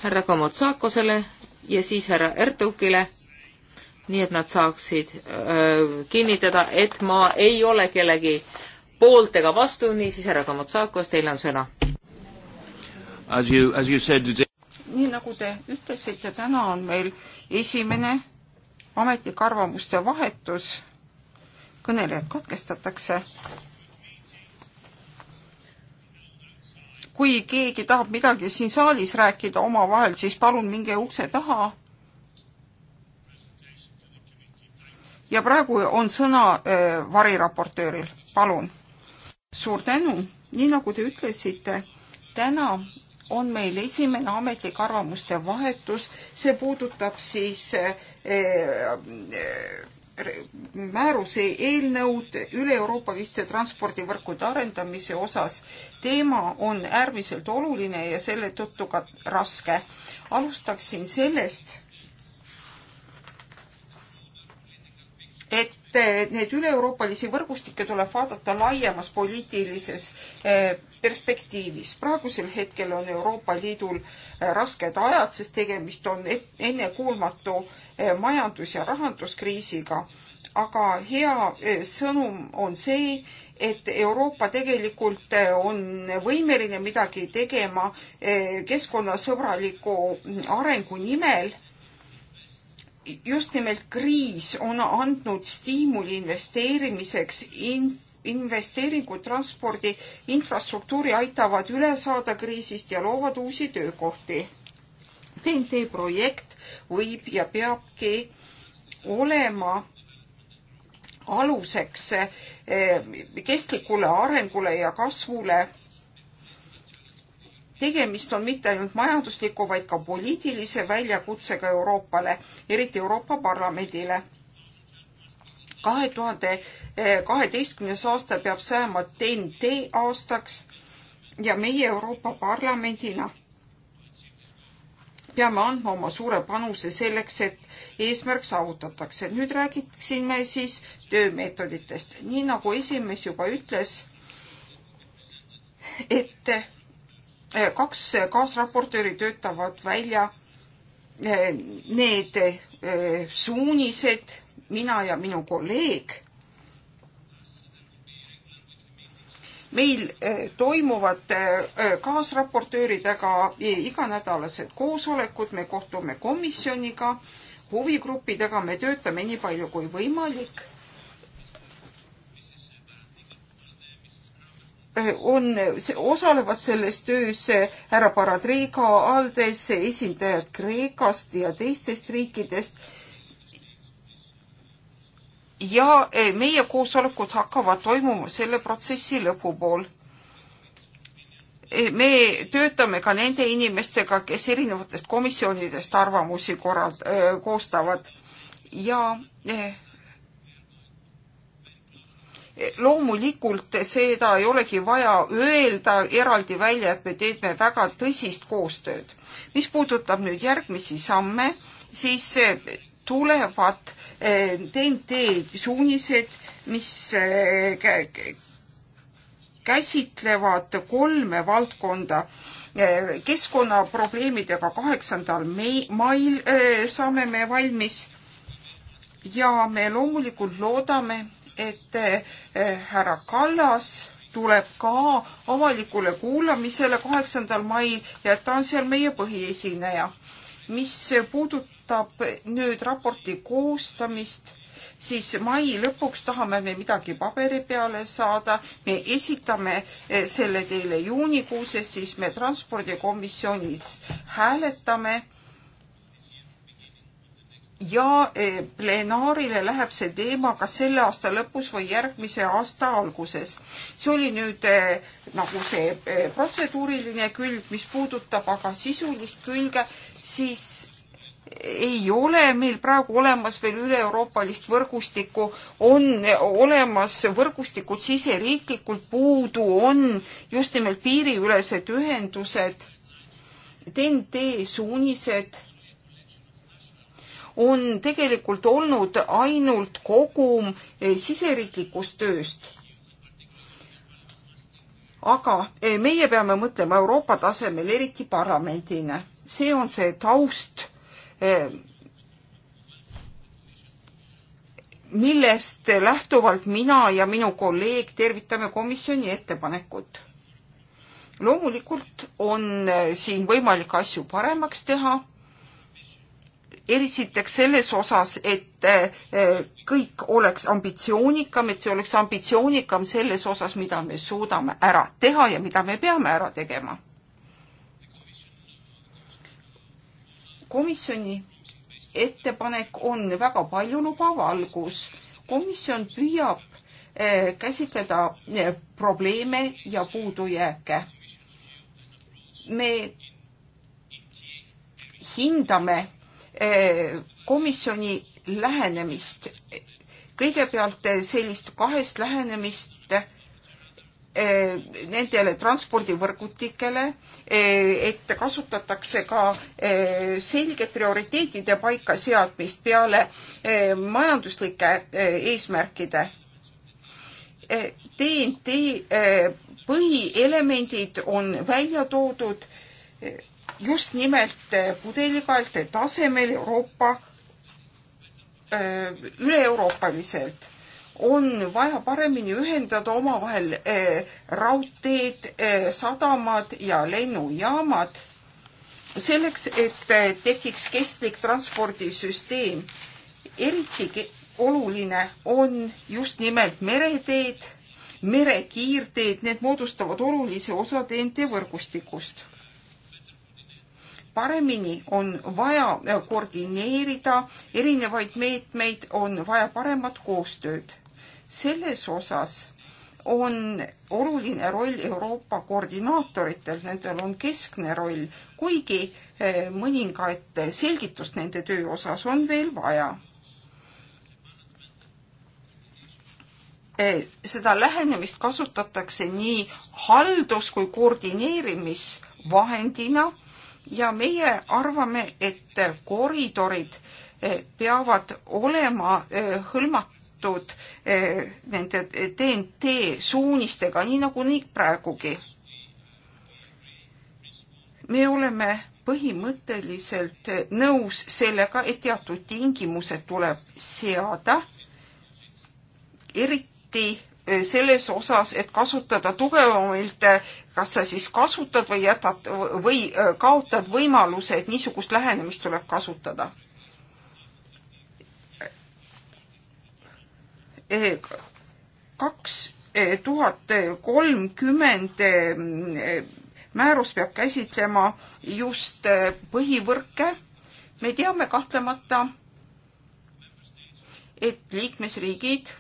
Speaker 1: härra Komotsakosele ja siis härra Ertukile nii et nad saaksid öö, äh, kinnitada, et ma ei ole kellegi poolt ega vastu, niisiis härra Kamatsakos, teil on sõna. Today...
Speaker 3: nii nagu te ütlesite, täna on meil esimene ametlik arvamuste vahetus, kõnelejad katkestatakse. kui keegi tahab midagi siin saalis rääkida omavahel, siis palun minge ukse taha ja praegu on sõna äh, variraportööril, palun. suur tänu, nii nagu te ütlesite, täna on meil esimene ametlik arvamuste vahetus, see puudutab siis äh, äh, määruse eelnõud üle-euroopaliste transpordivõrkude arendamise osas. teema on äärmiselt oluline ja selle tõttu ka raske. alustaksin sellest, et eh, need üle-euroopalisi võrgustikke tuleb vaadata laiemas poliitilises eh, perspektiivis. praegusel hetkel on Euroopa Liidul eh, rasked ajad, sest tegemist on ennekuulmatu majandus- ja rahanduskriisiga. aga hea sõnum on see, et Euroopa tegelikult on võimeline midagi tegema keskkonnasõbraliku mm, arengu nimel just nimelt kriis on andnud stiimuli investeerimiseks in, investeeringud transpordi infrastruktuuri aitavad üle saada kriisist ja loovad uusi töökohti. TNT projekt võib ja peabki olema aluseks eh, kestlikule arengule ja kasvule tegemist on mitte ainult majandusliku, vaid ka poliitilise väljakutsega Euroopale, eriti Euroopa Parlamendile. kahe tuhande eh, kaheteistkümnes aasta peab saama TNT aastaks ja meie Euroopa Parlamendina peame andma oma suure panuse selleks, et eesmärk saavutatakse. nüüd räägiksime siis töömeetoditest. nii nagu esimees juba ütles, et Eh, kaks eh, kaasraportööri töötavad välja eh, need suunised, mina ja minu kolleeg. meil toimuvad kaasraportööridega iganädalased koosolekud, me kohtume komisjoniga, huvigruppidega, me töötame nii palju kui võimalik on, osalevad selles töös härra Paradreiga, Aldes, esindajad Kreekast ja teistest riikidest. ja eh, meie koosolekud hakkavad toimuma selle protsessi lõpupool eh, me töötame ka nende inimestega, kes erinevatest komisjonidest arvamusi korrald-, eh, koostavad ja loomulikult seda ei olegi vaja öelda eraldi välja, et me teeme väga tõsist koostööd. mis puudutab nüüd järgmisi samme, siis eh, tulevad TNT eh, suunised, mis eh, käsitlevad kolme valdkonda. keskkonnaprobleemidega kaheksandal mail saame me valmis ja me loomulikult loodame, et eh, härra Kallas tuleb ka avalikule kuulamisele kaheksandal mail ja ta on seal meie põhiesineja. mis puudutab nüüd raporti koostamist, siis mai lõpuks tahame me midagi paberi peale saada, me esitame eh, selle teile juunikuus ja siis me transpordikomisjonis hääletame ja eh, plenaarile läheb see teema kas selle aasta lõpus või järgmise aasta alguses. see oli nüüd eh, nagu see eh, protseduuriline külg, mis puudutab aga sisulist külge, siis ei ole meil praegu olemas veel üle-euroopalist võrgustikku, on olemas võrgustikud siseriiklikult, puudu on just nimelt piiriülesed ühendused, TNT suunised on tegelikult olnud ainult kogum eh, siseriiklikust tööst. aga eh, meie peame mõtlema Euroopa tasemel, eriti parlamendina. see on see taust, eh, millest lähtuvalt mina ja minu kolleeg tervitame komisjoni ettepanekut loomulikult on siin võimalik asju paremaks teha esiteks selles osas, et eh, kõik oleks ambitsioonikam, et see oleks ambitsioonikam selles osas, mida me suudame ära teha ja mida me peame ära tegema. komisjoni ettepanek on väga paljulubav algus. komisjon püüab eh, käsitleda eh, probleeme ja puudujääke. me hindame Eh, komisjoni lähenemist. kõigepealt eh, sellist kahest lähenemist eh, nendele transpordivõrgutikele, et kasutatakse ka selge prioriteetide paikaseadmist peale majanduslike eesmärkide. TNT põhielemendid on välja toodud just nimelt eh, pudelikaelte tasemel Euroopa, eh, üle-euroopaliselt on vaja paremini ühendada omavahel eh, raudteed, sadamad ja lennujaamad selleks, et tekiks kestlik transpordisüsteem. eriti oluline on just nimelt mereteed, merekiirteed, need moodustavad olulise osa TNT võrgustikust paremini, on vaja äh, koordineerida erinevaid meetmeid, on vaja paremat koostööd. selles osas on oluline roll Euroopa koordinaatoritel, nendel on keskne roll, kuigi äh, mõningat selgitust nende töö osas on veel vaja. Äh, seda lähenemist kasutatakse nii haldus kui koordineerimisvahendina ja meie arvame, et koridorid eh, peavad olema eh, hõlmatud eh, nende TNT suunistega, nii nagu neid praegugi. me oleme põhimõtteliselt nõus sellega, et teatud tingimused tuleb seada, eriti selles osas, et kasutada tugevamalt, kas sa siis kasutad või jätad või äh, kaotad võimaluse, et niisugust lähenemist tuleb kasutada. Äh, kaks äh, tuhat kolmkümmend määrus peab käsitlema just põhivõrke. me teame kahtlemata, et liikmesriigid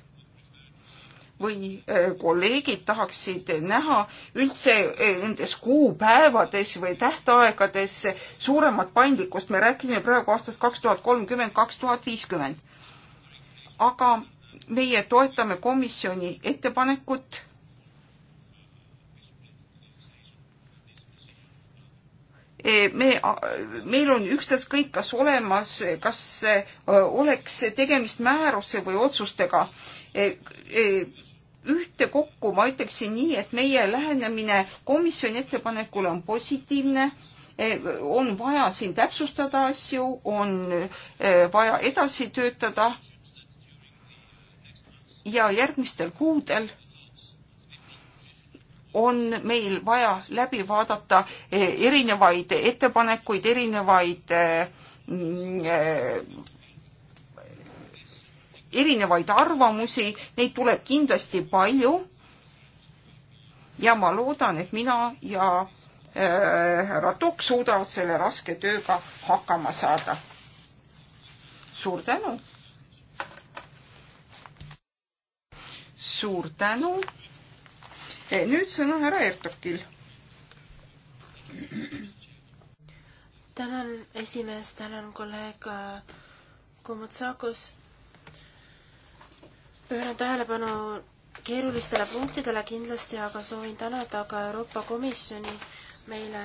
Speaker 3: või äh, kolleegid tahaksid näha üldse äh, nendes kuupäevades või tähtaegades suuremat paindlikkust, me räägime praegu aastast kaks tuhat kolmkümmend, kaks tuhat viiskümmend. aga meie toetame komisjoni ettepanekut e, me, meil on ükstaskõik, kas olemas, kas äh, oleks tegemist määruse või otsustega. E, e, ühtekokku ma ütleksin nii, et meie lähenemine komisjoni ettepanekule on positiivne, eh, on vaja siin täpsustada asju, on eh, vaja edasi töötada ja järgmistel kuudel on meil vaja läbi vaadata eh, erinevaid ettepanekuid, erinevaid mm, erinevaid arvamusi, neid tuleb kindlasti palju. ja ma loodan, et mina ja äh, härra Tokk suudavad selle raske tööga hakkama saada. suur tänu. suur tänu. Eh, nüüd sõna härra Ertokil.
Speaker 2: tänan esimees, tänan kolleeg äh, Kumutsakus pööran tähelepanu keerulistele punktidele kindlasti, aga soovin tänada ka Euroopa Komisjoni meile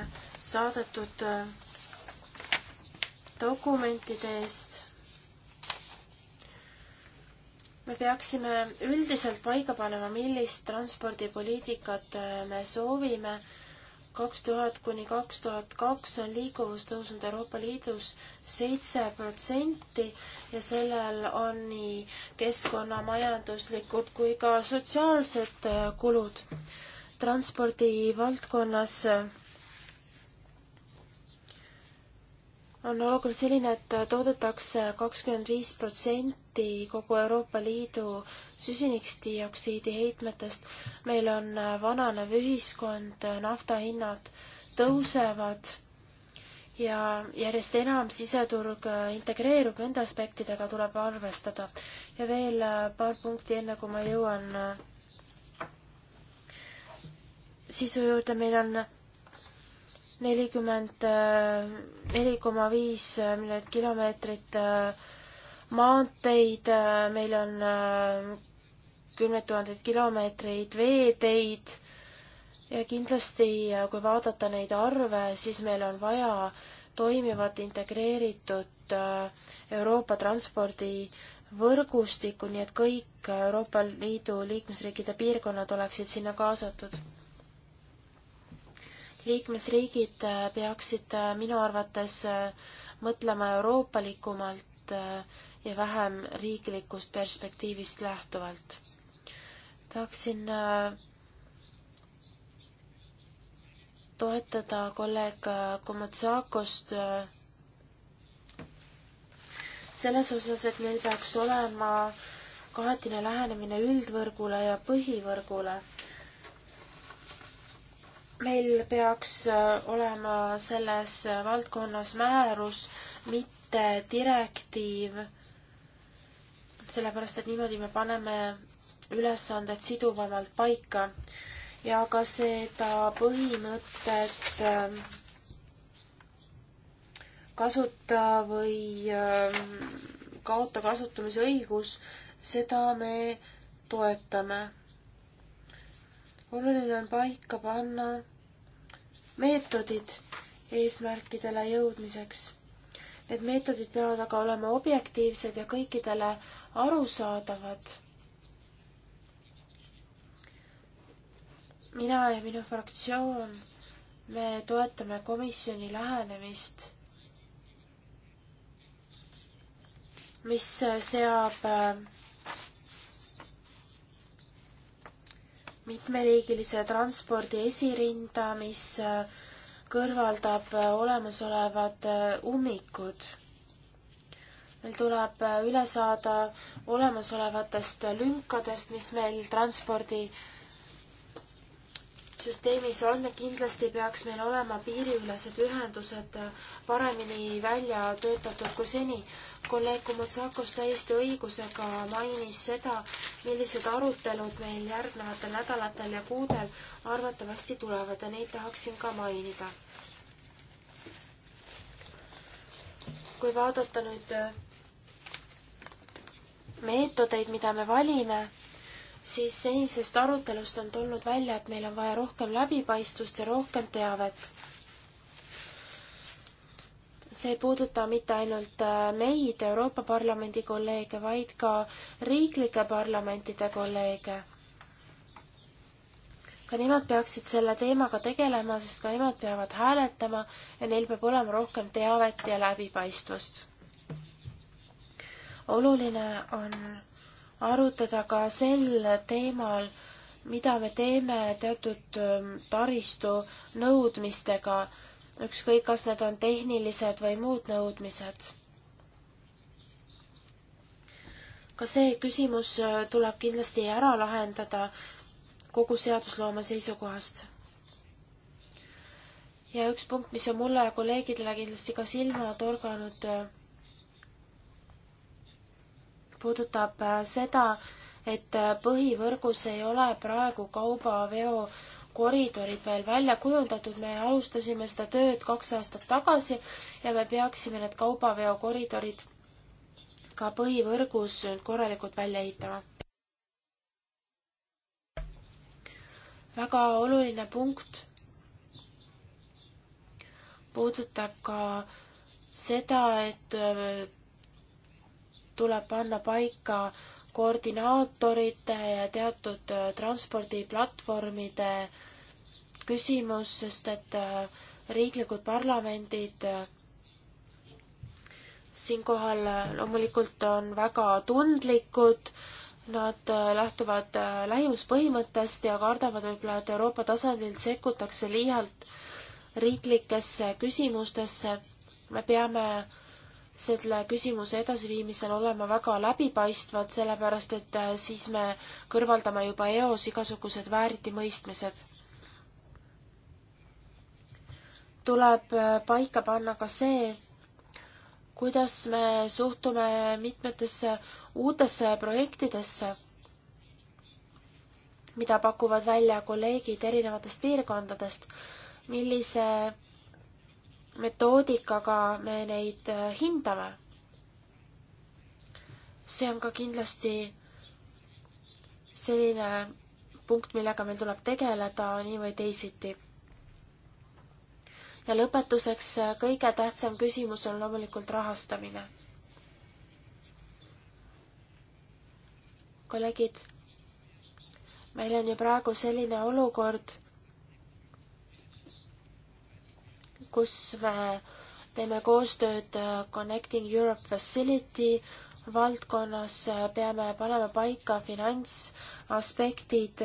Speaker 2: saadetud äh, dokumentide eest. me peaksime üldiselt paika panema, millist transpordipoliitikat äh, me soovime kaks tuhat kuni kaks tuhat kaks on liikuvus tõusnud Euroopa Liidus seitse protsenti ja sellel on nii keskkonnamajanduslikud kui ka sotsiaalsed äh, kulud. transpordi valdkonnas äh, on olukord selline, et toodetakse kakskümmend viis protsenti kogu Euroopa Liidu süsinikdioksiidi heitmetest. meil on vananev ühiskond, naftahinnad tõusevad ja järjest enam siseturg integreerub, nende aspektidega tuleb arvestada. ja veel paar punkti, enne kui ma jõuan sisu juurde, meil on nelikümmend äh, neli koma viis äh, miljonit kilomeetrit äh, maanteid, meil on kümned tuhanded kilomeetreid veeteid ja kindlasti, kui vaadata neid arve, siis meil on vaja toimivat integreeritud Euroopa transpordivõrgustikku, nii et kõik Euroopa Liidu liikmesriikide piirkonnad oleksid sinna kaasatud liikmesriigid äh, peaksid äh, minu arvates äh, mõtlema euroopalikumalt ja vähem riiklikust perspektiivist lähtuvalt. tahaksin toetada kolleeg Komotsakost selles osas, et meil peaks olema kahetine lähenemine üldvõrgule ja põhivõrgule meil peaks äh, olema selles äh, valdkonnas määrus, mitte direktiiv, sellepärast et niimoodi me paneme ülesanded siduvamalt paika ja ka seda põhimõtet ähm, kasuta või ähm, kaota kasutamise õigus, seda me toetame. oluline on paika panna meetodid eesmärkidele jõudmiseks. Need meetodid peavad aga olema objektiivsed ja kõikidele arusaadavad. mina ja minu fraktsioon, me toetame komisjoni lähenemist, mis seab äh, mitmeliigilise transpordi esirinda, mis äh, kõrvaldab äh, olemasolevad äh, ummikud. meil tuleb üle saada olemasolevatest lünkadest, mis meil transpordi süsteemis on ja kindlasti peaks meil olema piiriülesed ühendused paremini välja töötatud kui seni kolleeg Komotsakos täiesti õigusega mainis seda, millised arutelud meil järgnevatel nädalatel ja kuudel arvatavasti tulevad ja neid tahaksin ka mainida. kui vaadata nüüd äh, meetodeid, mida me valime, siis senisest arutelust on tulnud välja, et meil on vaja rohkem läbipaistvust ja rohkem teavet see ei puuduta mitte ainult äh, meid, Euroopa Parlamendi kolleege, vaid ka riiklike parlamentide kolleege. ka nemad peaksid selle teemaga tegelema, sest ka nemad peavad hääletama ja neil peab olema rohkem teavet ja läbipaistvust. oluline on arutada ka sel teemal, mida me teeme teatud ähm, taristu nõudmistega ükskõik, kas need on tehnilised või muud nõudmised. ka see küsimus äh, tuleb kindlasti ära lahendada kogu seadusloome seisukohast. ja üks punkt, mis on mulle ja kolleegidele kindlasti ka silma torganud, äh, puudutab äh, seda, et põhivõrgus ei ole praegu kaubaveo koridorid veel välja kujundatud, me alustasime seda tööd kaks aastat tagasi ja me peaksime need kaubaveokoridorid ka põhivõrgus korralikult välja ehitama. väga oluline punkt puudutab ka seda, et äh, tuleb panna paika äh, koordinaatorite ja teatud äh, transpordiplatvormide küsimus, sest et äh, riiklikud parlamendid äh, siinkohal loomulikult on väga tundlikud, nad lähtuvad lähimuspõhimõttest ja kardavad võib-olla, et Euroopa tasandil sekkutakse liialt riiklikesse küsimustesse. me peame selle küsimuse edasiviimisel olema väga läbipaistvad, sellepärast et äh, siis me kõrvaldame juba eos igasugused vääritimõistmised. tuleb äh, paika panna ka see, kuidas me suhtume mitmetesse uutesse projektidesse, mida pakuvad välja kolleegid erinevatest piirkondadest, millise metoodikaga me neid äh, hindame. see on ka kindlasti selline punkt, millega meil tuleb tegeleda nii või teisiti. ja lõpetuseks äh, kõige tähtsam küsimus on loomulikult rahastamine. kolleegid, meil on ju praegu selline olukord kus me teeme koostööd äh, Connecting Europe Facility valdkonnas, äh, peame panema paika finantsaspektid.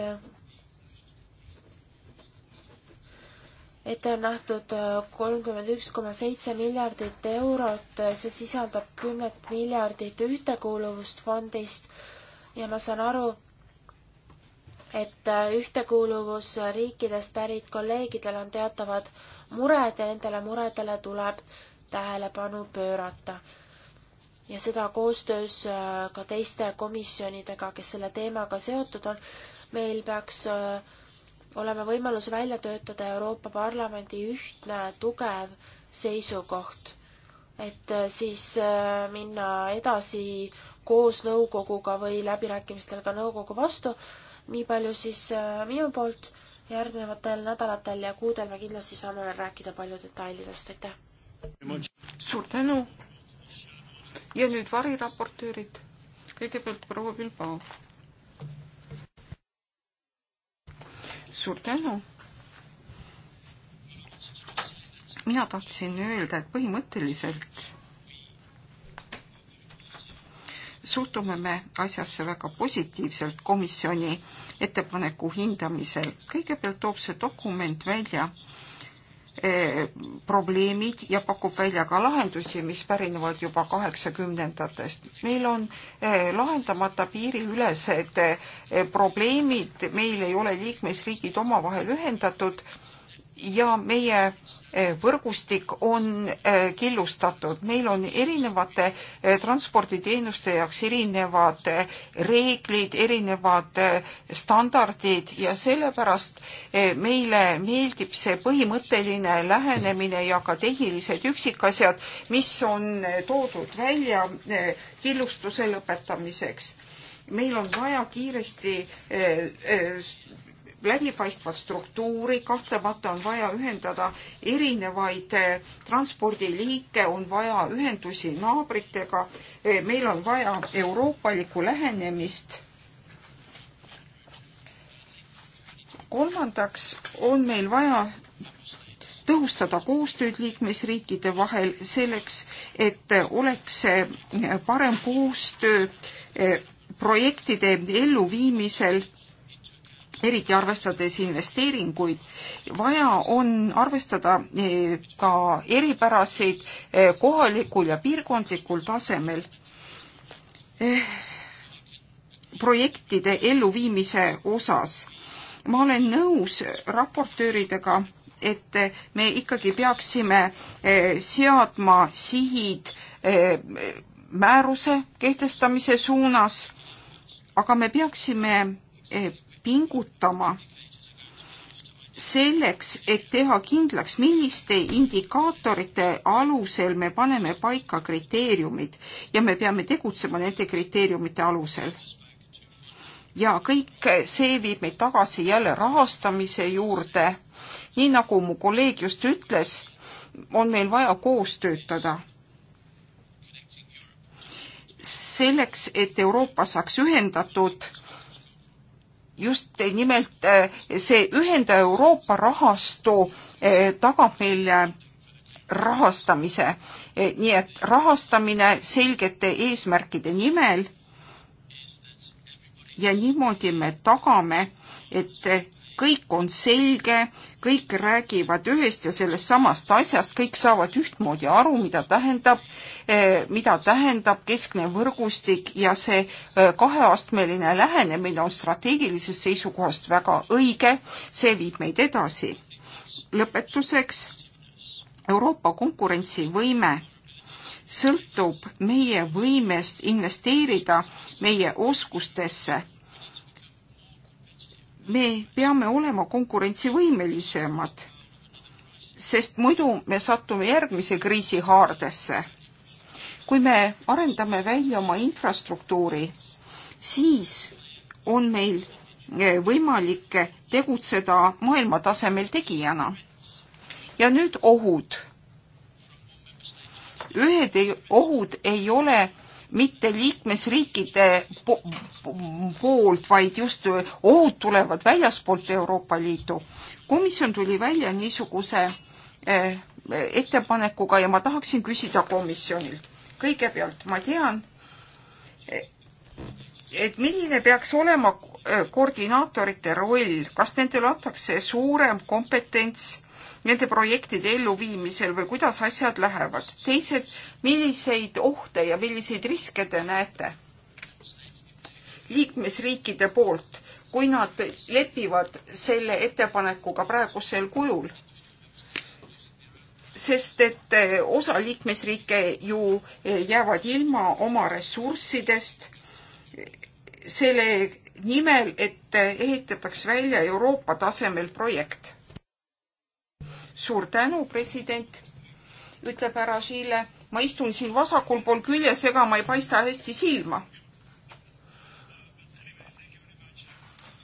Speaker 2: ette on nähtud äh, kolmkümmend üks koma seitse miljardit eurot, see sisaldab kümmet miljardit ühtekuuluvusfondist ja ma saan aru, et äh, ühtekuuluvusriikidest pärit kolleegidel on teatavad mured ja nendele muredele tuleb tähelepanu pöörata. ja seda koostöös äh, ka teiste komisjonidega, kes selle teemaga seotud on. meil peaks äh, olema võimalus välja töötada Euroopa Parlamendi ühtne tugev seisukoht, et siis minna edasi koos nõukoguga või läbirääkimistel ka nõukogu vastu nii palju siis äh, minu poolt, järgnevatel nädalatel ja kuudel me kindlasti saame veel rääkida palju detailidest, aitäh!
Speaker 3: suur tänu! ja nüüd variraportöörid, kõigepealt proua Bilbao. suur tänu! mina tahtsin öelda, et põhimõtteliselt suhtume me asjasse väga positiivselt komisjoni ettepaneku hindamisel. kõigepealt toob see dokument välja eh, probleemid ja pakub välja ka lahendusi, mis pärinevad juba kaheksakümnendatest. meil on eh, lahendamata piiriülesed eh, probleemid, meil ei ole liikmesriigid omavahel ühendatud ja meie eh, võrgustik on eh, killustatud. meil on erinevate eh, transporditeenuste jaoks erinevad reeglid, erinevad standardid ja sellepärast meile meeldib see põhimõtteline lähenemine ja ka tehnilised üksikasjad, mis on toodud välja killustuse lõpetamiseks meil on vaja kiiresti läbipaistvat struktuuri, kahtlemata on vaja ühendada erinevaid eh, transpordiliike, on vaja ühendusi naabritega, eh, meil on vaja euroopalikku lähenemist. kolmandaks on meil vaja tõhustada koostööd liikmesriikide vahel selleks, et oleks eh, parem koostöö projektide elluviimisel eriti arvestades investeeringuid, vaja on arvestada eh, ka eripäraseid eh, kohalikul ja piirkondlikul tasemel eh, projektide elluviimise osas. ma olen nõus raportööridega, et me ikkagi peaksime seadma sihid määruse kehtestamise suunas, aga me peaksime pingutama selleks, et teha kindlaks, milliste indikaatorite alusel me paneme paika kriteeriumid ja me peame tegutsema nende kriteeriumite alusel. ja kõik see viib meid tagasi jälle rahastamise juurde. nii nagu mu kolleeg just ütles, on meil vaja koos töötada. selleks, et Euroopa saaks ühendatud just nimelt eh, see Ühenda Euroopa rahastu eh, tagab meile rahastamise, eh, nii et rahastamine selgete eesmärkide nimel ja niimoodi me tagame, et kõik on selge, kõik räägivad ühest ja sellest samast asjast, kõik saavad ühtmoodi aru, mida tähendab, eh, mida tähendab keskne võrgustik ja see eh, kaheastmeline lähenemine on strateegilisest seisukohast väga õige, see viib meid edasi. lõpetuseks, Euroopa konkurentsivõime sõltub meie võimest investeerida meie oskustesse me peame olema konkurentsivõimelisemad, sest muidu me satume järgmise kriisi haardesse. kui me arendame välja oma infrastruktuuri, siis on meil eh, võimalik tegutseda maailmatasemel tegijana. ja nüüd ohud. ühed ei, ohud ei ole mitte liikmesriikide po poolt, vaid just ohud tulevad väljaspoolt Euroopa Liitu. komisjon tuli välja niisuguse eh, ettepanekuga ja ma tahaksin küsida komisjonilt. kõigepealt ma tean, et milline peaks olema eh, koordinaatorite roll, kas nendele antakse suurem kompetents nende projektide elluviimisel või kuidas asjad lähevad? teised, milliseid ohte ja milliseid riske te näete liikmesriikide poolt, kui nad lepivad selle ettepanekuga praegusel kujul? sest et eh, osa liikmesriike ju eh, jäävad ilma oma ressurssidest eh, selle nimel, et ehitataks välja Euroopa tasemel projekt suur tänu, president, ütleb härra Schiele. ma istun siin vasakul pool küljes, ega ma ei paista hästi silma.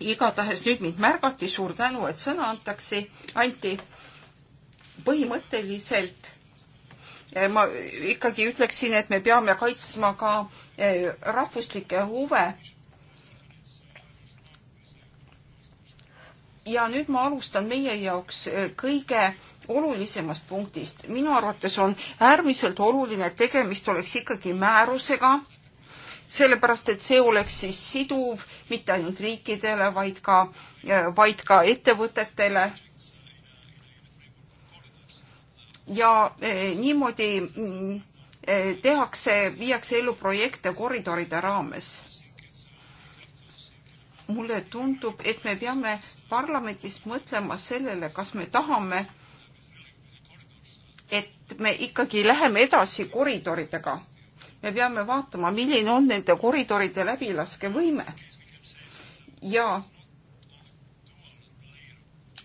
Speaker 3: igatahes nüüd mind märgati, suur tänu, et sõna antakse, anti. põhimõtteliselt eh, ma ikkagi ütleksin, et me peame kaitsma ka eh, rahvuslikke huve ja nüüd ma alustan meie jaoks äh, kõige olulisemast punktist. minu arvates on äärmiselt oluline, et tegemist oleks ikkagi määrusega, sellepärast et see oleks siis siduv mitte ainult riikidele, vaid ka, äh, vaid ka ettevõtetele. ja äh, niimoodi mm, tehakse, viiakse ellu projekte koridoride raames mulle tundub, et me peame parlamendis mõtlema sellele, kas me tahame, et me ikkagi läheme edasi koridoridega. me peame vaatama, milline on nende koridoride läbilaskevõime. ja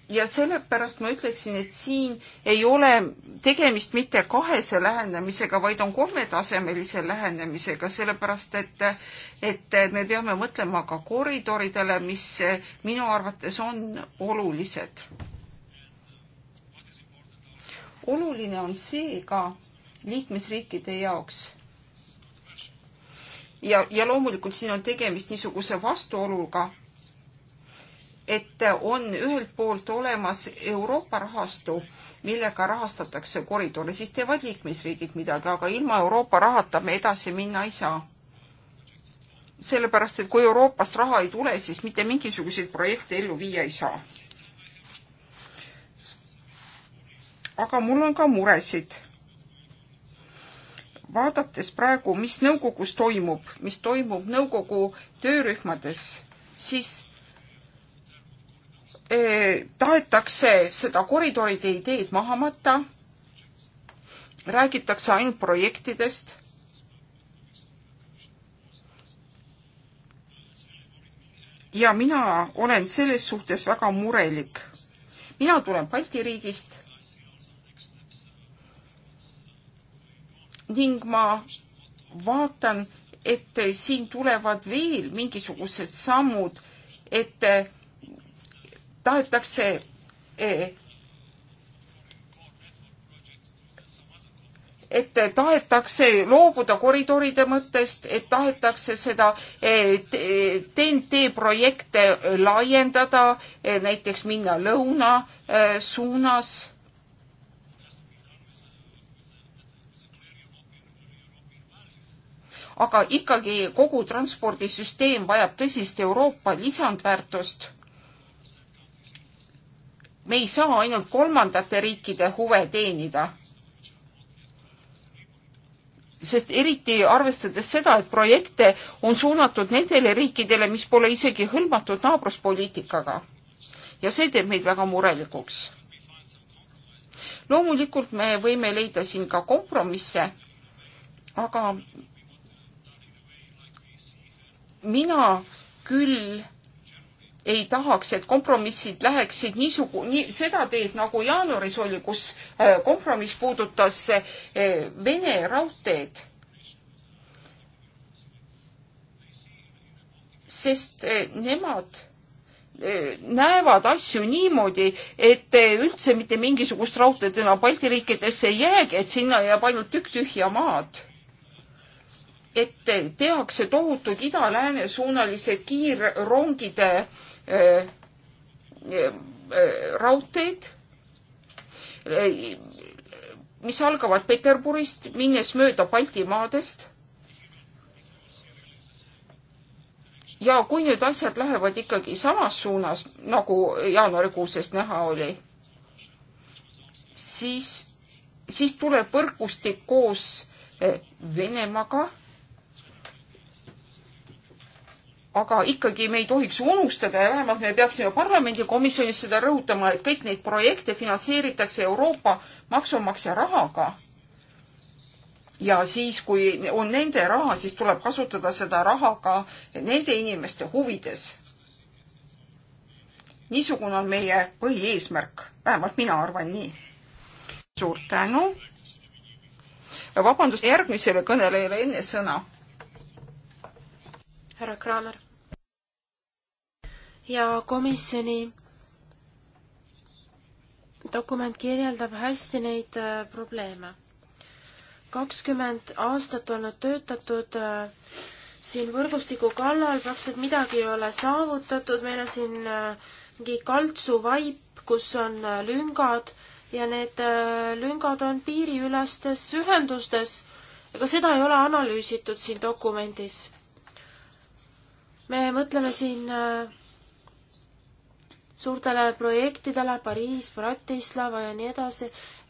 Speaker 3: ja sellepärast ma ütleksin, et siin ei ole tegemist mitte kahese lähenemisega, vaid on kolmetasemelise lähenemisega, sellepärast et, et me peame mõtlema ka koridoridele, mis minu arvates on olulised. oluline on see ka liikmesriikide jaoks ja, ja loomulikult siin on tegemist niisuguse vastuoluga et on ühelt poolt olemas Euroopa rahastu, millega rahastatakse koridore, siis teevad liikmesriigid midagi, aga ilma Euroopa rahata me edasi minna ei saa. sellepärast, et kui Euroopast raha ei tule, siis mitte mingisuguseid projekte ellu viia ei saa. aga mul on ka muresid vaadates praegu, mis nõukogus toimub, mis toimub nõukogu töörühmades, siis Äh, tahetakse seda koridoride ideed maha matta, räägitakse ainult projektidest. ja mina olen selles suhtes väga murelik. mina tulen Balti riigist ning ma vaatan, et siin tulevad veel mingisugused sammud, et tahetakse e, et tahetakse loobuda koridoride mõttest, et tahetakse seda e, TNT projekte laiendada, e, näiteks minna lõuna suunas aga ikkagi kogu transpordisüsteem vajab tõsist Euroopa lisandväärtust me ei saa ainult kolmandate riikide huve teenida. sest eriti arvestades seda, et projekte on suunatud nendele riikidele, mis pole isegi hõlmatud naabruspoliitikaga. ja see teeb meid väga murelikuks. loomulikult me võime leida siin ka kompromisse, aga mina küll ei tahaks, et kompromissid läheksid niisugu- nii,, seda teed, nagu jaanuaris oli, kus äh, kompromiss puudutas äh, Vene raudteed. sest äh, nemad näevad asju niimoodi, et üldse mitte mingisugust raudteed enam Balti riikidesse ei jäägi, et sinna jääb ainult tükk tühja maad et tehakse tohutud ida-lääne suunalised kiirrongide raudteed, mis algavad Peterburist, minnes mööda Baltimaadest. ja kui nüüd asjad lähevad ikkagi samas suunas, nagu jaanuarikuusest näha oli, siis, siis tuleb võrgustik koos eh, Venemaaga aga ikkagi me ei tohiks unustada ja vähemalt me peaksime parlamendikomisjonis seda rõhutama, et kõik neid projekte finantseeritakse Euroopa maksumaksja rahaga. ja siis, kui on nende raha, siis tuleb kasutada seda raha ka nende inimeste huvides. niisugune on meie põhieesmärk, vähemalt mina arvan nii. suur tänu. vabandust järgmisele kõnelejale enne sõna härra Kramer. ja komisjoni
Speaker 2: dokument kirjeldab hästi neid äh, probleeme. kakskümmend aastat olnud töötatud äh, siin võrgustiku kallal, praktiliselt midagi ei ole saavutatud, meil on siin äh, mingi kaltsuvaip, kus on äh, lüngad ja need äh, lüngad on piiriülestes ühendustes. ega seda ei ole analüüsitud siin dokumendis me mõtleme siin äh, suurtele projektidele, Pariis, Bratislava ja nii edasi,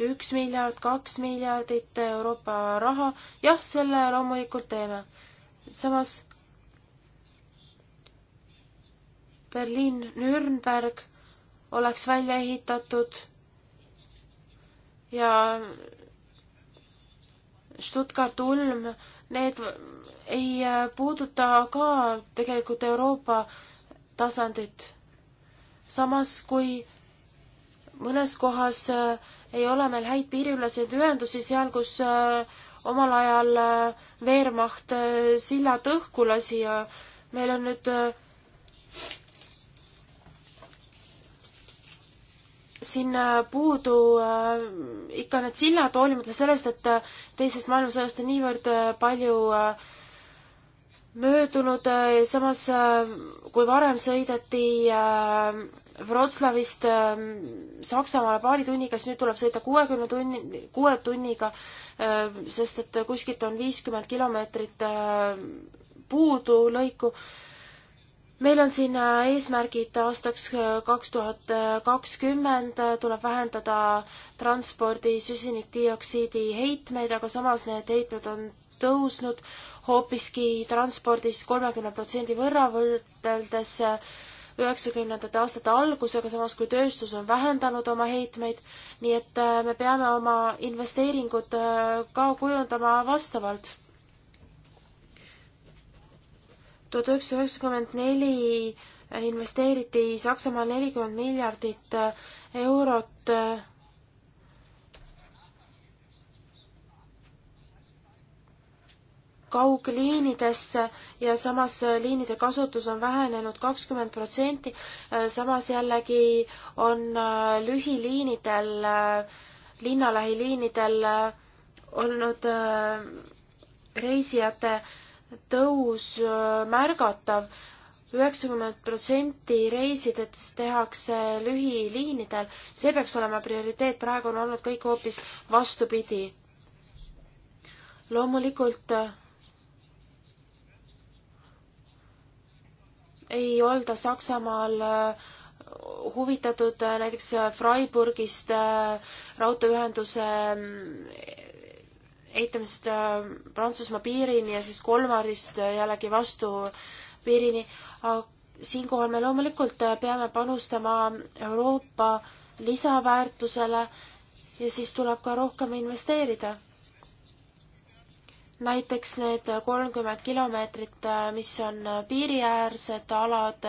Speaker 2: üks miljard, kaks miljardit Euroopa raha, jah, selle loomulikult teeme. samas Berliin, Nürnberg oleks välja ehitatud ja Stuttgart, Ulm, need ei äh, puuduta ka tegelikult Euroopa tasandit. samas kui mõnes kohas äh, ei ole meil häid piiriüleseid ühendusi seal, kus äh, omal ajal Wehrmacht sillad õhku lasi ja meil on nüüd siin puudu äh, ikka need sillad, hoolimata sellest, et teisest maailmasõjast on niivõrd palju äh, möödunud, äh, samas äh, kui varem sõideti äh, Wroclawist ähm, Saksamaale paari tunniga, siis nüüd tuleb sõita kuuekümne tunni, kuue tunniga, sest et kuskilt on viiskümmend kilomeetrit puudu lõiku. meil on siin eesmärgid aastaks kaks tuhat kakskümmend, tuleb vähendada transpordi süsinikdioksiidi heitmeid, aga samas need heitmed on tõusnud hoopiski transpordis kolmekümne protsendi võrra võrreldes üheksakümnendate aastate algusega, samas kui tööstus on vähendanud oma heitmeid, nii et äh, me peame oma investeeringud äh, ka kujundama vastavalt. tuhat üheksasada üheksakümmend neli äh, investeeriti Saksamaal nelikümmend miljardit eurot kaugliinidesse ja samas liinide kasutus on vähenenud kakskümmend protsenti, samas jällegi on äh, lühiliinidel, äh, linnalähiliinidel äh, olnud reisijate tõus märgatav. üheksakümmend protsenti reisidest tehakse lühiliinidel, see peaks olema prioriteet, praegu on olnud kõik hoopis vastupidi. loomulikult ei olda Saksamaal äh, huvitatud äh, näiteks äh, Freiburgist raudteeühenduse eitamisest Prantsusmaa piirini ja siis Kolmarist jällegi vastu piirini. siinkohal me loomulikult peame panustama Euroopa lisaväärtusele ja siis tuleb ka rohkem investeerida näiteks need kolmkümmend kilomeetrit, äh, mis on äh, piiriäärsed alad,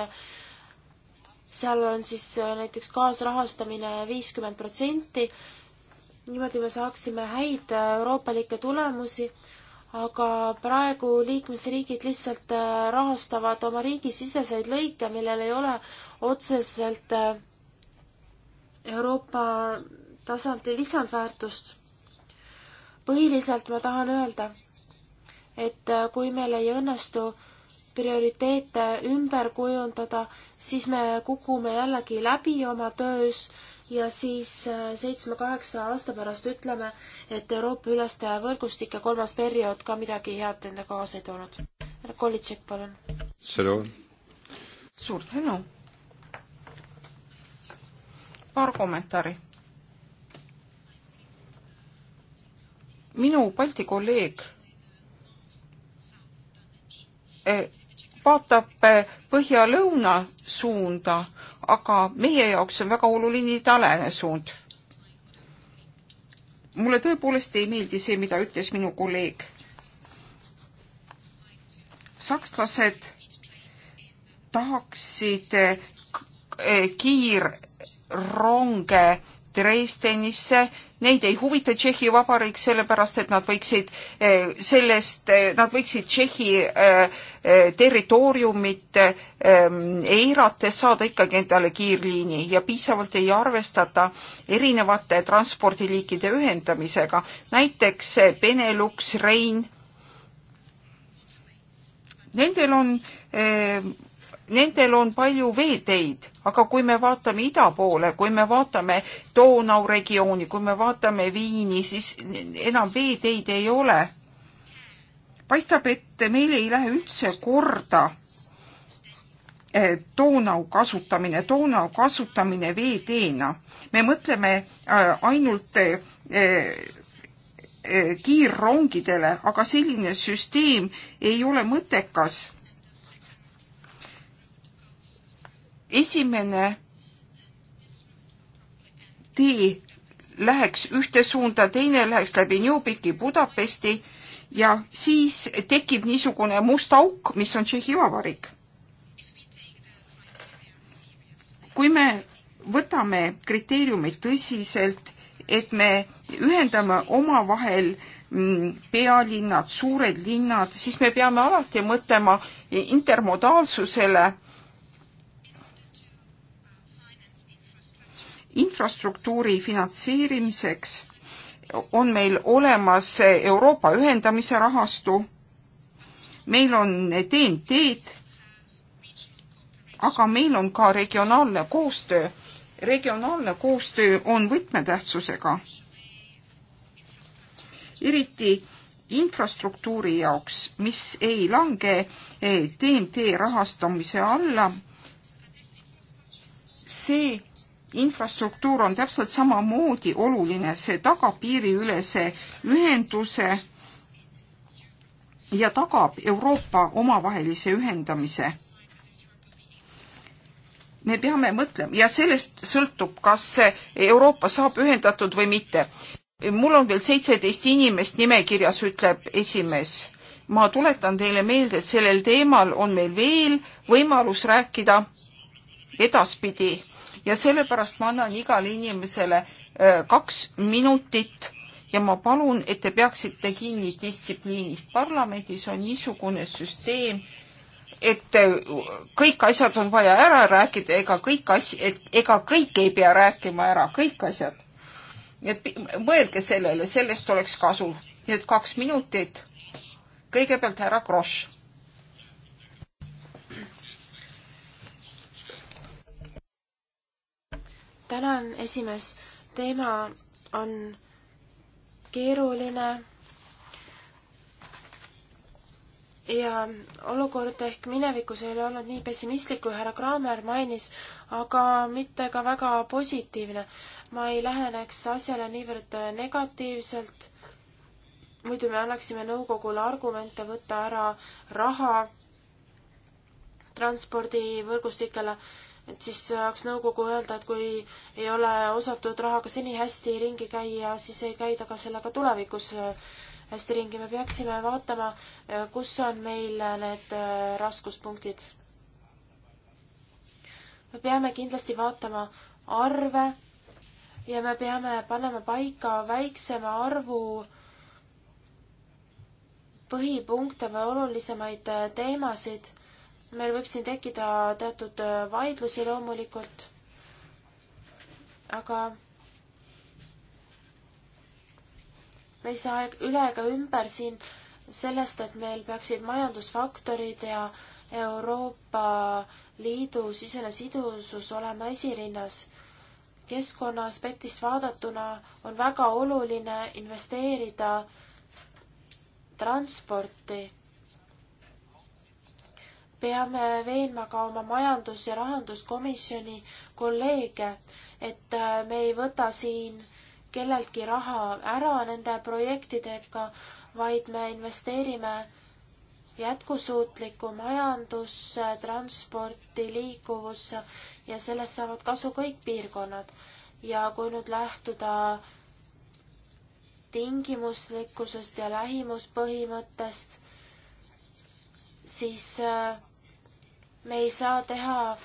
Speaker 2: seal on siis äh, näiteks kaasrahastamine viiskümmend protsenti. niimoodi me saaksime häid euroopalikke tulemusi, aga praegu liikmesriigid lihtsalt rahastavad oma riigisiseseid lõike, millel ei ole otseselt Euroopa tasandil lisandväärtust. põhiliselt ma tahan öelda et äh, kui meil ei õnnestu prioriteete ümber kujundada, siis me kukume jällegi läbi oma töös ja siis äh, seitsme-kaheksa aasta pärast ütleme, et Euroopa üleste võrgustike kolmas periood ka midagi head enda kaasa ei toonud. härra Kolitšek, palun.
Speaker 3: suur tänu. paar kommentaari. minu Balti kolleeg E, vaatab e, põhja-lõuna suunda, aga meie jaoks on väga oluline idalääne suund. mulle tõepoolest ei meeldi see, mida ütles minu kolleeg. sakslased tahaksid e, kiirronge Dresdenisse, neid ei huvita Tšehhi Vabariik, sellepärast et nad võiksid eh, sellest, eh, nad võiksid Tšehhi eh, territooriumit eirates saada ikkagi endale kiirliini ja piisavalt ei arvestata erinevate transpordiliikide ühendamisega, näiteks Benelux, Rein. Nendel on nendel on palju veeteid, aga kui me vaatame ida poole, kui me vaatame Donau regiooni, kui me vaatame Viini, siis enam veeteid ei ole. paistab, et meil ei lähe üldse korda eh, Donau kasutamine, Donau kasutamine veeteena. me mõtleme eh, ainult eh, kiirrongidele, aga selline süsteem ei ole mõttekas esimene tee läheks ühte suunda, teine läheks läbi Newbiki Budapesti ja siis tekib niisugune must auk, mis on Tšehhi Vabariik. kui me võtame kriteeriumid tõsiselt, et me ühendame omavahel mm, pealinnad, suured linnad, siis me peame alati mõtlema intermodaalsusele infrastruktuuri finantseerimiseks on meil olemas Euroopa ühendamise rahastu, meil on TNT-d, aga meil on ka regionaalne koostöö. regionaalne koostöö on võtmetähtsusega, eriti infrastruktuuri jaoks, mis ei lange TNT eh, rahastamise alla. see infrastruktuur on täpselt samamoodi oluline, see tagab piiriülese ühenduse ja tagab Euroopa omavahelise ühendamise. me peame mõtlema ja sellest sõltub, kas Euroopa saab ühendatud või mitte. mul on veel seitseteist inimest nimekirjas, ütleb esimees. ma tuletan teile meelde, et sellel teemal on meil veel võimalus rääkida edaspidi ja sellepärast ma annan igale inimesele äh, kaks minutit ja ma palun, et te peaksite kinni distsipliinist. parlamendis on niisugune süsteem, et äh, kõik asjad on vaja ära rääkida, ega kõik asj-, ega kõik ei pea rääkima ära, kõik asjad. nii et mõelge sellele, sellest oleks kasu. nii et kaks minutit. kõigepealt härra Kross
Speaker 2: tänan, esimees. teema on keeruline ja olukord ehk minevikus ei ole olnud nii pessimistlik, kui härra Kraamer mainis, aga mitte ka väga positiivne. ma ei läheneks asjale niivõrd negatiivselt, muidu me annaksime nõukogule argumente võtta ära raha transpordivõrgustikele et siis saaks nõukogu öelda, et kui ei ole osatud rahaga seni hästi ringi käia, siis ei käida ka sellega tulevikus äh, hästi ringi. me peaksime vaatama, äh, kus on meil äh, need raskuspunktid. me peame kindlasti vaatama arve ja me peame panema paika väiksema arvu põhipunkte või olulisemaid teemasid meil võib siin tekkida teatud äh, vaidlusi loomulikult, aga me ei saa üle ega ümber siin sellest, et meil peaksid majandusfaktorid ja Euroopa Liidu sisene sidusus olema esirinnas. keskkonna aspektist vaadatuna on väga oluline investeerida transporti peame veenma ka oma majandus- ja rahanduskomisjoni kolleege, et äh, me ei võta siin kelleltki raha ära nende projektidega, vaid me investeerime jätkusuutlikku majandusse, transporti, liikuvusse ja sellest saavad kasu kõik piirkonnad. ja kui nüüd lähtuda tingimuslikkusest ja lähimuspõhimõttest, siis äh, me ei saa teha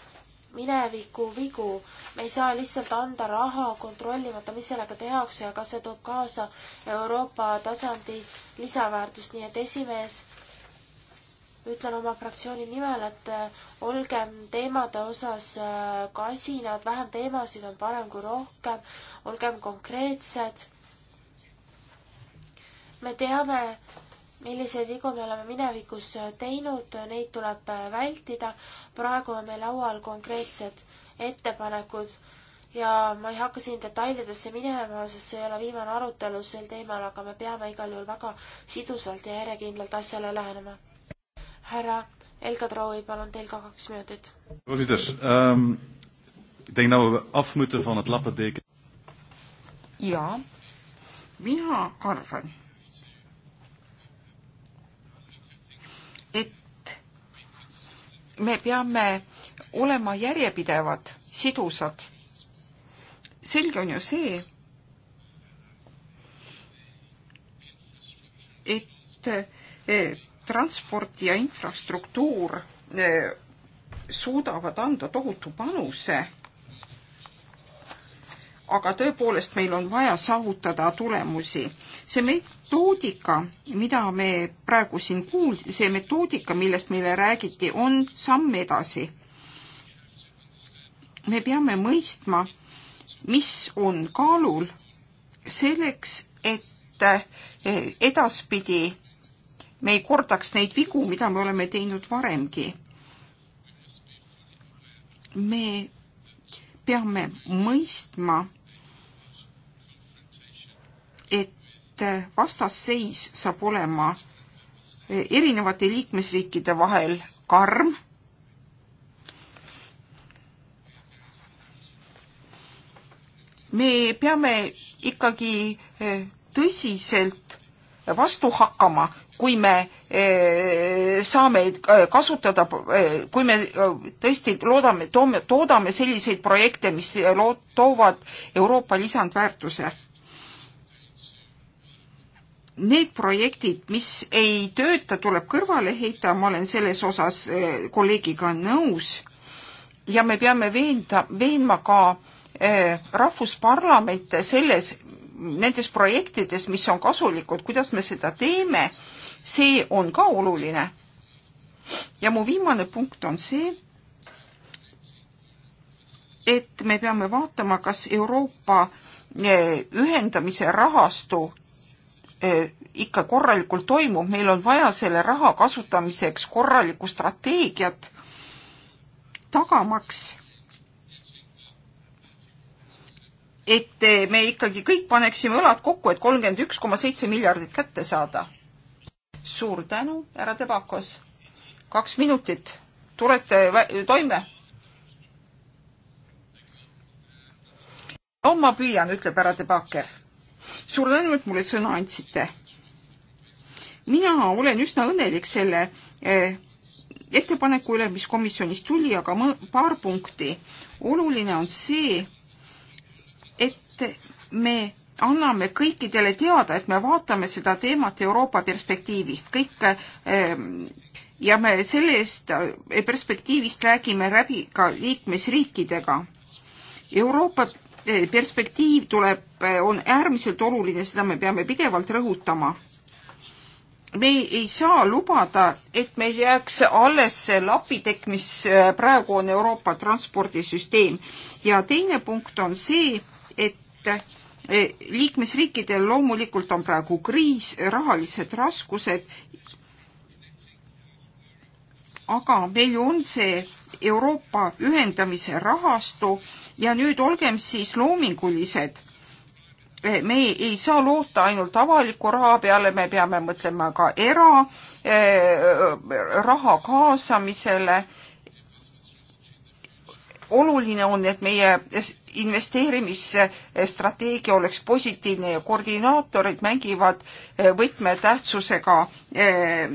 Speaker 2: mineviku vigu, me ei saa lihtsalt anda raha kontrollimata, mis sellega tehakse ja kas see toob kaasa Euroopa tasandi lisaväärtust, nii et esimees, ütlen oma fraktsiooni nimel, et äh, olgem teemade osas äh, kasinad, vähem teemasid on parem kui rohkem, olgem konkreetsed. me teame, milliseid vigu me oleme minevikus äh, teinud, neid tuleb äh, vältida. praegu on meil laual konkreetsed ettepanekud ja ma ei hakka siin detailidesse minema, sest see ei ole viimane arutelu sel teemal, aga me peame igal juhul väga sidusalt ja järjekindlalt asjale lähenema. härra Elka Troovi, palun teil ka kaks minutit.
Speaker 1: Ehm,
Speaker 3: jaa, mina arvan et me peame olema järjepidevad, sidusad. selge on ju see, et eh, transport ja infrastruktuur eh, suudavad anda tohutu panuse aga tõepoolest meil on vaja saavutada tulemusi. see metoodika, mida me praegu siin kuuls-, see metoodika, millest meile räägiti, on samm edasi. me peame mõistma, mis on kaalul selleks, et eh, edaspidi me ei kordaks neid vigu, mida me oleme teinud varemgi. me peame mõistma, et vastasseis saab olema erinevate liikmesriikide vahel karm. me peame ikkagi eh, tõsiselt vastu hakkama, kui me eh, saame eh, kasutada, kui me tõesti loodame, toome, toodame selliseid projekte, mis toovad Euroopa lisandväärtuse need projektid, mis ei tööta, tuleb kõrvale heita, ma olen selles osas eh, kolleegiga nõus. ja me peame veenda, veenma ka eh, rahvusparlamente selles, nendes projektides, mis on kasulikud, kuidas me seda teeme, see on ka oluline. ja mu viimane punkt on see, et me peame vaatama, kas Euroopa eh, ühendamise rahastu ikka korralikult toimub, meil on vaja selle raha kasutamiseks korralikku strateegiat, tagamaks, et me ikkagi kõik paneksime õlad kokku, et kolmkümmend üks koma seitse miljardit kätte saada. suur tänu, härra Tebakos. kaks minutit, tulete toime? no ma püüan, ütleb härra Tebaker suur tänu, et mulle sõna andsite. mina olen üsna õnnelik selle eh, ettepaneku üle, mis komisjonist tuli, aga paar punkti. oluline on see, et me anname kõikidele teada, et me vaatame seda teemat Euroopa perspektiivist, kõik eh, ja me sellest eh, perspektiivist räägime läbi ka liikmesriikidega. Euroopa Eh, perspektiiv tuleb, eh, on äärmiselt oluline, seda me peame pidevalt rõhutama. me ei saa lubada, et meil jääks alles see lapitekk, mis eh, praegu on Euroopa transpordisüsteem. ja teine punkt on see, et liikmesriikidel loomulikult on praegu kriis, rahalised raskused, aga meil on see Euroopa ühendamise rahastu ja nüüd olgem siis loomingulised. me ei saa loota ainult avaliku raha peale, me peame mõtlema ka eraraha eh, kaasamisele oluline on, et meie investeerimisstrateegia oleks positiivne ja koordinaatorid mängivad eh, võtmetähtsusega, eh,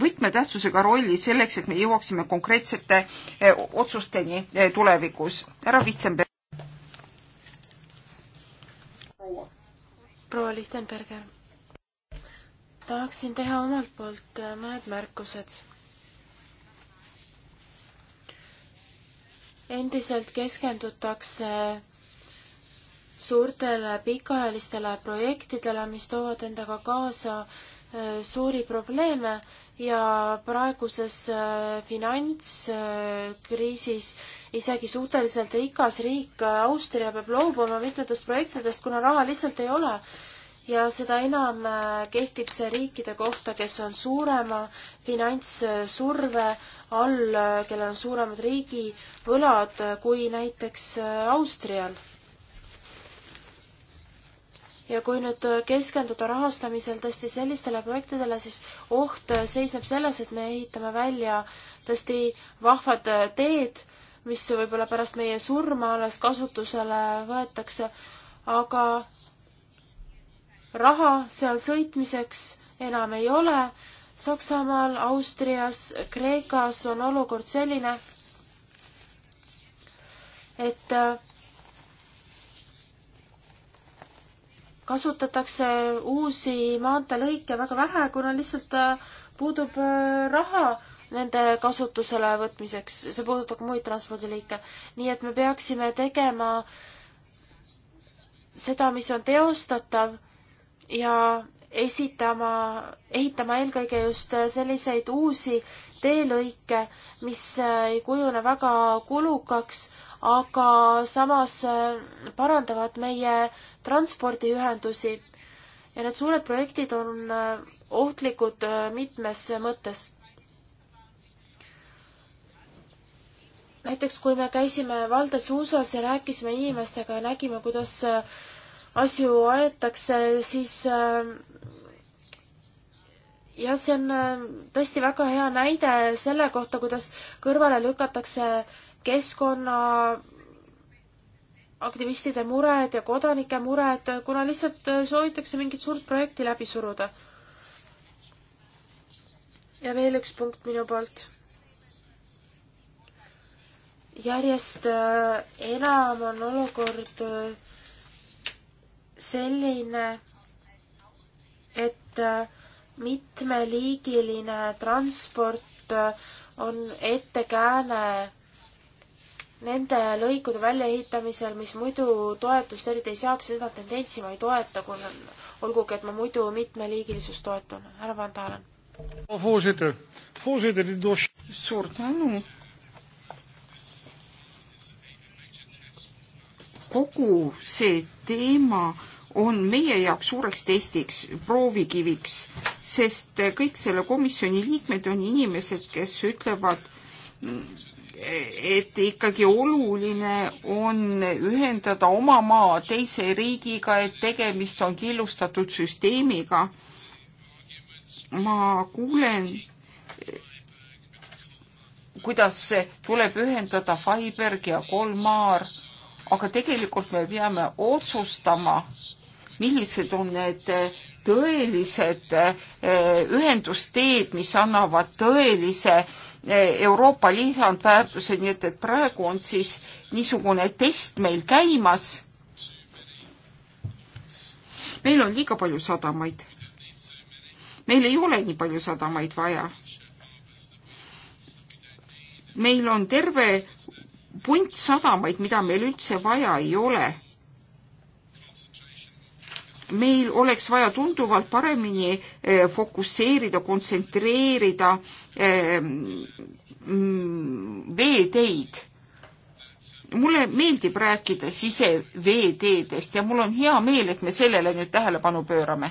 Speaker 3: võtmetähtsusega rolli selleks, et me jõuaksime konkreetsete eh, otsusteni tulevikus. härra Wittenberg.
Speaker 2: proua Lichtenberger, tahaksin teha omalt poolt mõned märkused endiselt keskendutakse suurtele pikaajalistele projektidele, mis toovad endaga kaasa äh, suuri probleeme ja praeguses äh, finantskriisis isegi suhteliselt rikas riik äh, Austria peab loobuma mitmetest projektidest, kuna raha lihtsalt ei ole ja seda enam äh, kehtib see riikide kohta, kes on suurema finantssurve all, äh, kellel on suuremad riigivõlad äh, kui näiteks Austrial. ja kui nüüd keskenduda rahastamisel tõesti sellistele projektidele, siis oht seisneb selles, et me ehitame välja tõesti vahvad teed, mis võib-olla pärast meie surma alles kasutusele võetakse, aga raha seal sõitmiseks enam ei ole. Saksamaal, Austrias, Kreekas on olukord selline, et äh, kasutatakse uusi maanteelõike väga vähe, kuna lihtsalt äh, puudub äh, raha nende kasutusele võtmiseks, see puudutab ka muid transpordiliike. nii et me peaksime tegema seda, mis on teostatav ja esitama, ehitama eelkõige just selliseid uusi teelõike, mis äh, ei kujune väga kulukaks, aga samas äh, parandavad meie transpordiühendusi. ja need suured projektid on äh, ohtlikud mitmes mõttes. näiteks kui me käisime valdes USA-s ja rääkisime inimestega ja nägime, kuidas asju aetakse, siis äh, jah, see on äh, tõesti väga hea näide selle kohta, kuidas kõrvale lükatakse keskkonna aktivistide mured ja kodanike mured, kuna lihtsalt äh, soovitakse mingit suurt projekti läbi suruda. ja veel üks punkt minu poolt. järjest enam on olukord selline, et äh, mitmeliigiline transport äh, on ettekääne nende lõikude väljaehitamisel, mis muidu toetust eriti ei saaks, seda tendentsi ma ei toeta, kui on, olgugi et ma muidu mitmeliigilisust toetan. härra Van Dalen.
Speaker 3: suur tänu. kogu see teema on meie jaoks suureks testiks, proovikiviks, sest kõik selle komisjoni liikmed on inimesed, kes ütlevad, et ikkagi oluline on ühendada oma maa teise riigiga, et tegemist on killustatud süsteemiga. ma kuulen, kuidas tuleb ühendada Freiberg ja Kolmar, aga tegelikult me peame otsustama, millised on need eh, tõelised eh, ühendusteed, mis annavad tõelise eh, Euroopa lisandväärtuse, nii et, et praegu on siis niisugune test meil käimas. meil on liiga palju sadamaid. meil ei ole nii palju sadamaid vaja. meil on terve punt sadamaid, mida meil üldse vaja ei ole meil oleks vaja tunduvalt paremini eh, fokusseerida, kontsentreerida ehm, mm, veeteid. mulle meeldib rääkida siseveeteedest ja mul on hea meel, et me sellele nüüd tähelepanu pöörame.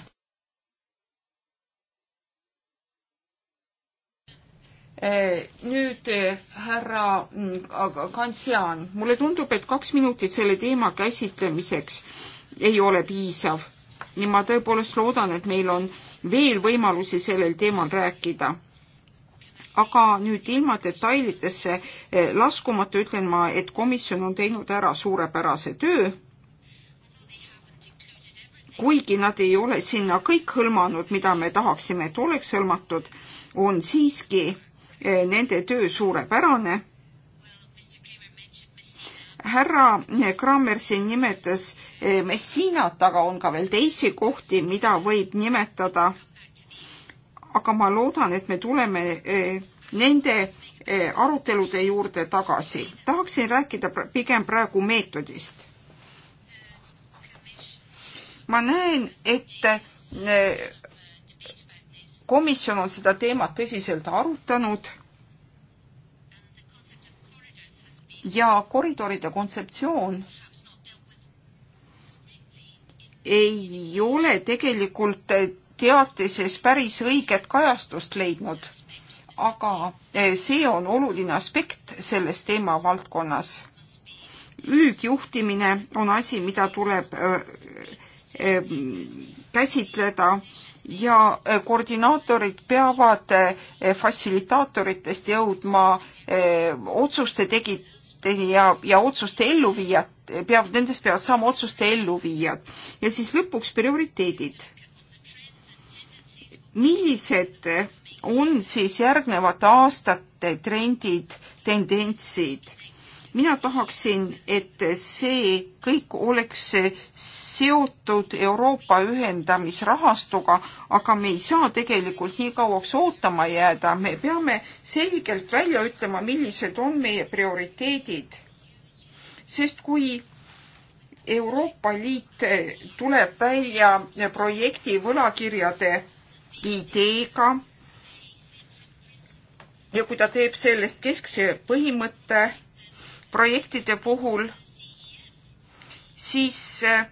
Speaker 3: Eh, nüüd eh, härra mm, Kantsian, mulle tundub, et kaks minutit selle teema käsitlemiseks ei ole piisav nii ma tõepoolest loodan, et meil on veel võimalusi sellel teemal rääkida aga nüüd ilma detailidesse eh, laskumata ütlen ma, et komisjon on teinud ära suurepärase töö. kuigi nad ei ole sinna kõik hõlmanud, mida me tahaksime, et oleks hõlmatud, on siiski eh, nende töö suurepärane härra Krammer siin nimetas eh, Messinat, aga on ka veel teisi kohti, mida võib nimetada. aga ma loodan, et me tuleme eh, nende eh, arutelude juurde tagasi. tahaksin rääkida pigem praegu meetodist. ma näen, et komisjon on seda teemat tõsiselt arutanud ja koridoride kontseptsioon ei ole tegelikult teatises päris õiget kajastust leidnud, aga eh, see on oluline aspekt selles teemavaldkonnas. üldjuhtimine on asi, mida tuleb eh, eh, käsitleda ja koordinaatorid peavad fassilitaatoritest jõudma otsuste tegijatele ja, ja otsuste elluviijad, peab, nendest peavad saama otsuste elluviijad. ja siis lõpuks prioriteedid. millised on siis järgnevate aastate trendid, tendentsid? mina tahaksin, et see kõik oleks seotud Euroopa ühendamisrahastuga, aga me ei saa tegelikult nii kauaks ootama jääda, me peame selgelt välja ütlema, millised on meie prioriteedid. sest kui Euroopa Liit tuleb välja projekti võlakirjade ideega ja kui ta teeb sellest keskse põhimõtte, projektide puhul, siis eh,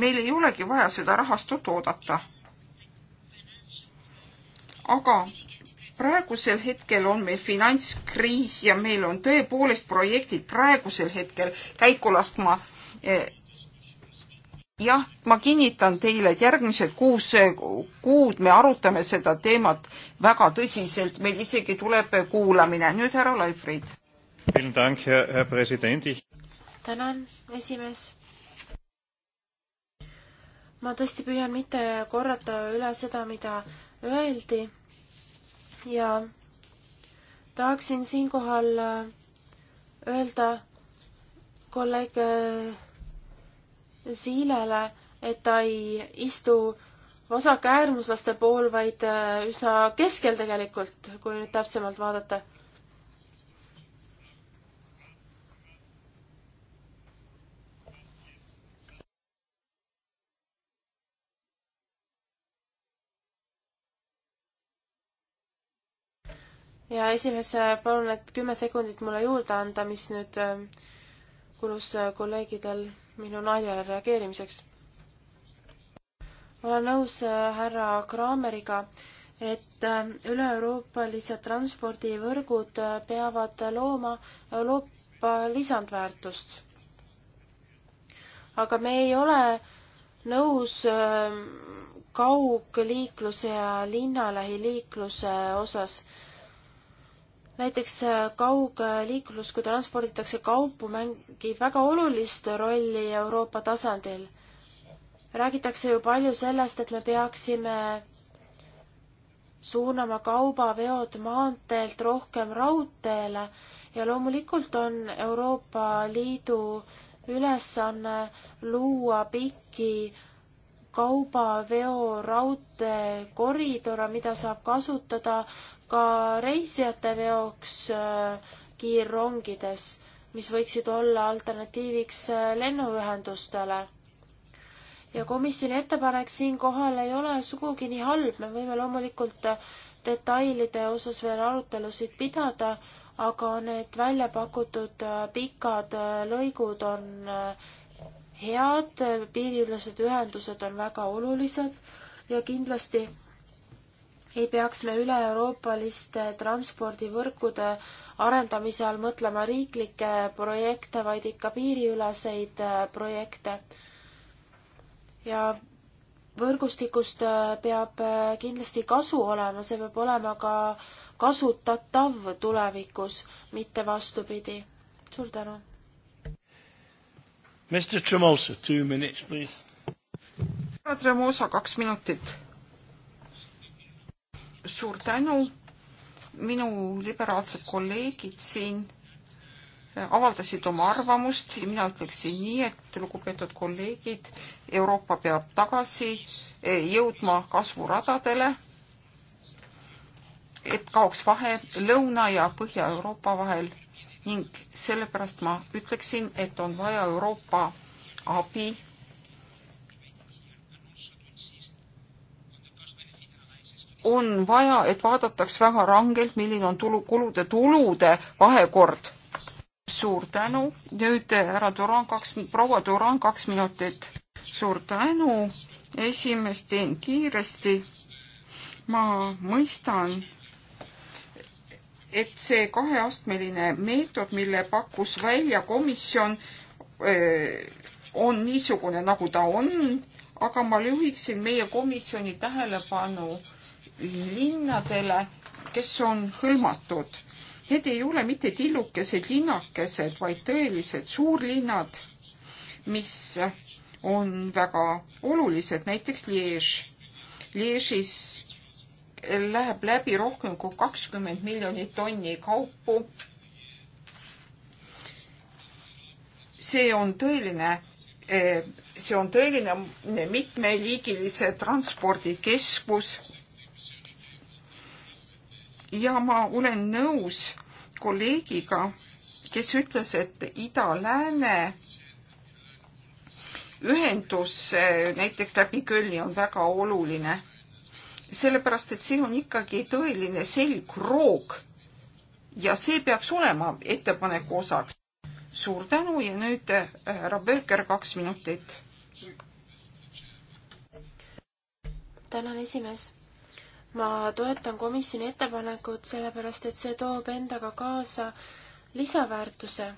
Speaker 3: meil ei olegi vaja seda rahastut oodata. aga praegusel hetkel on meil finantskriis ja meil on tõepoolest projektid praegusel hetkel käiku laskma eh, jah, ma kinnitan teile, et järgmised kuus kuud me arutame seda teemat väga tõsiselt, meil isegi tuleb kuulamine. nüüd härra Laifrid
Speaker 2: tänan, esimees. ma tõesti püüan mitte korrata üle seda, mida öeldi ja tahaksin siinkohal äh, öelda kolleeg äh, Siilele, et ta ei istu vasakäärmuslaste pool, vaid äh, üsna keskel tegelikult, kui nüüd täpsemalt vaadata ja esimees, palun need kümme sekundit mulle juurde anda, mis nüüd äh, kulus äh, kolleegidel minu naljale reageerimiseks. olen nõus äh, härra Kraameriga et üle-euroopalised transpordivõrgud peavad looma Euroopa lisandväärtust. aga me ei ole nõus kaugliikluse ja linnalähiliikluse osas näiteks äh, kaugliiklus, kui transporditakse kaupu, mängib väga olulist rolli Euroopa tasandil. räägitakse ju palju sellest, et me peaksime suunama kaubaveod maanteelt rohkem raudteele ja loomulikult on Euroopa Liidu ülesanne luua pikki kaubaveo raudteekoridore, mida saab kasutada ka reisijate veoks äh, kiirrongides, mis võiksid olla alternatiiviks äh, lennuühendustele. ja komisjoni ettepanek siinkohal ei ole sugugi nii halb, me võime loomulikult äh, detailide osas veel arutelusid pidada, aga need välja pakutud pikad lõigud on head, piiriülesed ühendused on väga olulised ja kindlasti ei peaks me üle-euroopaliste transpordivõrkude arendamise all mõtlema riiklikke projekte, vaid ikka piiriüleseid äh, projekte. ja võrgustikust äh, peab äh, kindlasti kasu olema, see peab olema ka kasutatav tulevikus, mitte vastupidi. suur tänu.
Speaker 3: Mr Tremosa, two minutes please. Tremosa, kaks minutit suur tänu. minu liberaalsed kolleegid siin avaldasid oma arvamust ja mina ütleksin nii, et lugupeetud kolleegid, Euroopa peab tagasi eh, jõudma kasvuradadele, et kaoks vahe Lõuna- ja Põhja-Euroopa vahel ning sellepärast ma ütleksin, et on vaja Euroopa abi on vaja, et vaadataks väga rangelt, milline on tulu, kulude, tulude vahekord. suur tänu, nüüd härra Duran kaks, proua Duran kaks minutit. suur tänu, esimest teen kiiresti. ma mõistan, et see kaheastmeline meetod, mille pakkus välja komisjon, on niisugune, nagu ta on, aga ma juhiksin meie komisjoni tähelepanu linnadele, kes on hõlmatud. Need ei ole mitte tillukesed linnakesed, vaid tõelised suurlinnad, mis on väga olulised, näiteks Liege. Liege'is läheb läbi rohkem kui kakskümmend miljonit tonni kaupu. see on tõeline, eh, see on tõeline mitmeliigilise transpordikeskus ja ma olen nõus kolleegiga, kes ütles, et ida-lääne ühendus äh, näiteks läbi Kölni on väga oluline. sellepärast, et see on ikkagi tõeline selgroog ja see peaks olema ettepaneku osaks. suur tänu ja nüüd äh, härra Pööker, kaks minutit.
Speaker 2: tänan, esimees ma toetan komisjoni ettepanekut, sellepärast et see toob endaga kaasa lisaväärtuse.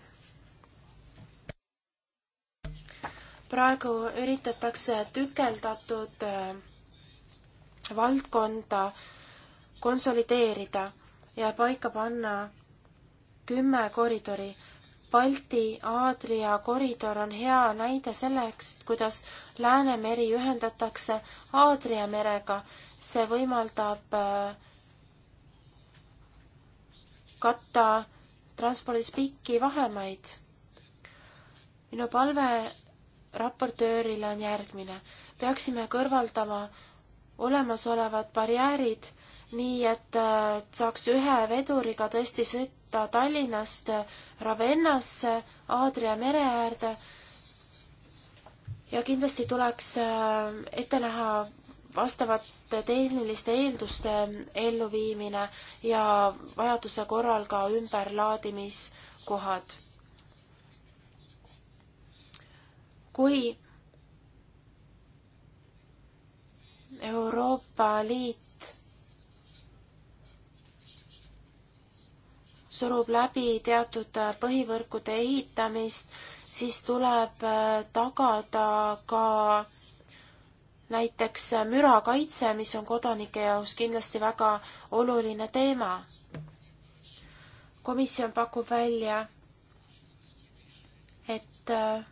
Speaker 2: praegu üritatakse tükeldatud äh, valdkonda konsolideerida ja paika panna kümme koridori. Balti Aadria koridor on hea näide selleks, kuidas Läänemeri ühendatakse Aadria merega see võimaldab äh, katta transpordis pikki vahemaid. minu palve raportöörile on järgmine. peaksime kõrvaldama olemasolevad barjäärid nii, et äh, saaks ühe veduriga tõesti sõita Tallinnast Ravennasse, Aadria mere äärde. ja kindlasti tuleks äh, ette näha vastavate tehniliste eelduste elluviimine ja vajaduse korral ka ümberlaadimiskohad. kui Euroopa Liit surub läbi teatud põhivõrkude ehitamist, siis tuleb tagada ka näiteks äh, mürakaitse, mis on kodanike jaoks kindlasti väga oluline teema. komisjon pakub välja, et äh,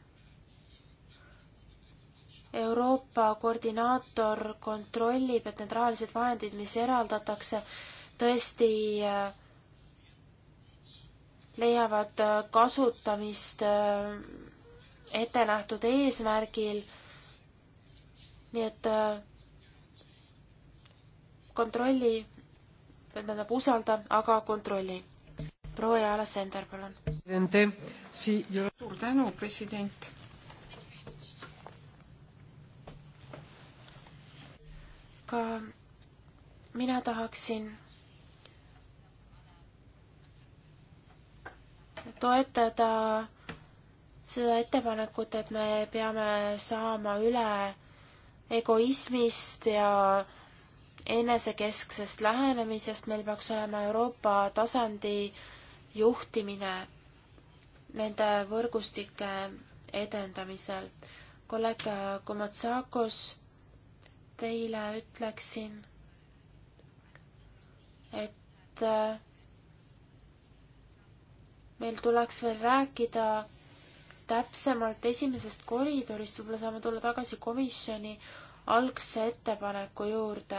Speaker 2: Euroopa koordinaator kontrollib, et need rahalised vahendid, mis eraldatakse, tõesti äh, leiavad kasutamist ettenähtud eesmärgil nii et äh, kontrolli, tähendab usalda, aga kontrolli. proua Jaala Sender, palun.
Speaker 3: suur tänu, president. ka
Speaker 2: mina tahaksin toetada seda ettepanekut, et me peame saama üle egoismist ja enesekesksest lähenemisest meil peaks olema Euroopa tasandi juhtimine nende võrgustike edendamisel. kolleeg Komotsakos, teile ütleksin, et äh, meil tuleks veel rääkida täpsemalt esimesest koridorist, võib-olla saame tulla tagasi komisjoni algse ettepaneku juurde.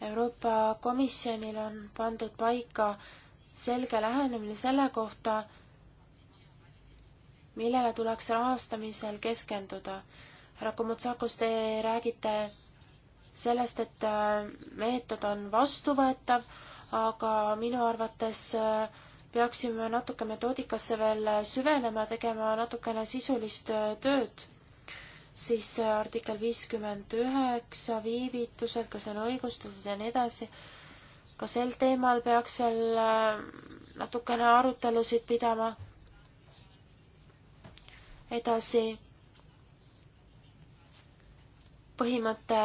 Speaker 2: Euroopa Komisjonil on pandud paika selge lähenemine selle kohta, millele tuleks rahastamisel keskenduda. härra Komutsakos, te räägite sellest, et äh, meetod on vastuvõetav, aga minu arvates äh, peaksime natuke metoodikasse veel süvenema, tegema natukene sisulist äh, tööd. siis artikkel viiskümmend üheksa, viivitused, kas on õigustatud ja nii edasi. ka sel teemal peaks veel natukene arutelusid pidama. edasi põhimõte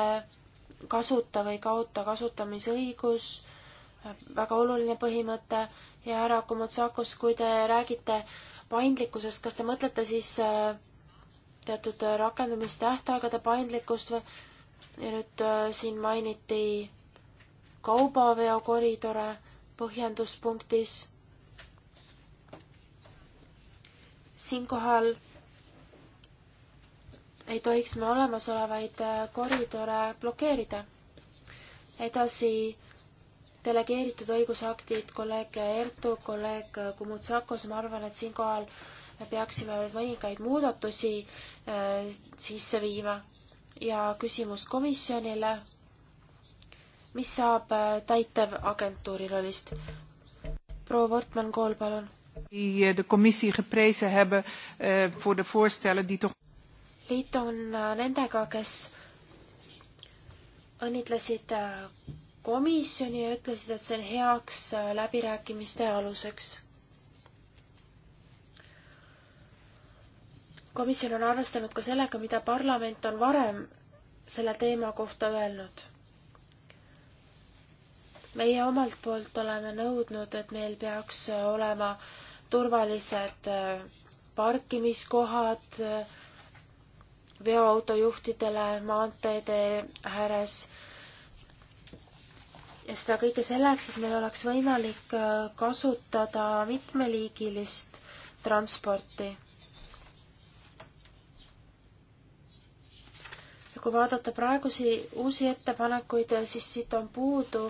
Speaker 2: kasuta või kaota kasutamisõigus, väga oluline põhimõte ja härra Komotsakos, kui te räägite paindlikkusest, kas te mõtlete siis äh, teatud äh, rakendamistähtaegade paindlikkust või ja nüüd äh, siin mainiti kaubaveokoridore põhjenduspunktis. siinkohal ei tohiks me olemasolevaid äh, koridore blokeerida. edasi delegeeritud õigusaktid, kolleeg Ertu, kolleeg Kumutsakos, ma arvan, et siinkohal me peaksime veel mõningaid muudatusi äh, sisse viima. ja küsimus komisjonile, mis saab äh, täitevagentuuri rollist? proua Wortmann-Kool, palun.
Speaker 3: Die eh, de commissie geprezen hebben uh, voor de voorstellen die toch
Speaker 2: liitun äh, nendega, kes õnnitlesid äh, komisjoni ja ütlesid, et see on heaks äh, läbirääkimiste aluseks. komisjon on arvestanud ka sellega, mida parlament on varem selle teema kohta öelnud. meie omalt poolt oleme nõudnud, et meil peaks olema turvalised parkimiskohad, veoautojuhtidele maanteede ääres. ja seda kõike selleks, et meil oleks võimalik äh, kasutada mitmeliigilist transporti. ja kui vaadata praegusi uusi ettepanekuid, siis siit on puudu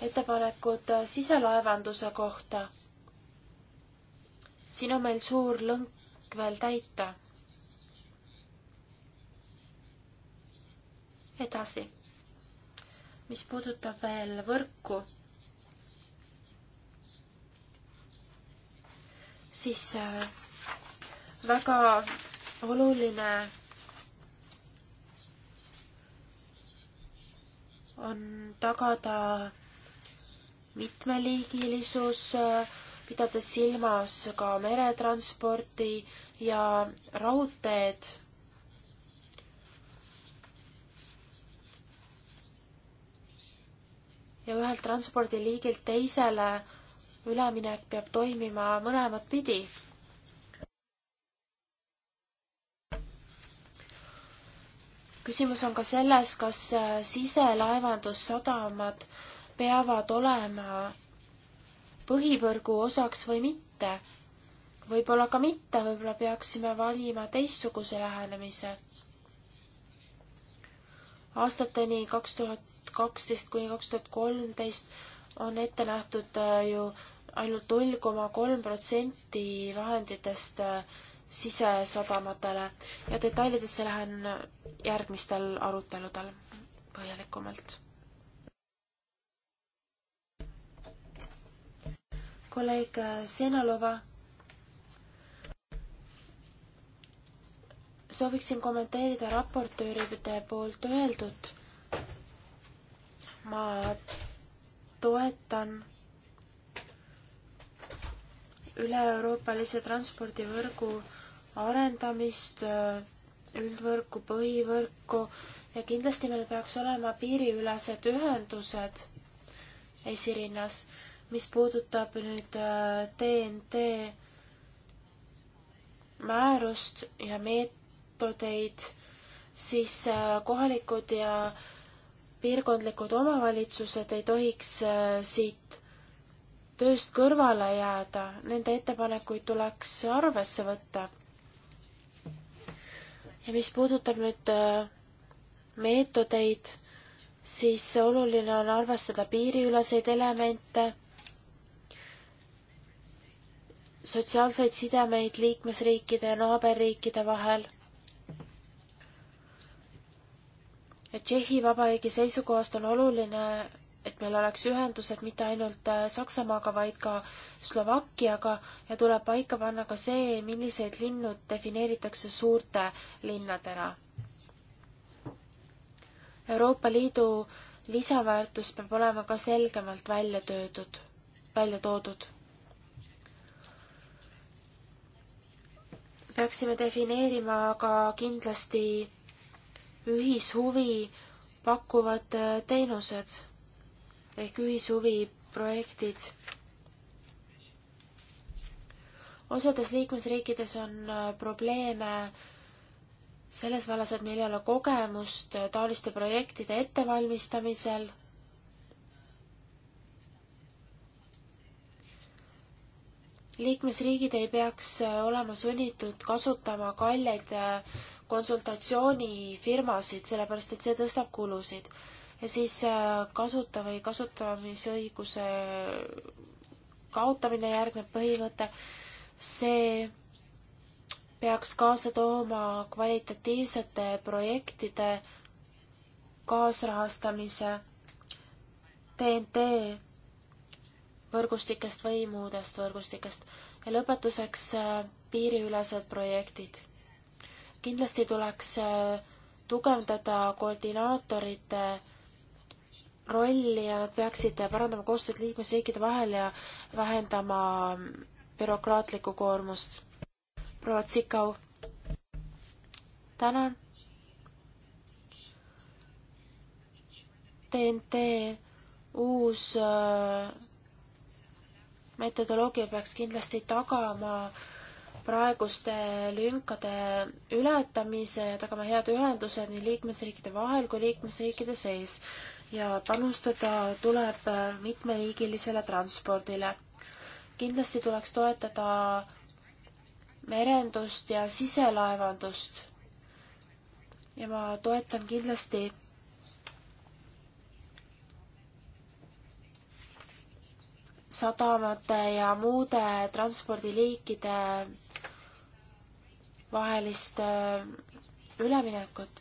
Speaker 2: ettepanekud äh, siselaevanduse kohta. siin on meil suur lõnk veel täita edasi, mis puudutab veel võrku, siis äh, väga oluline on tagada mitmeliigilisus, äh, pidades silmas ka meretransporti ja raudteed ja ühelt transpordiliigilt teisele üleminek peab toimima mõlemat pidi. küsimus on ka selles, kas äh, siselaevandussadamad peavad olema põhivõrgu osaks või mitte. võib-olla ka mitte, võib-olla peaksime valima teistsuguse lähenemise. aastateni kaks tuhat kaksteist kuni kaks tuhat kolmteist on ette nähtud äh, ju ainult null koma kolm protsenti vahenditest äh, sisesadamatele ja detailidesse lähen äh, järgmistel aruteludel põhjalikumalt. kolleeg Senalova. sooviksin kommenteerida raportööride poolt öeldut ma toetan üle-euroopalise transpordivõrgu arendamist, üldvõrku, põhivõrku ja kindlasti meil peaks olema piiriülesed ühendused esirinnas. mis puudutab nüüd TNT äh, määrust ja meetodeid, siis äh, kohalikud ja äh, piirkondlikud omavalitsused ei tohiks äh, siit tööst kõrvale jääda, nende ettepanekuid tuleks arvesse võtta. ja mis puudutab nüüd äh, meetodeid, siis oluline on arvestada piiriüleseid elemente, sotsiaalseid sidemeid liikmesriikide ja naaberriikide vahel Tšehhi Vabariigi seisukohast on oluline, et meil oleks ühendused mitte ainult äh, Saksamaaga, vaid ka Slovakkiaga ja tuleb paika panna ka see, milliseid linnu defineeritakse suurte linnadena. Euroopa Liidu lisaväärtus peab olema ka selgemalt välja töödud, välja toodud. peaksime defineerima ka kindlasti ühishuvi pakkuvad äh, teenused ehk ühishuvi projektid. osades liikmesriikides on äh, probleeme selles vallas, et meil ei ole kogemust äh, taoliste projektide ettevalmistamisel liikmesriigid ei peaks olema sunnitud kasutama kalleid konsultatsioonifirmasid, sellepärast et see tõstab kulusid. ja siis äh, kasuta või kasutamisõiguse kaotamine järgneb põhimõte, see peaks kaasa tooma kvalitatiivsete projektide kaasrahastamise TNT võrgustikest või muudest võrgustikest. ja lõpetuseks äh, piiriülesed projektid kindlasti tuleks äh, tugevdada koordinaatorite rolli ja nad peaksid parandama koostööd liikmesriikide vahel ja vähendama bürokraatlikku koormust. proua Tsikau. tänan. TNT uus äh, metodoloogia peaks kindlasti tagama äh, praeguste lünkade ületamise ja tagama head ühendused nii liikmesriikide vahel kui liikmesriikide sees ja panustada tuleb mitmeliigilisele transpordile. kindlasti tuleks toetada merendust ja siselaevandust. ja ma toetan kindlasti sadamate ja muude transpordiliikide vahelist äh, üleminekut.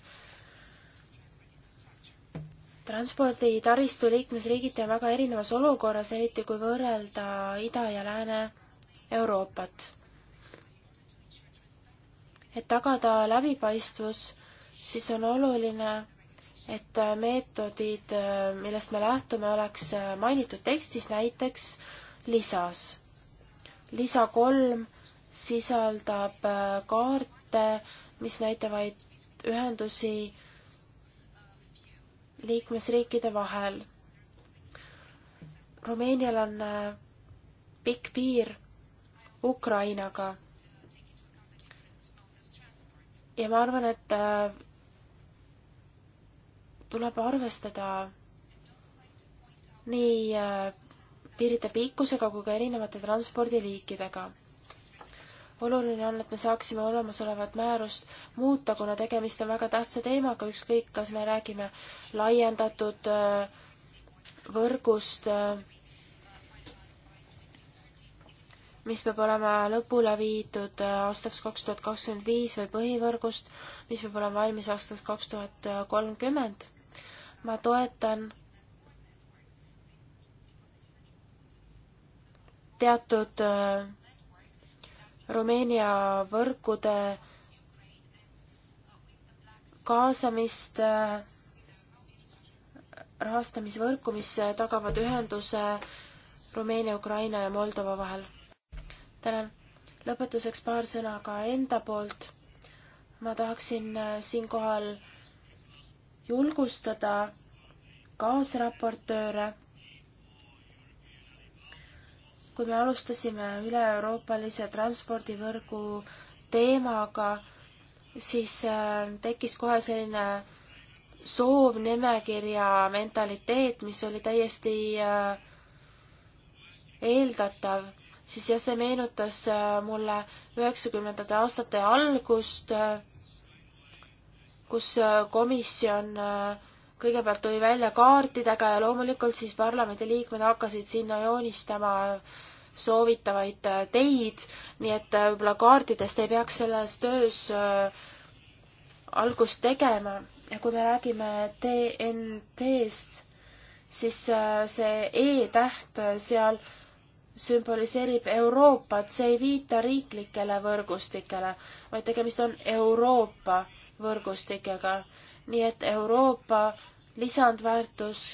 Speaker 2: transporditaristu liikmesriigid on väga erinevas olukorras, eriti kui võrrelda Ida- ja Lääne-Euroopat. et tagada läbipaistvus, siis on oluline, et meetodid, äh, millest me lähtume, oleks äh, mainitud tekstis, näiteks lisas. lisa kolm sisaldab äh, kaarte, mis näitavad ühendusi liikmesriikide vahel. Rumeenial on äh, pikk piir Ukrainaga. ja ma arvan, et äh, tuleb arvestada nii piiride pikkusega kui ka erinevate transpordiliikidega oluline on, et me saaksime olemasolevat määrust muuta, kuna tegemist on väga tähtsa teemaga, ükskõik, kas me räägime laiendatud äh, võrgust, äh, mis peab olema lõpule viidud äh, aastaks kaks tuhat kakskümmend viis või põhivõrgust, mis peab olema valmis aastaks kaks tuhat kolmkümmend. ma toetan teatud Rumeenia võrkude kaasamist rahastamisvõrku, mis tagavad ühenduse Rumeenia, Ukraina ja Moldova vahel. tänan. lõpetuseks paar sõna ka enda poolt. ma tahaksin äh, siinkohal julgustada kaasraportööre kui me alustasime üle-euroopalise transpordivõrgu teemaga, siis äh, tekkis kohe selline soovnimekirja mentaliteet, mis oli täiesti äh, eeldatav, siis jah, see meenutas äh, mulle üheksakümnendate aastate algust, kus komisjon kõigepealt tuli välja kaartidega ja loomulikult siis parlamendiliikmed hakkasid sinna joonistama soovitavaid äh, teid, nii et äh, võib-olla kaardidest ei peaks selles töös äh, algust tegema ja kui me räägime DNT-st, siis see E-täht seal sümboliseerib Euroopat, see ei viita riiklikele võrgustikele, vaid tegemist on Euroopa võrgustikega. nii et Euroopa lisandväärtus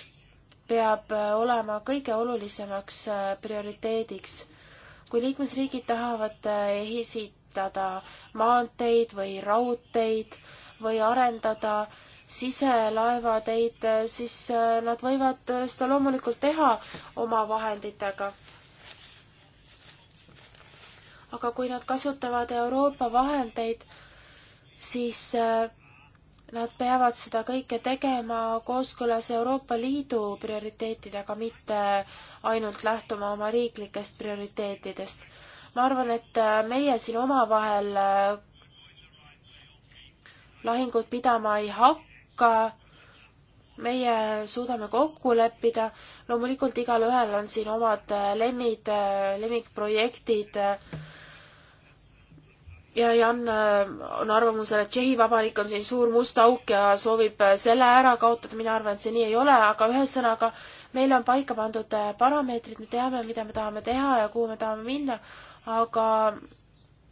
Speaker 2: peab äh, olema kõige olulisemaks äh, prioriteediks. kui liikmesriigid tahavad äh, esitada maanteid või raudteid või arendada siselaevateid, siis nad võivad seda loomulikult teha oma vahenditega. aga kui nad kasutavad Euroopa vahendeid, siis Nad peavad seda kõike tegema kooskõlas Euroopa Liidu prioriteetidega, mitte ainult lähtuma oma riiklikest prioriteetidest. ma arvan, et meie siin omavahel äh, lahingut pidama ei hakka, meie suudame kokku leppida, loomulikult igalühel on siin omad äh, lemmid, äh, lemmikprojektid, ja Jan äh, on arvamusel, et Tšehhi Vabariik on siin suur must auk ja soovib äh, selle ära kaotada, mina arvan, et see nii ei ole, aga ühesõnaga, meil on paika pandud äh, parameetrid, me teame, mida me tahame teha ja kuhu me tahame minna, aga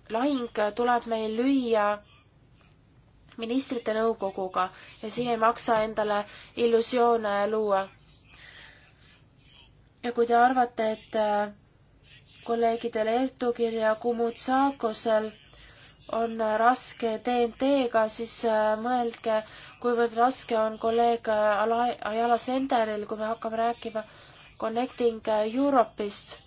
Speaker 2: lahing tuleb meil lüüa ministrite nõukoguga ja siin ei maksa endale illusioone luua. ja kui te arvate, et kolleegidel Ertugil ja Kumutsakosel on raske DNT-ga, siis äh, mõelge, kuivõrd raske on kolleeg Ajala äh, Senderil, kui me hakkame rääkima Connecting äh, Europe'ist.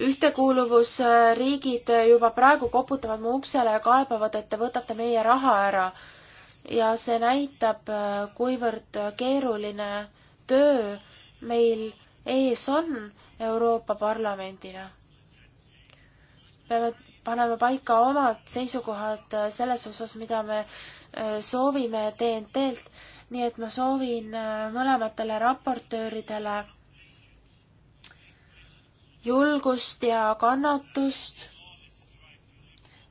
Speaker 2: ühtekuuluvusriigid juba praegu koputavad mu uksele ja kaebavad, et te võtate meie raha ära. ja see näitab, kuivõrd keeruline töö meil ees on Euroopa Parlamendina. peame paneme paika omad seisukohad äh, selles osas, mida me äh, soovime TNT-lt, nii et ma soovin äh, mõlematele raportööridele julgust ja kannatust.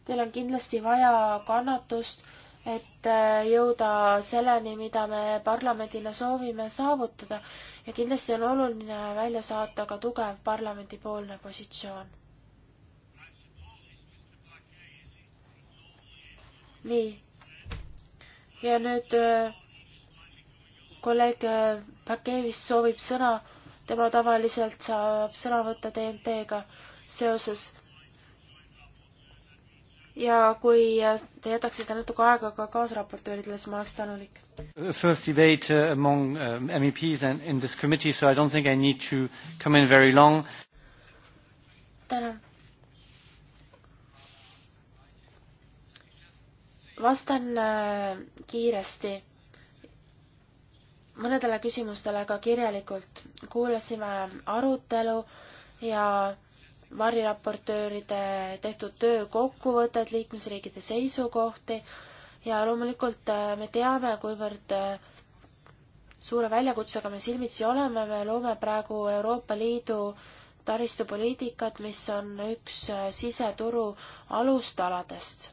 Speaker 2: Teil on kindlasti vaja kannatust, et jõuda selleni, mida me parlamendina soovime saavutada ja kindlasti on oluline välja saata ka tugev parlamendipoolne positsioon nii. ja nüüd äh, kolleeg Pakevis äh, soovib sõna, tema tavaliselt saab sõna võtta TNT-ga seoses. ja kui äh, te jätaksite natuke aega ka kaasraportööridele, siis ma oleks tänulik.
Speaker 1: First debate uh, among uh, MEP-s and in this committee, so I don't think I need to come in very long.
Speaker 2: tänan vastan äh, kiiresti mõnedele küsimustele ka kirjalikult. kuulasime arutelu ja variraportööride tehtud töö kokkuvõtet, liikmesriikide seisukohti ja loomulikult äh, me teame, kuivõrd äh, suure väljakutsega me silmitsi oleme, me loome praegu Euroopa Liidu taristupoliitikat, mis on üks siseturu alustaladest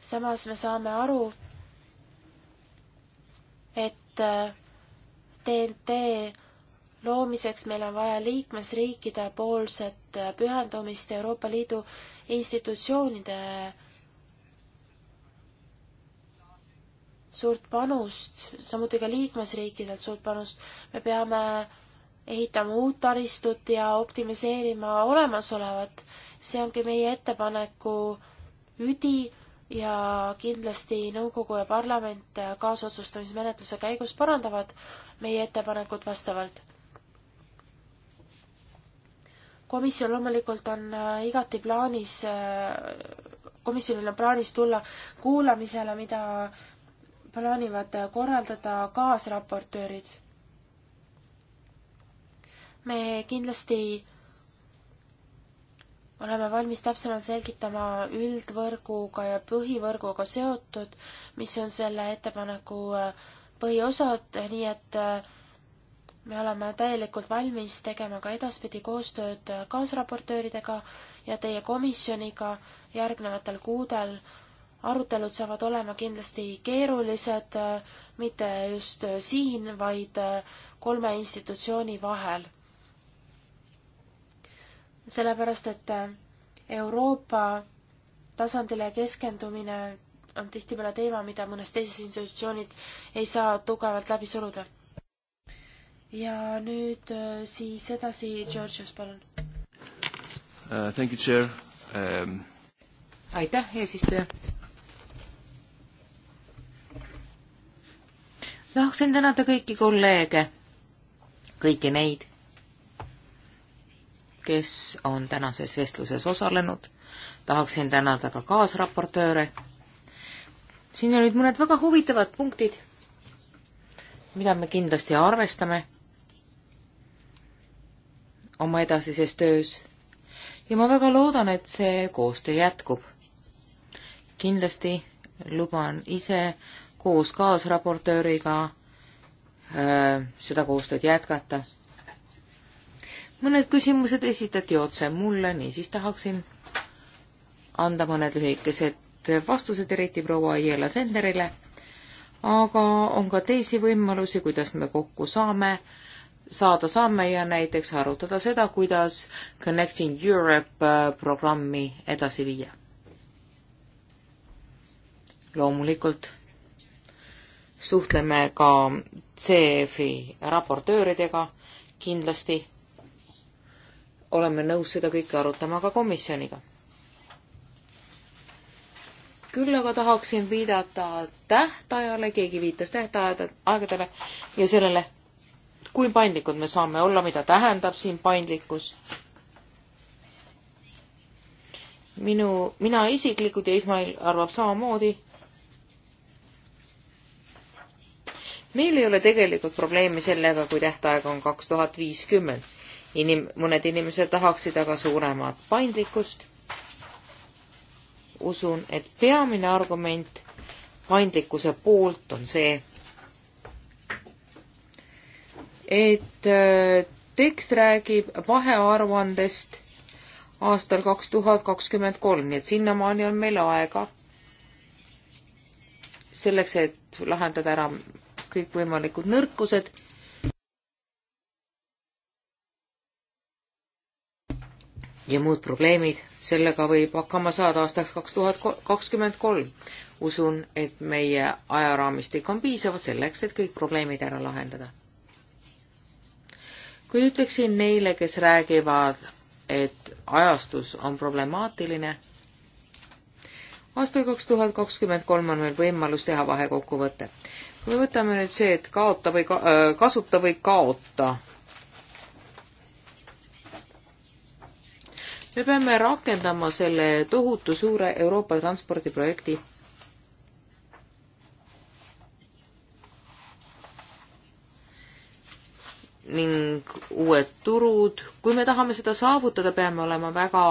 Speaker 2: samas me saame aru, et TNT äh, loomiseks meil on vaja liikmesriikide poolset äh, pühendumist Euroopa Liidu institutsioonide suurt panust, samuti ka liikmesriikidelt suurt panust. me peame ehitama uut taristut ja optimiseerima olemasolevat. see ongi meie ettepaneku üdi ja kindlasti nõukogu ja parlament kaasotsustamismenetluse käigus parandavad meie ettepanekut vastavalt. komisjon loomulikult on äh, igati plaanis, äh, komisjonil on plaanis tulla kuulamisele, mida plaanivad korraldada kaasraportöörid. me kindlasti oleme valmis täpsemalt selgitama üldvõrguga ja põhivõrguga seotud, mis on selle ettepaneku äh, põhiosad, nii et äh, me oleme täielikult valmis tegema ka edaspidi koostööd äh, kaasraportööridega ja teie komisjoniga järgnevatel kuudel. arutelud saavad olema kindlasti keerulised, mitte just siin, vaid kolme institutsiooni vahel sellepärast et äh, Euroopa tasandile keskendumine on tihtipeale teema, mida mõnes teises institutsioonid ei saa tugevalt läbi suruda. ja nüüd äh, siis edasi, Georgios, palun
Speaker 3: uh,. Thank you, chair um....
Speaker 1: aitäh, eesistuja. tahaksin tänada kõiki kolleege, kõiki neid kes on tänases vestluses osalenud. tahaksin tänada ka kaasraportööre. siin olid mõned väga huvitavad punktid, mida me kindlasti arvestame oma edasises töös. ja ma väga loodan, et see koostöö jätkub. kindlasti luban ise koos kaasraportööriga öö, äh, seda koostööd jätkata mõned küsimused esitati otse mulle, niisiis tahaksin anda mõned lühikesed vastused, eriti proua Aiela Senderile, aga on ka teisi võimalusi, kuidas me kokku saame, saada saame ja näiteks arutada seda, kuidas Connecting Europe äh, programmi edasi viia. loomulikult suhtleme ka CEF-i raportööridega kindlasti oleme nõus seda kõike arutama ka komisjoniga. küll aga tahaksin viidata tähtajale, keegi viitas tähtaegadele ja sellele, kui paindlikud me saame olla, mida tähendab siin paindlikkus. minu, mina isiklikult ja Ismail arvab samamoodi meil ei ole tegelikult probleemi sellega, kui tähtaeg on kaks tuhat viiskümmend inim-, mõned inimesed tahaksid aga suuremat paindlikkust. usun, et peamine argument paindlikkuse poolt on see, et äh, tekst räägib vahearuandest aastal kaks tuhat kakskümmend kolm, nii et sinnamaani on meil aega selleks, et lahendada ära kõikvõimalikud nõrkused ja muud probleemid, sellega võib hakkama saada aastaks kaks tuhat kakskümmend kolm. usun, et meie ajaraamistik on piisav selleks, et kõik probleemid ära lahendada. kui ütleksin neile, kes räägivad, et ajastus on problemaatiline, aastal kaks tuhat kakskümmend kolm on meil võimalus teha vahekokkuvõte. kui me võtame nüüd see, et kaota või ka, äh, kasuta või kaota me peame rakendama selle tohutu suure Euroopa transpordiprojekti. ning uued turud, kui me tahame seda saavutada, peame olema väga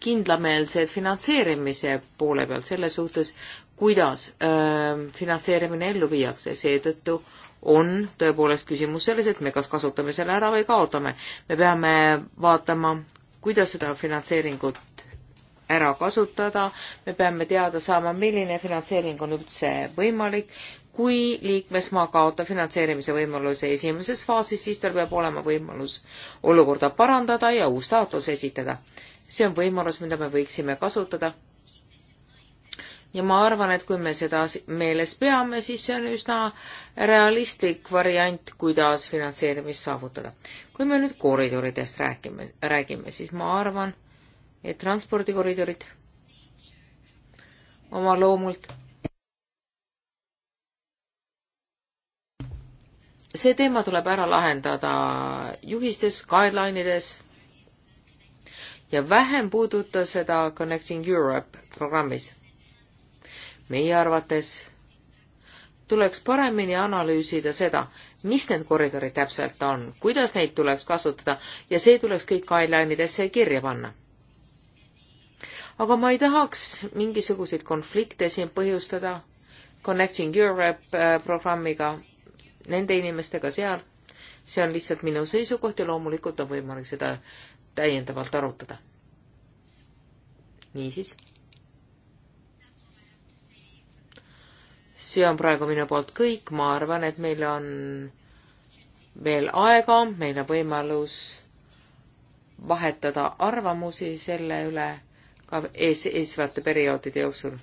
Speaker 1: kindlameelsed finantseerimise poole pealt selles suhtes, kuidas öö, ähm, finantseerimine ellu viiakse, seetõttu on tõepoolest küsimus selles, et me kas kasutame selle ära või kaotame. me peame vaatama, kuidas seda finantseeringut ära kasutada, me peame teada saama, milline finantseering on üldse võimalik, kui liikmesmaa kaotab finantseerimise võimaluse esimeses faasis, siis tal peab olema võimalus olukorda parandada ja uus taotlus esitada. see on võimalus, mida me võiksime kasutada. ja ma arvan, et kui me seda meeles peame, siis see on üsna realistlik variant, kuidas finantseerimist saavutada kui me nüüd koridoridest räägime, räägime, siis ma arvan, et transpordikoridorid oma loomult see teema tuleb ära lahendada juhistes, guideline'ides ja vähem puuduta seda Connecting Europe programmis. meie arvates tuleks paremini analüüsida seda, mis need koridorid täpselt on, kuidas neid tuleks kasutada ja see tuleks kõik guideline idesse kirja panna. aga ma ei tahaks mingisuguseid konflikte siin põhjustada Connecting Europe äh, programmiga, nende inimestega seal, see on lihtsalt minu seisukoht ja loomulikult on võimalik seda täiendavalt arutada. niisiis see on praegu minu poolt kõik, ma arvan, et meil on veel aega, meil on võimalus vahetada arvamusi selle üle ka ees, eesvõtte perioodide jooksul.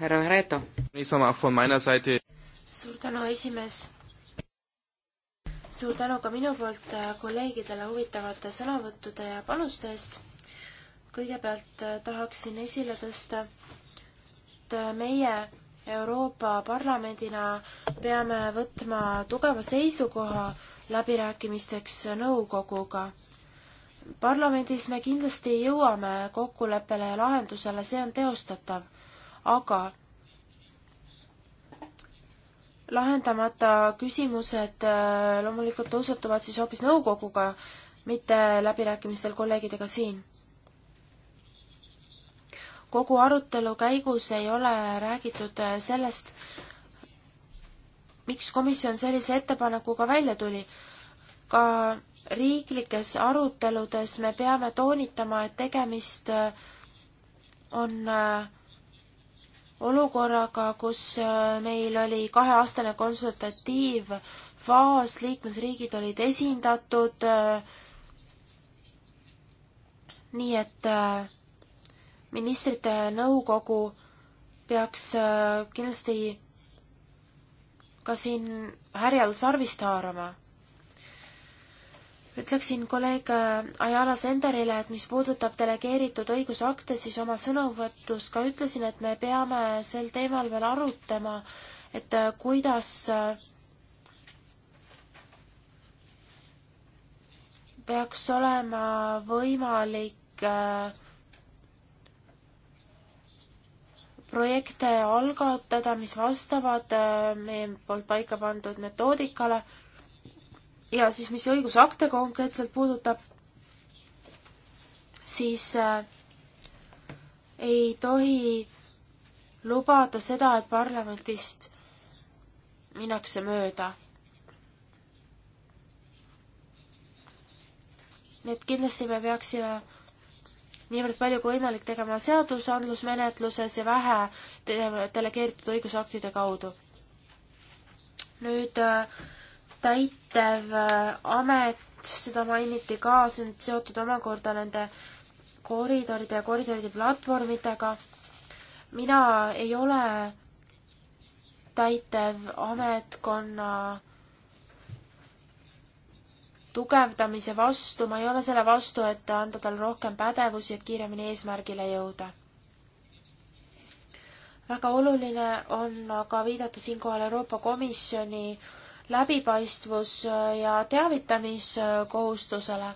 Speaker 1: härra Reeto.
Speaker 2: suur tänu, esimees. suur tänu ka minu poolt äh, kolleegidele huvitavate sõnavõttude ja panuste eest. kõigepealt äh, tahaksin esile tõsta, et äh, meie Euroopa Parlamendina peame võtma tugeva seisukoha läbirääkimisteks nõukoguga. parlamendis me kindlasti jõuame kokkuleppele ja lahendusele, see on teostatav, aga lahendamata küsimused äh, loomulikult tõusetuvad siis hoopis nõukoguga, mitte läbirääkimistel kolleegidega siin kogu arutelu käigus ei ole räägitud äh, sellest, miks komisjon sellise ettepanekuga välja tuli. ka riiklikes aruteludes me peame toonitama, et tegemist äh, on äh, olukorraga, kus meil oli kaheaastane konsultatiivfaas, liikmesriigid olid esindatud, nii et äh, ministrite nõukogu peaks äh, kindlasti ka siin härjal sarvist haarama. ütleksin kolleeg äh, Ajala Senderile, et mis puudutab delegeeritud õigusakte, siis oma sõnavõtus ka ütlesin, et me peame sel teemal veel arutama, et äh, kuidas peaks olema võimalik äh, projekte algatada, mis vastavad äh, meie poolt paika pandud metoodikale. ja siis, mis õigusakte konkreetselt puudutab, siis äh, ei tohi lubada seda, et parlamendist minnakse mööda. nii et kindlasti me peaksime niivõrd palju kui võimalik tegema seadusandlusmenetluses ja vähe delegeeritud õigusaktide kaudu. nüüd äh, täitev äh, amet, seda mainiti ka, see on seotud omakorda nende koridoride ja koridoride platvormidega. mina ei ole täitev ametkonna tugevdamise vastu, ma ei ole selle vastu, et anda talle rohkem pädevusi, et kiiremini eesmärgile jõuda. väga oluline on aga viidata siinkohal Euroopa Komisjoni läbipaistvus ja teavitamiskohustusele.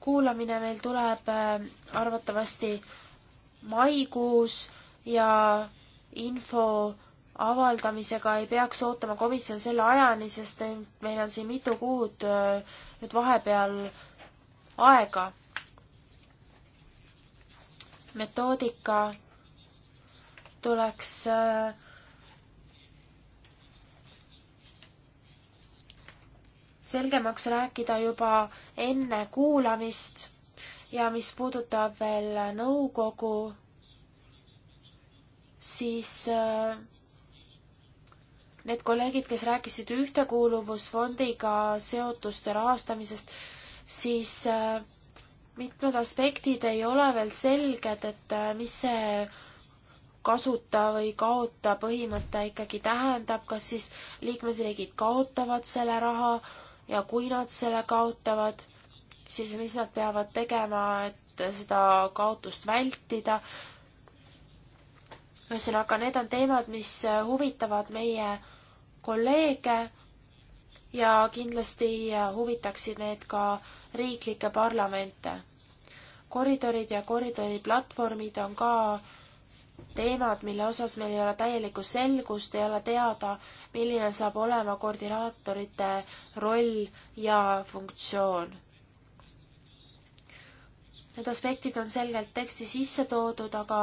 Speaker 2: kuulamine meil tuleb äh, arvatavasti maikuus ja info avaldamisega ei peaks ootama komisjon selle ajani, sest meil on siin mitu kuud äh, nüüd vahepeal aega. metoodika tuleks äh, selgemaks rääkida juba enne kuulamist ja mis puudutab veel nõukogu, siis äh, need kolleegid, kes rääkisid ühtekuuluvusfondiga seotuste rahastamisest, siis äh, mitmed aspektid ei ole veel selged, et äh, mis see kasuta või kaota põhimõte ikkagi tähendab, kas siis liikmesriigid kaotavad selle raha ja kui nad selle kaotavad, siis mis nad peavad tegema, et seda kaotust vältida. ühesõnaga, need on teemad, mis huvitavad meie kolleege ja kindlasti huvitaksid need ka riiklikke parlamente. koridorid ja koridoriplatvormid on ka teemad, mille osas meil ei ole täielikku selgust, ei ole teada, milline saab olema koordinaatorite roll ja funktsioon. Need aspektid on selgelt teksti sisse toodud, aga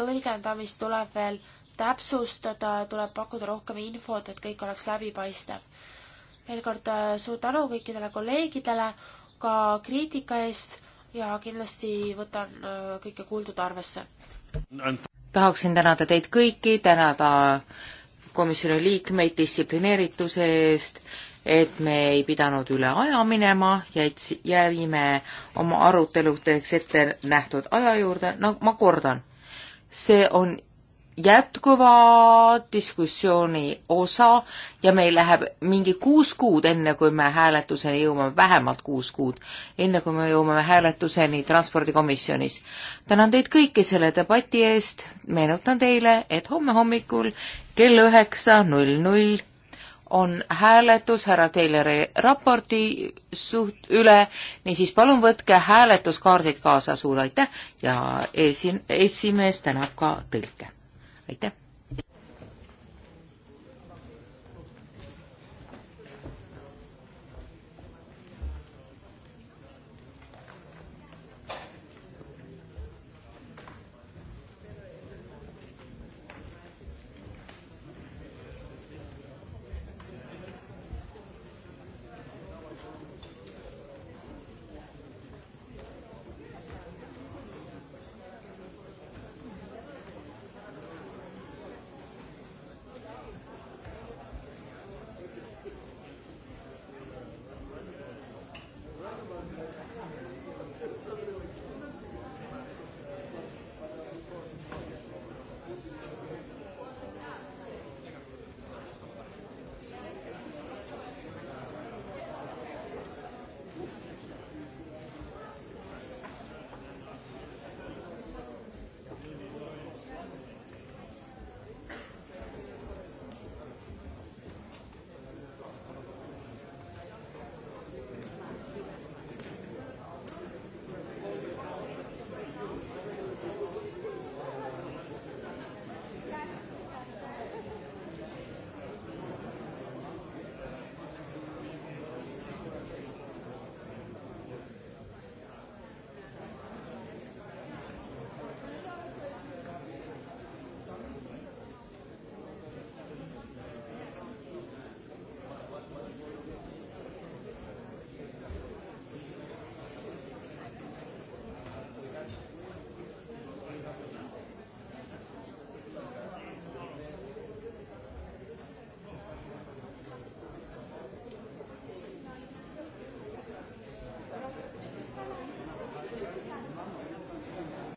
Speaker 2: tõlgendamist tuleb veel täpsustada, tuleb pakkuda rohkem infot, et kõik oleks läbipaistev. veel kord äh, suur tänu kõikidele kolleegidele ka kriitika eest ja kindlasti võtan äh, kõike kuuldud arvesse.
Speaker 1: tahaksin tänada teid kõiki, tänada komisjoni liikmeid distsiplineerituse eest, et me ei pidanud üle aja minema, jäid, jäime oma aruteludeks ette nähtud aja juurde, no ma kordan, see on jätkuva diskussiooni osa ja meil läheb mingi kuus kuud, enne kui me hääletuseni jõuame, vähemalt kuus kuud, enne kui me jõuame hääletuseni Transpordikomisjonis. tänan teid kõiki selle debati eest, meenutan teile, et homme hommikul kell üheksa null null on hääletus härra Taylori raporti suht üle, niisiis palun võtke hääletuskaardid kaasa, suur aitäh ja esi-, esimees tänab ka tõlke aitäh!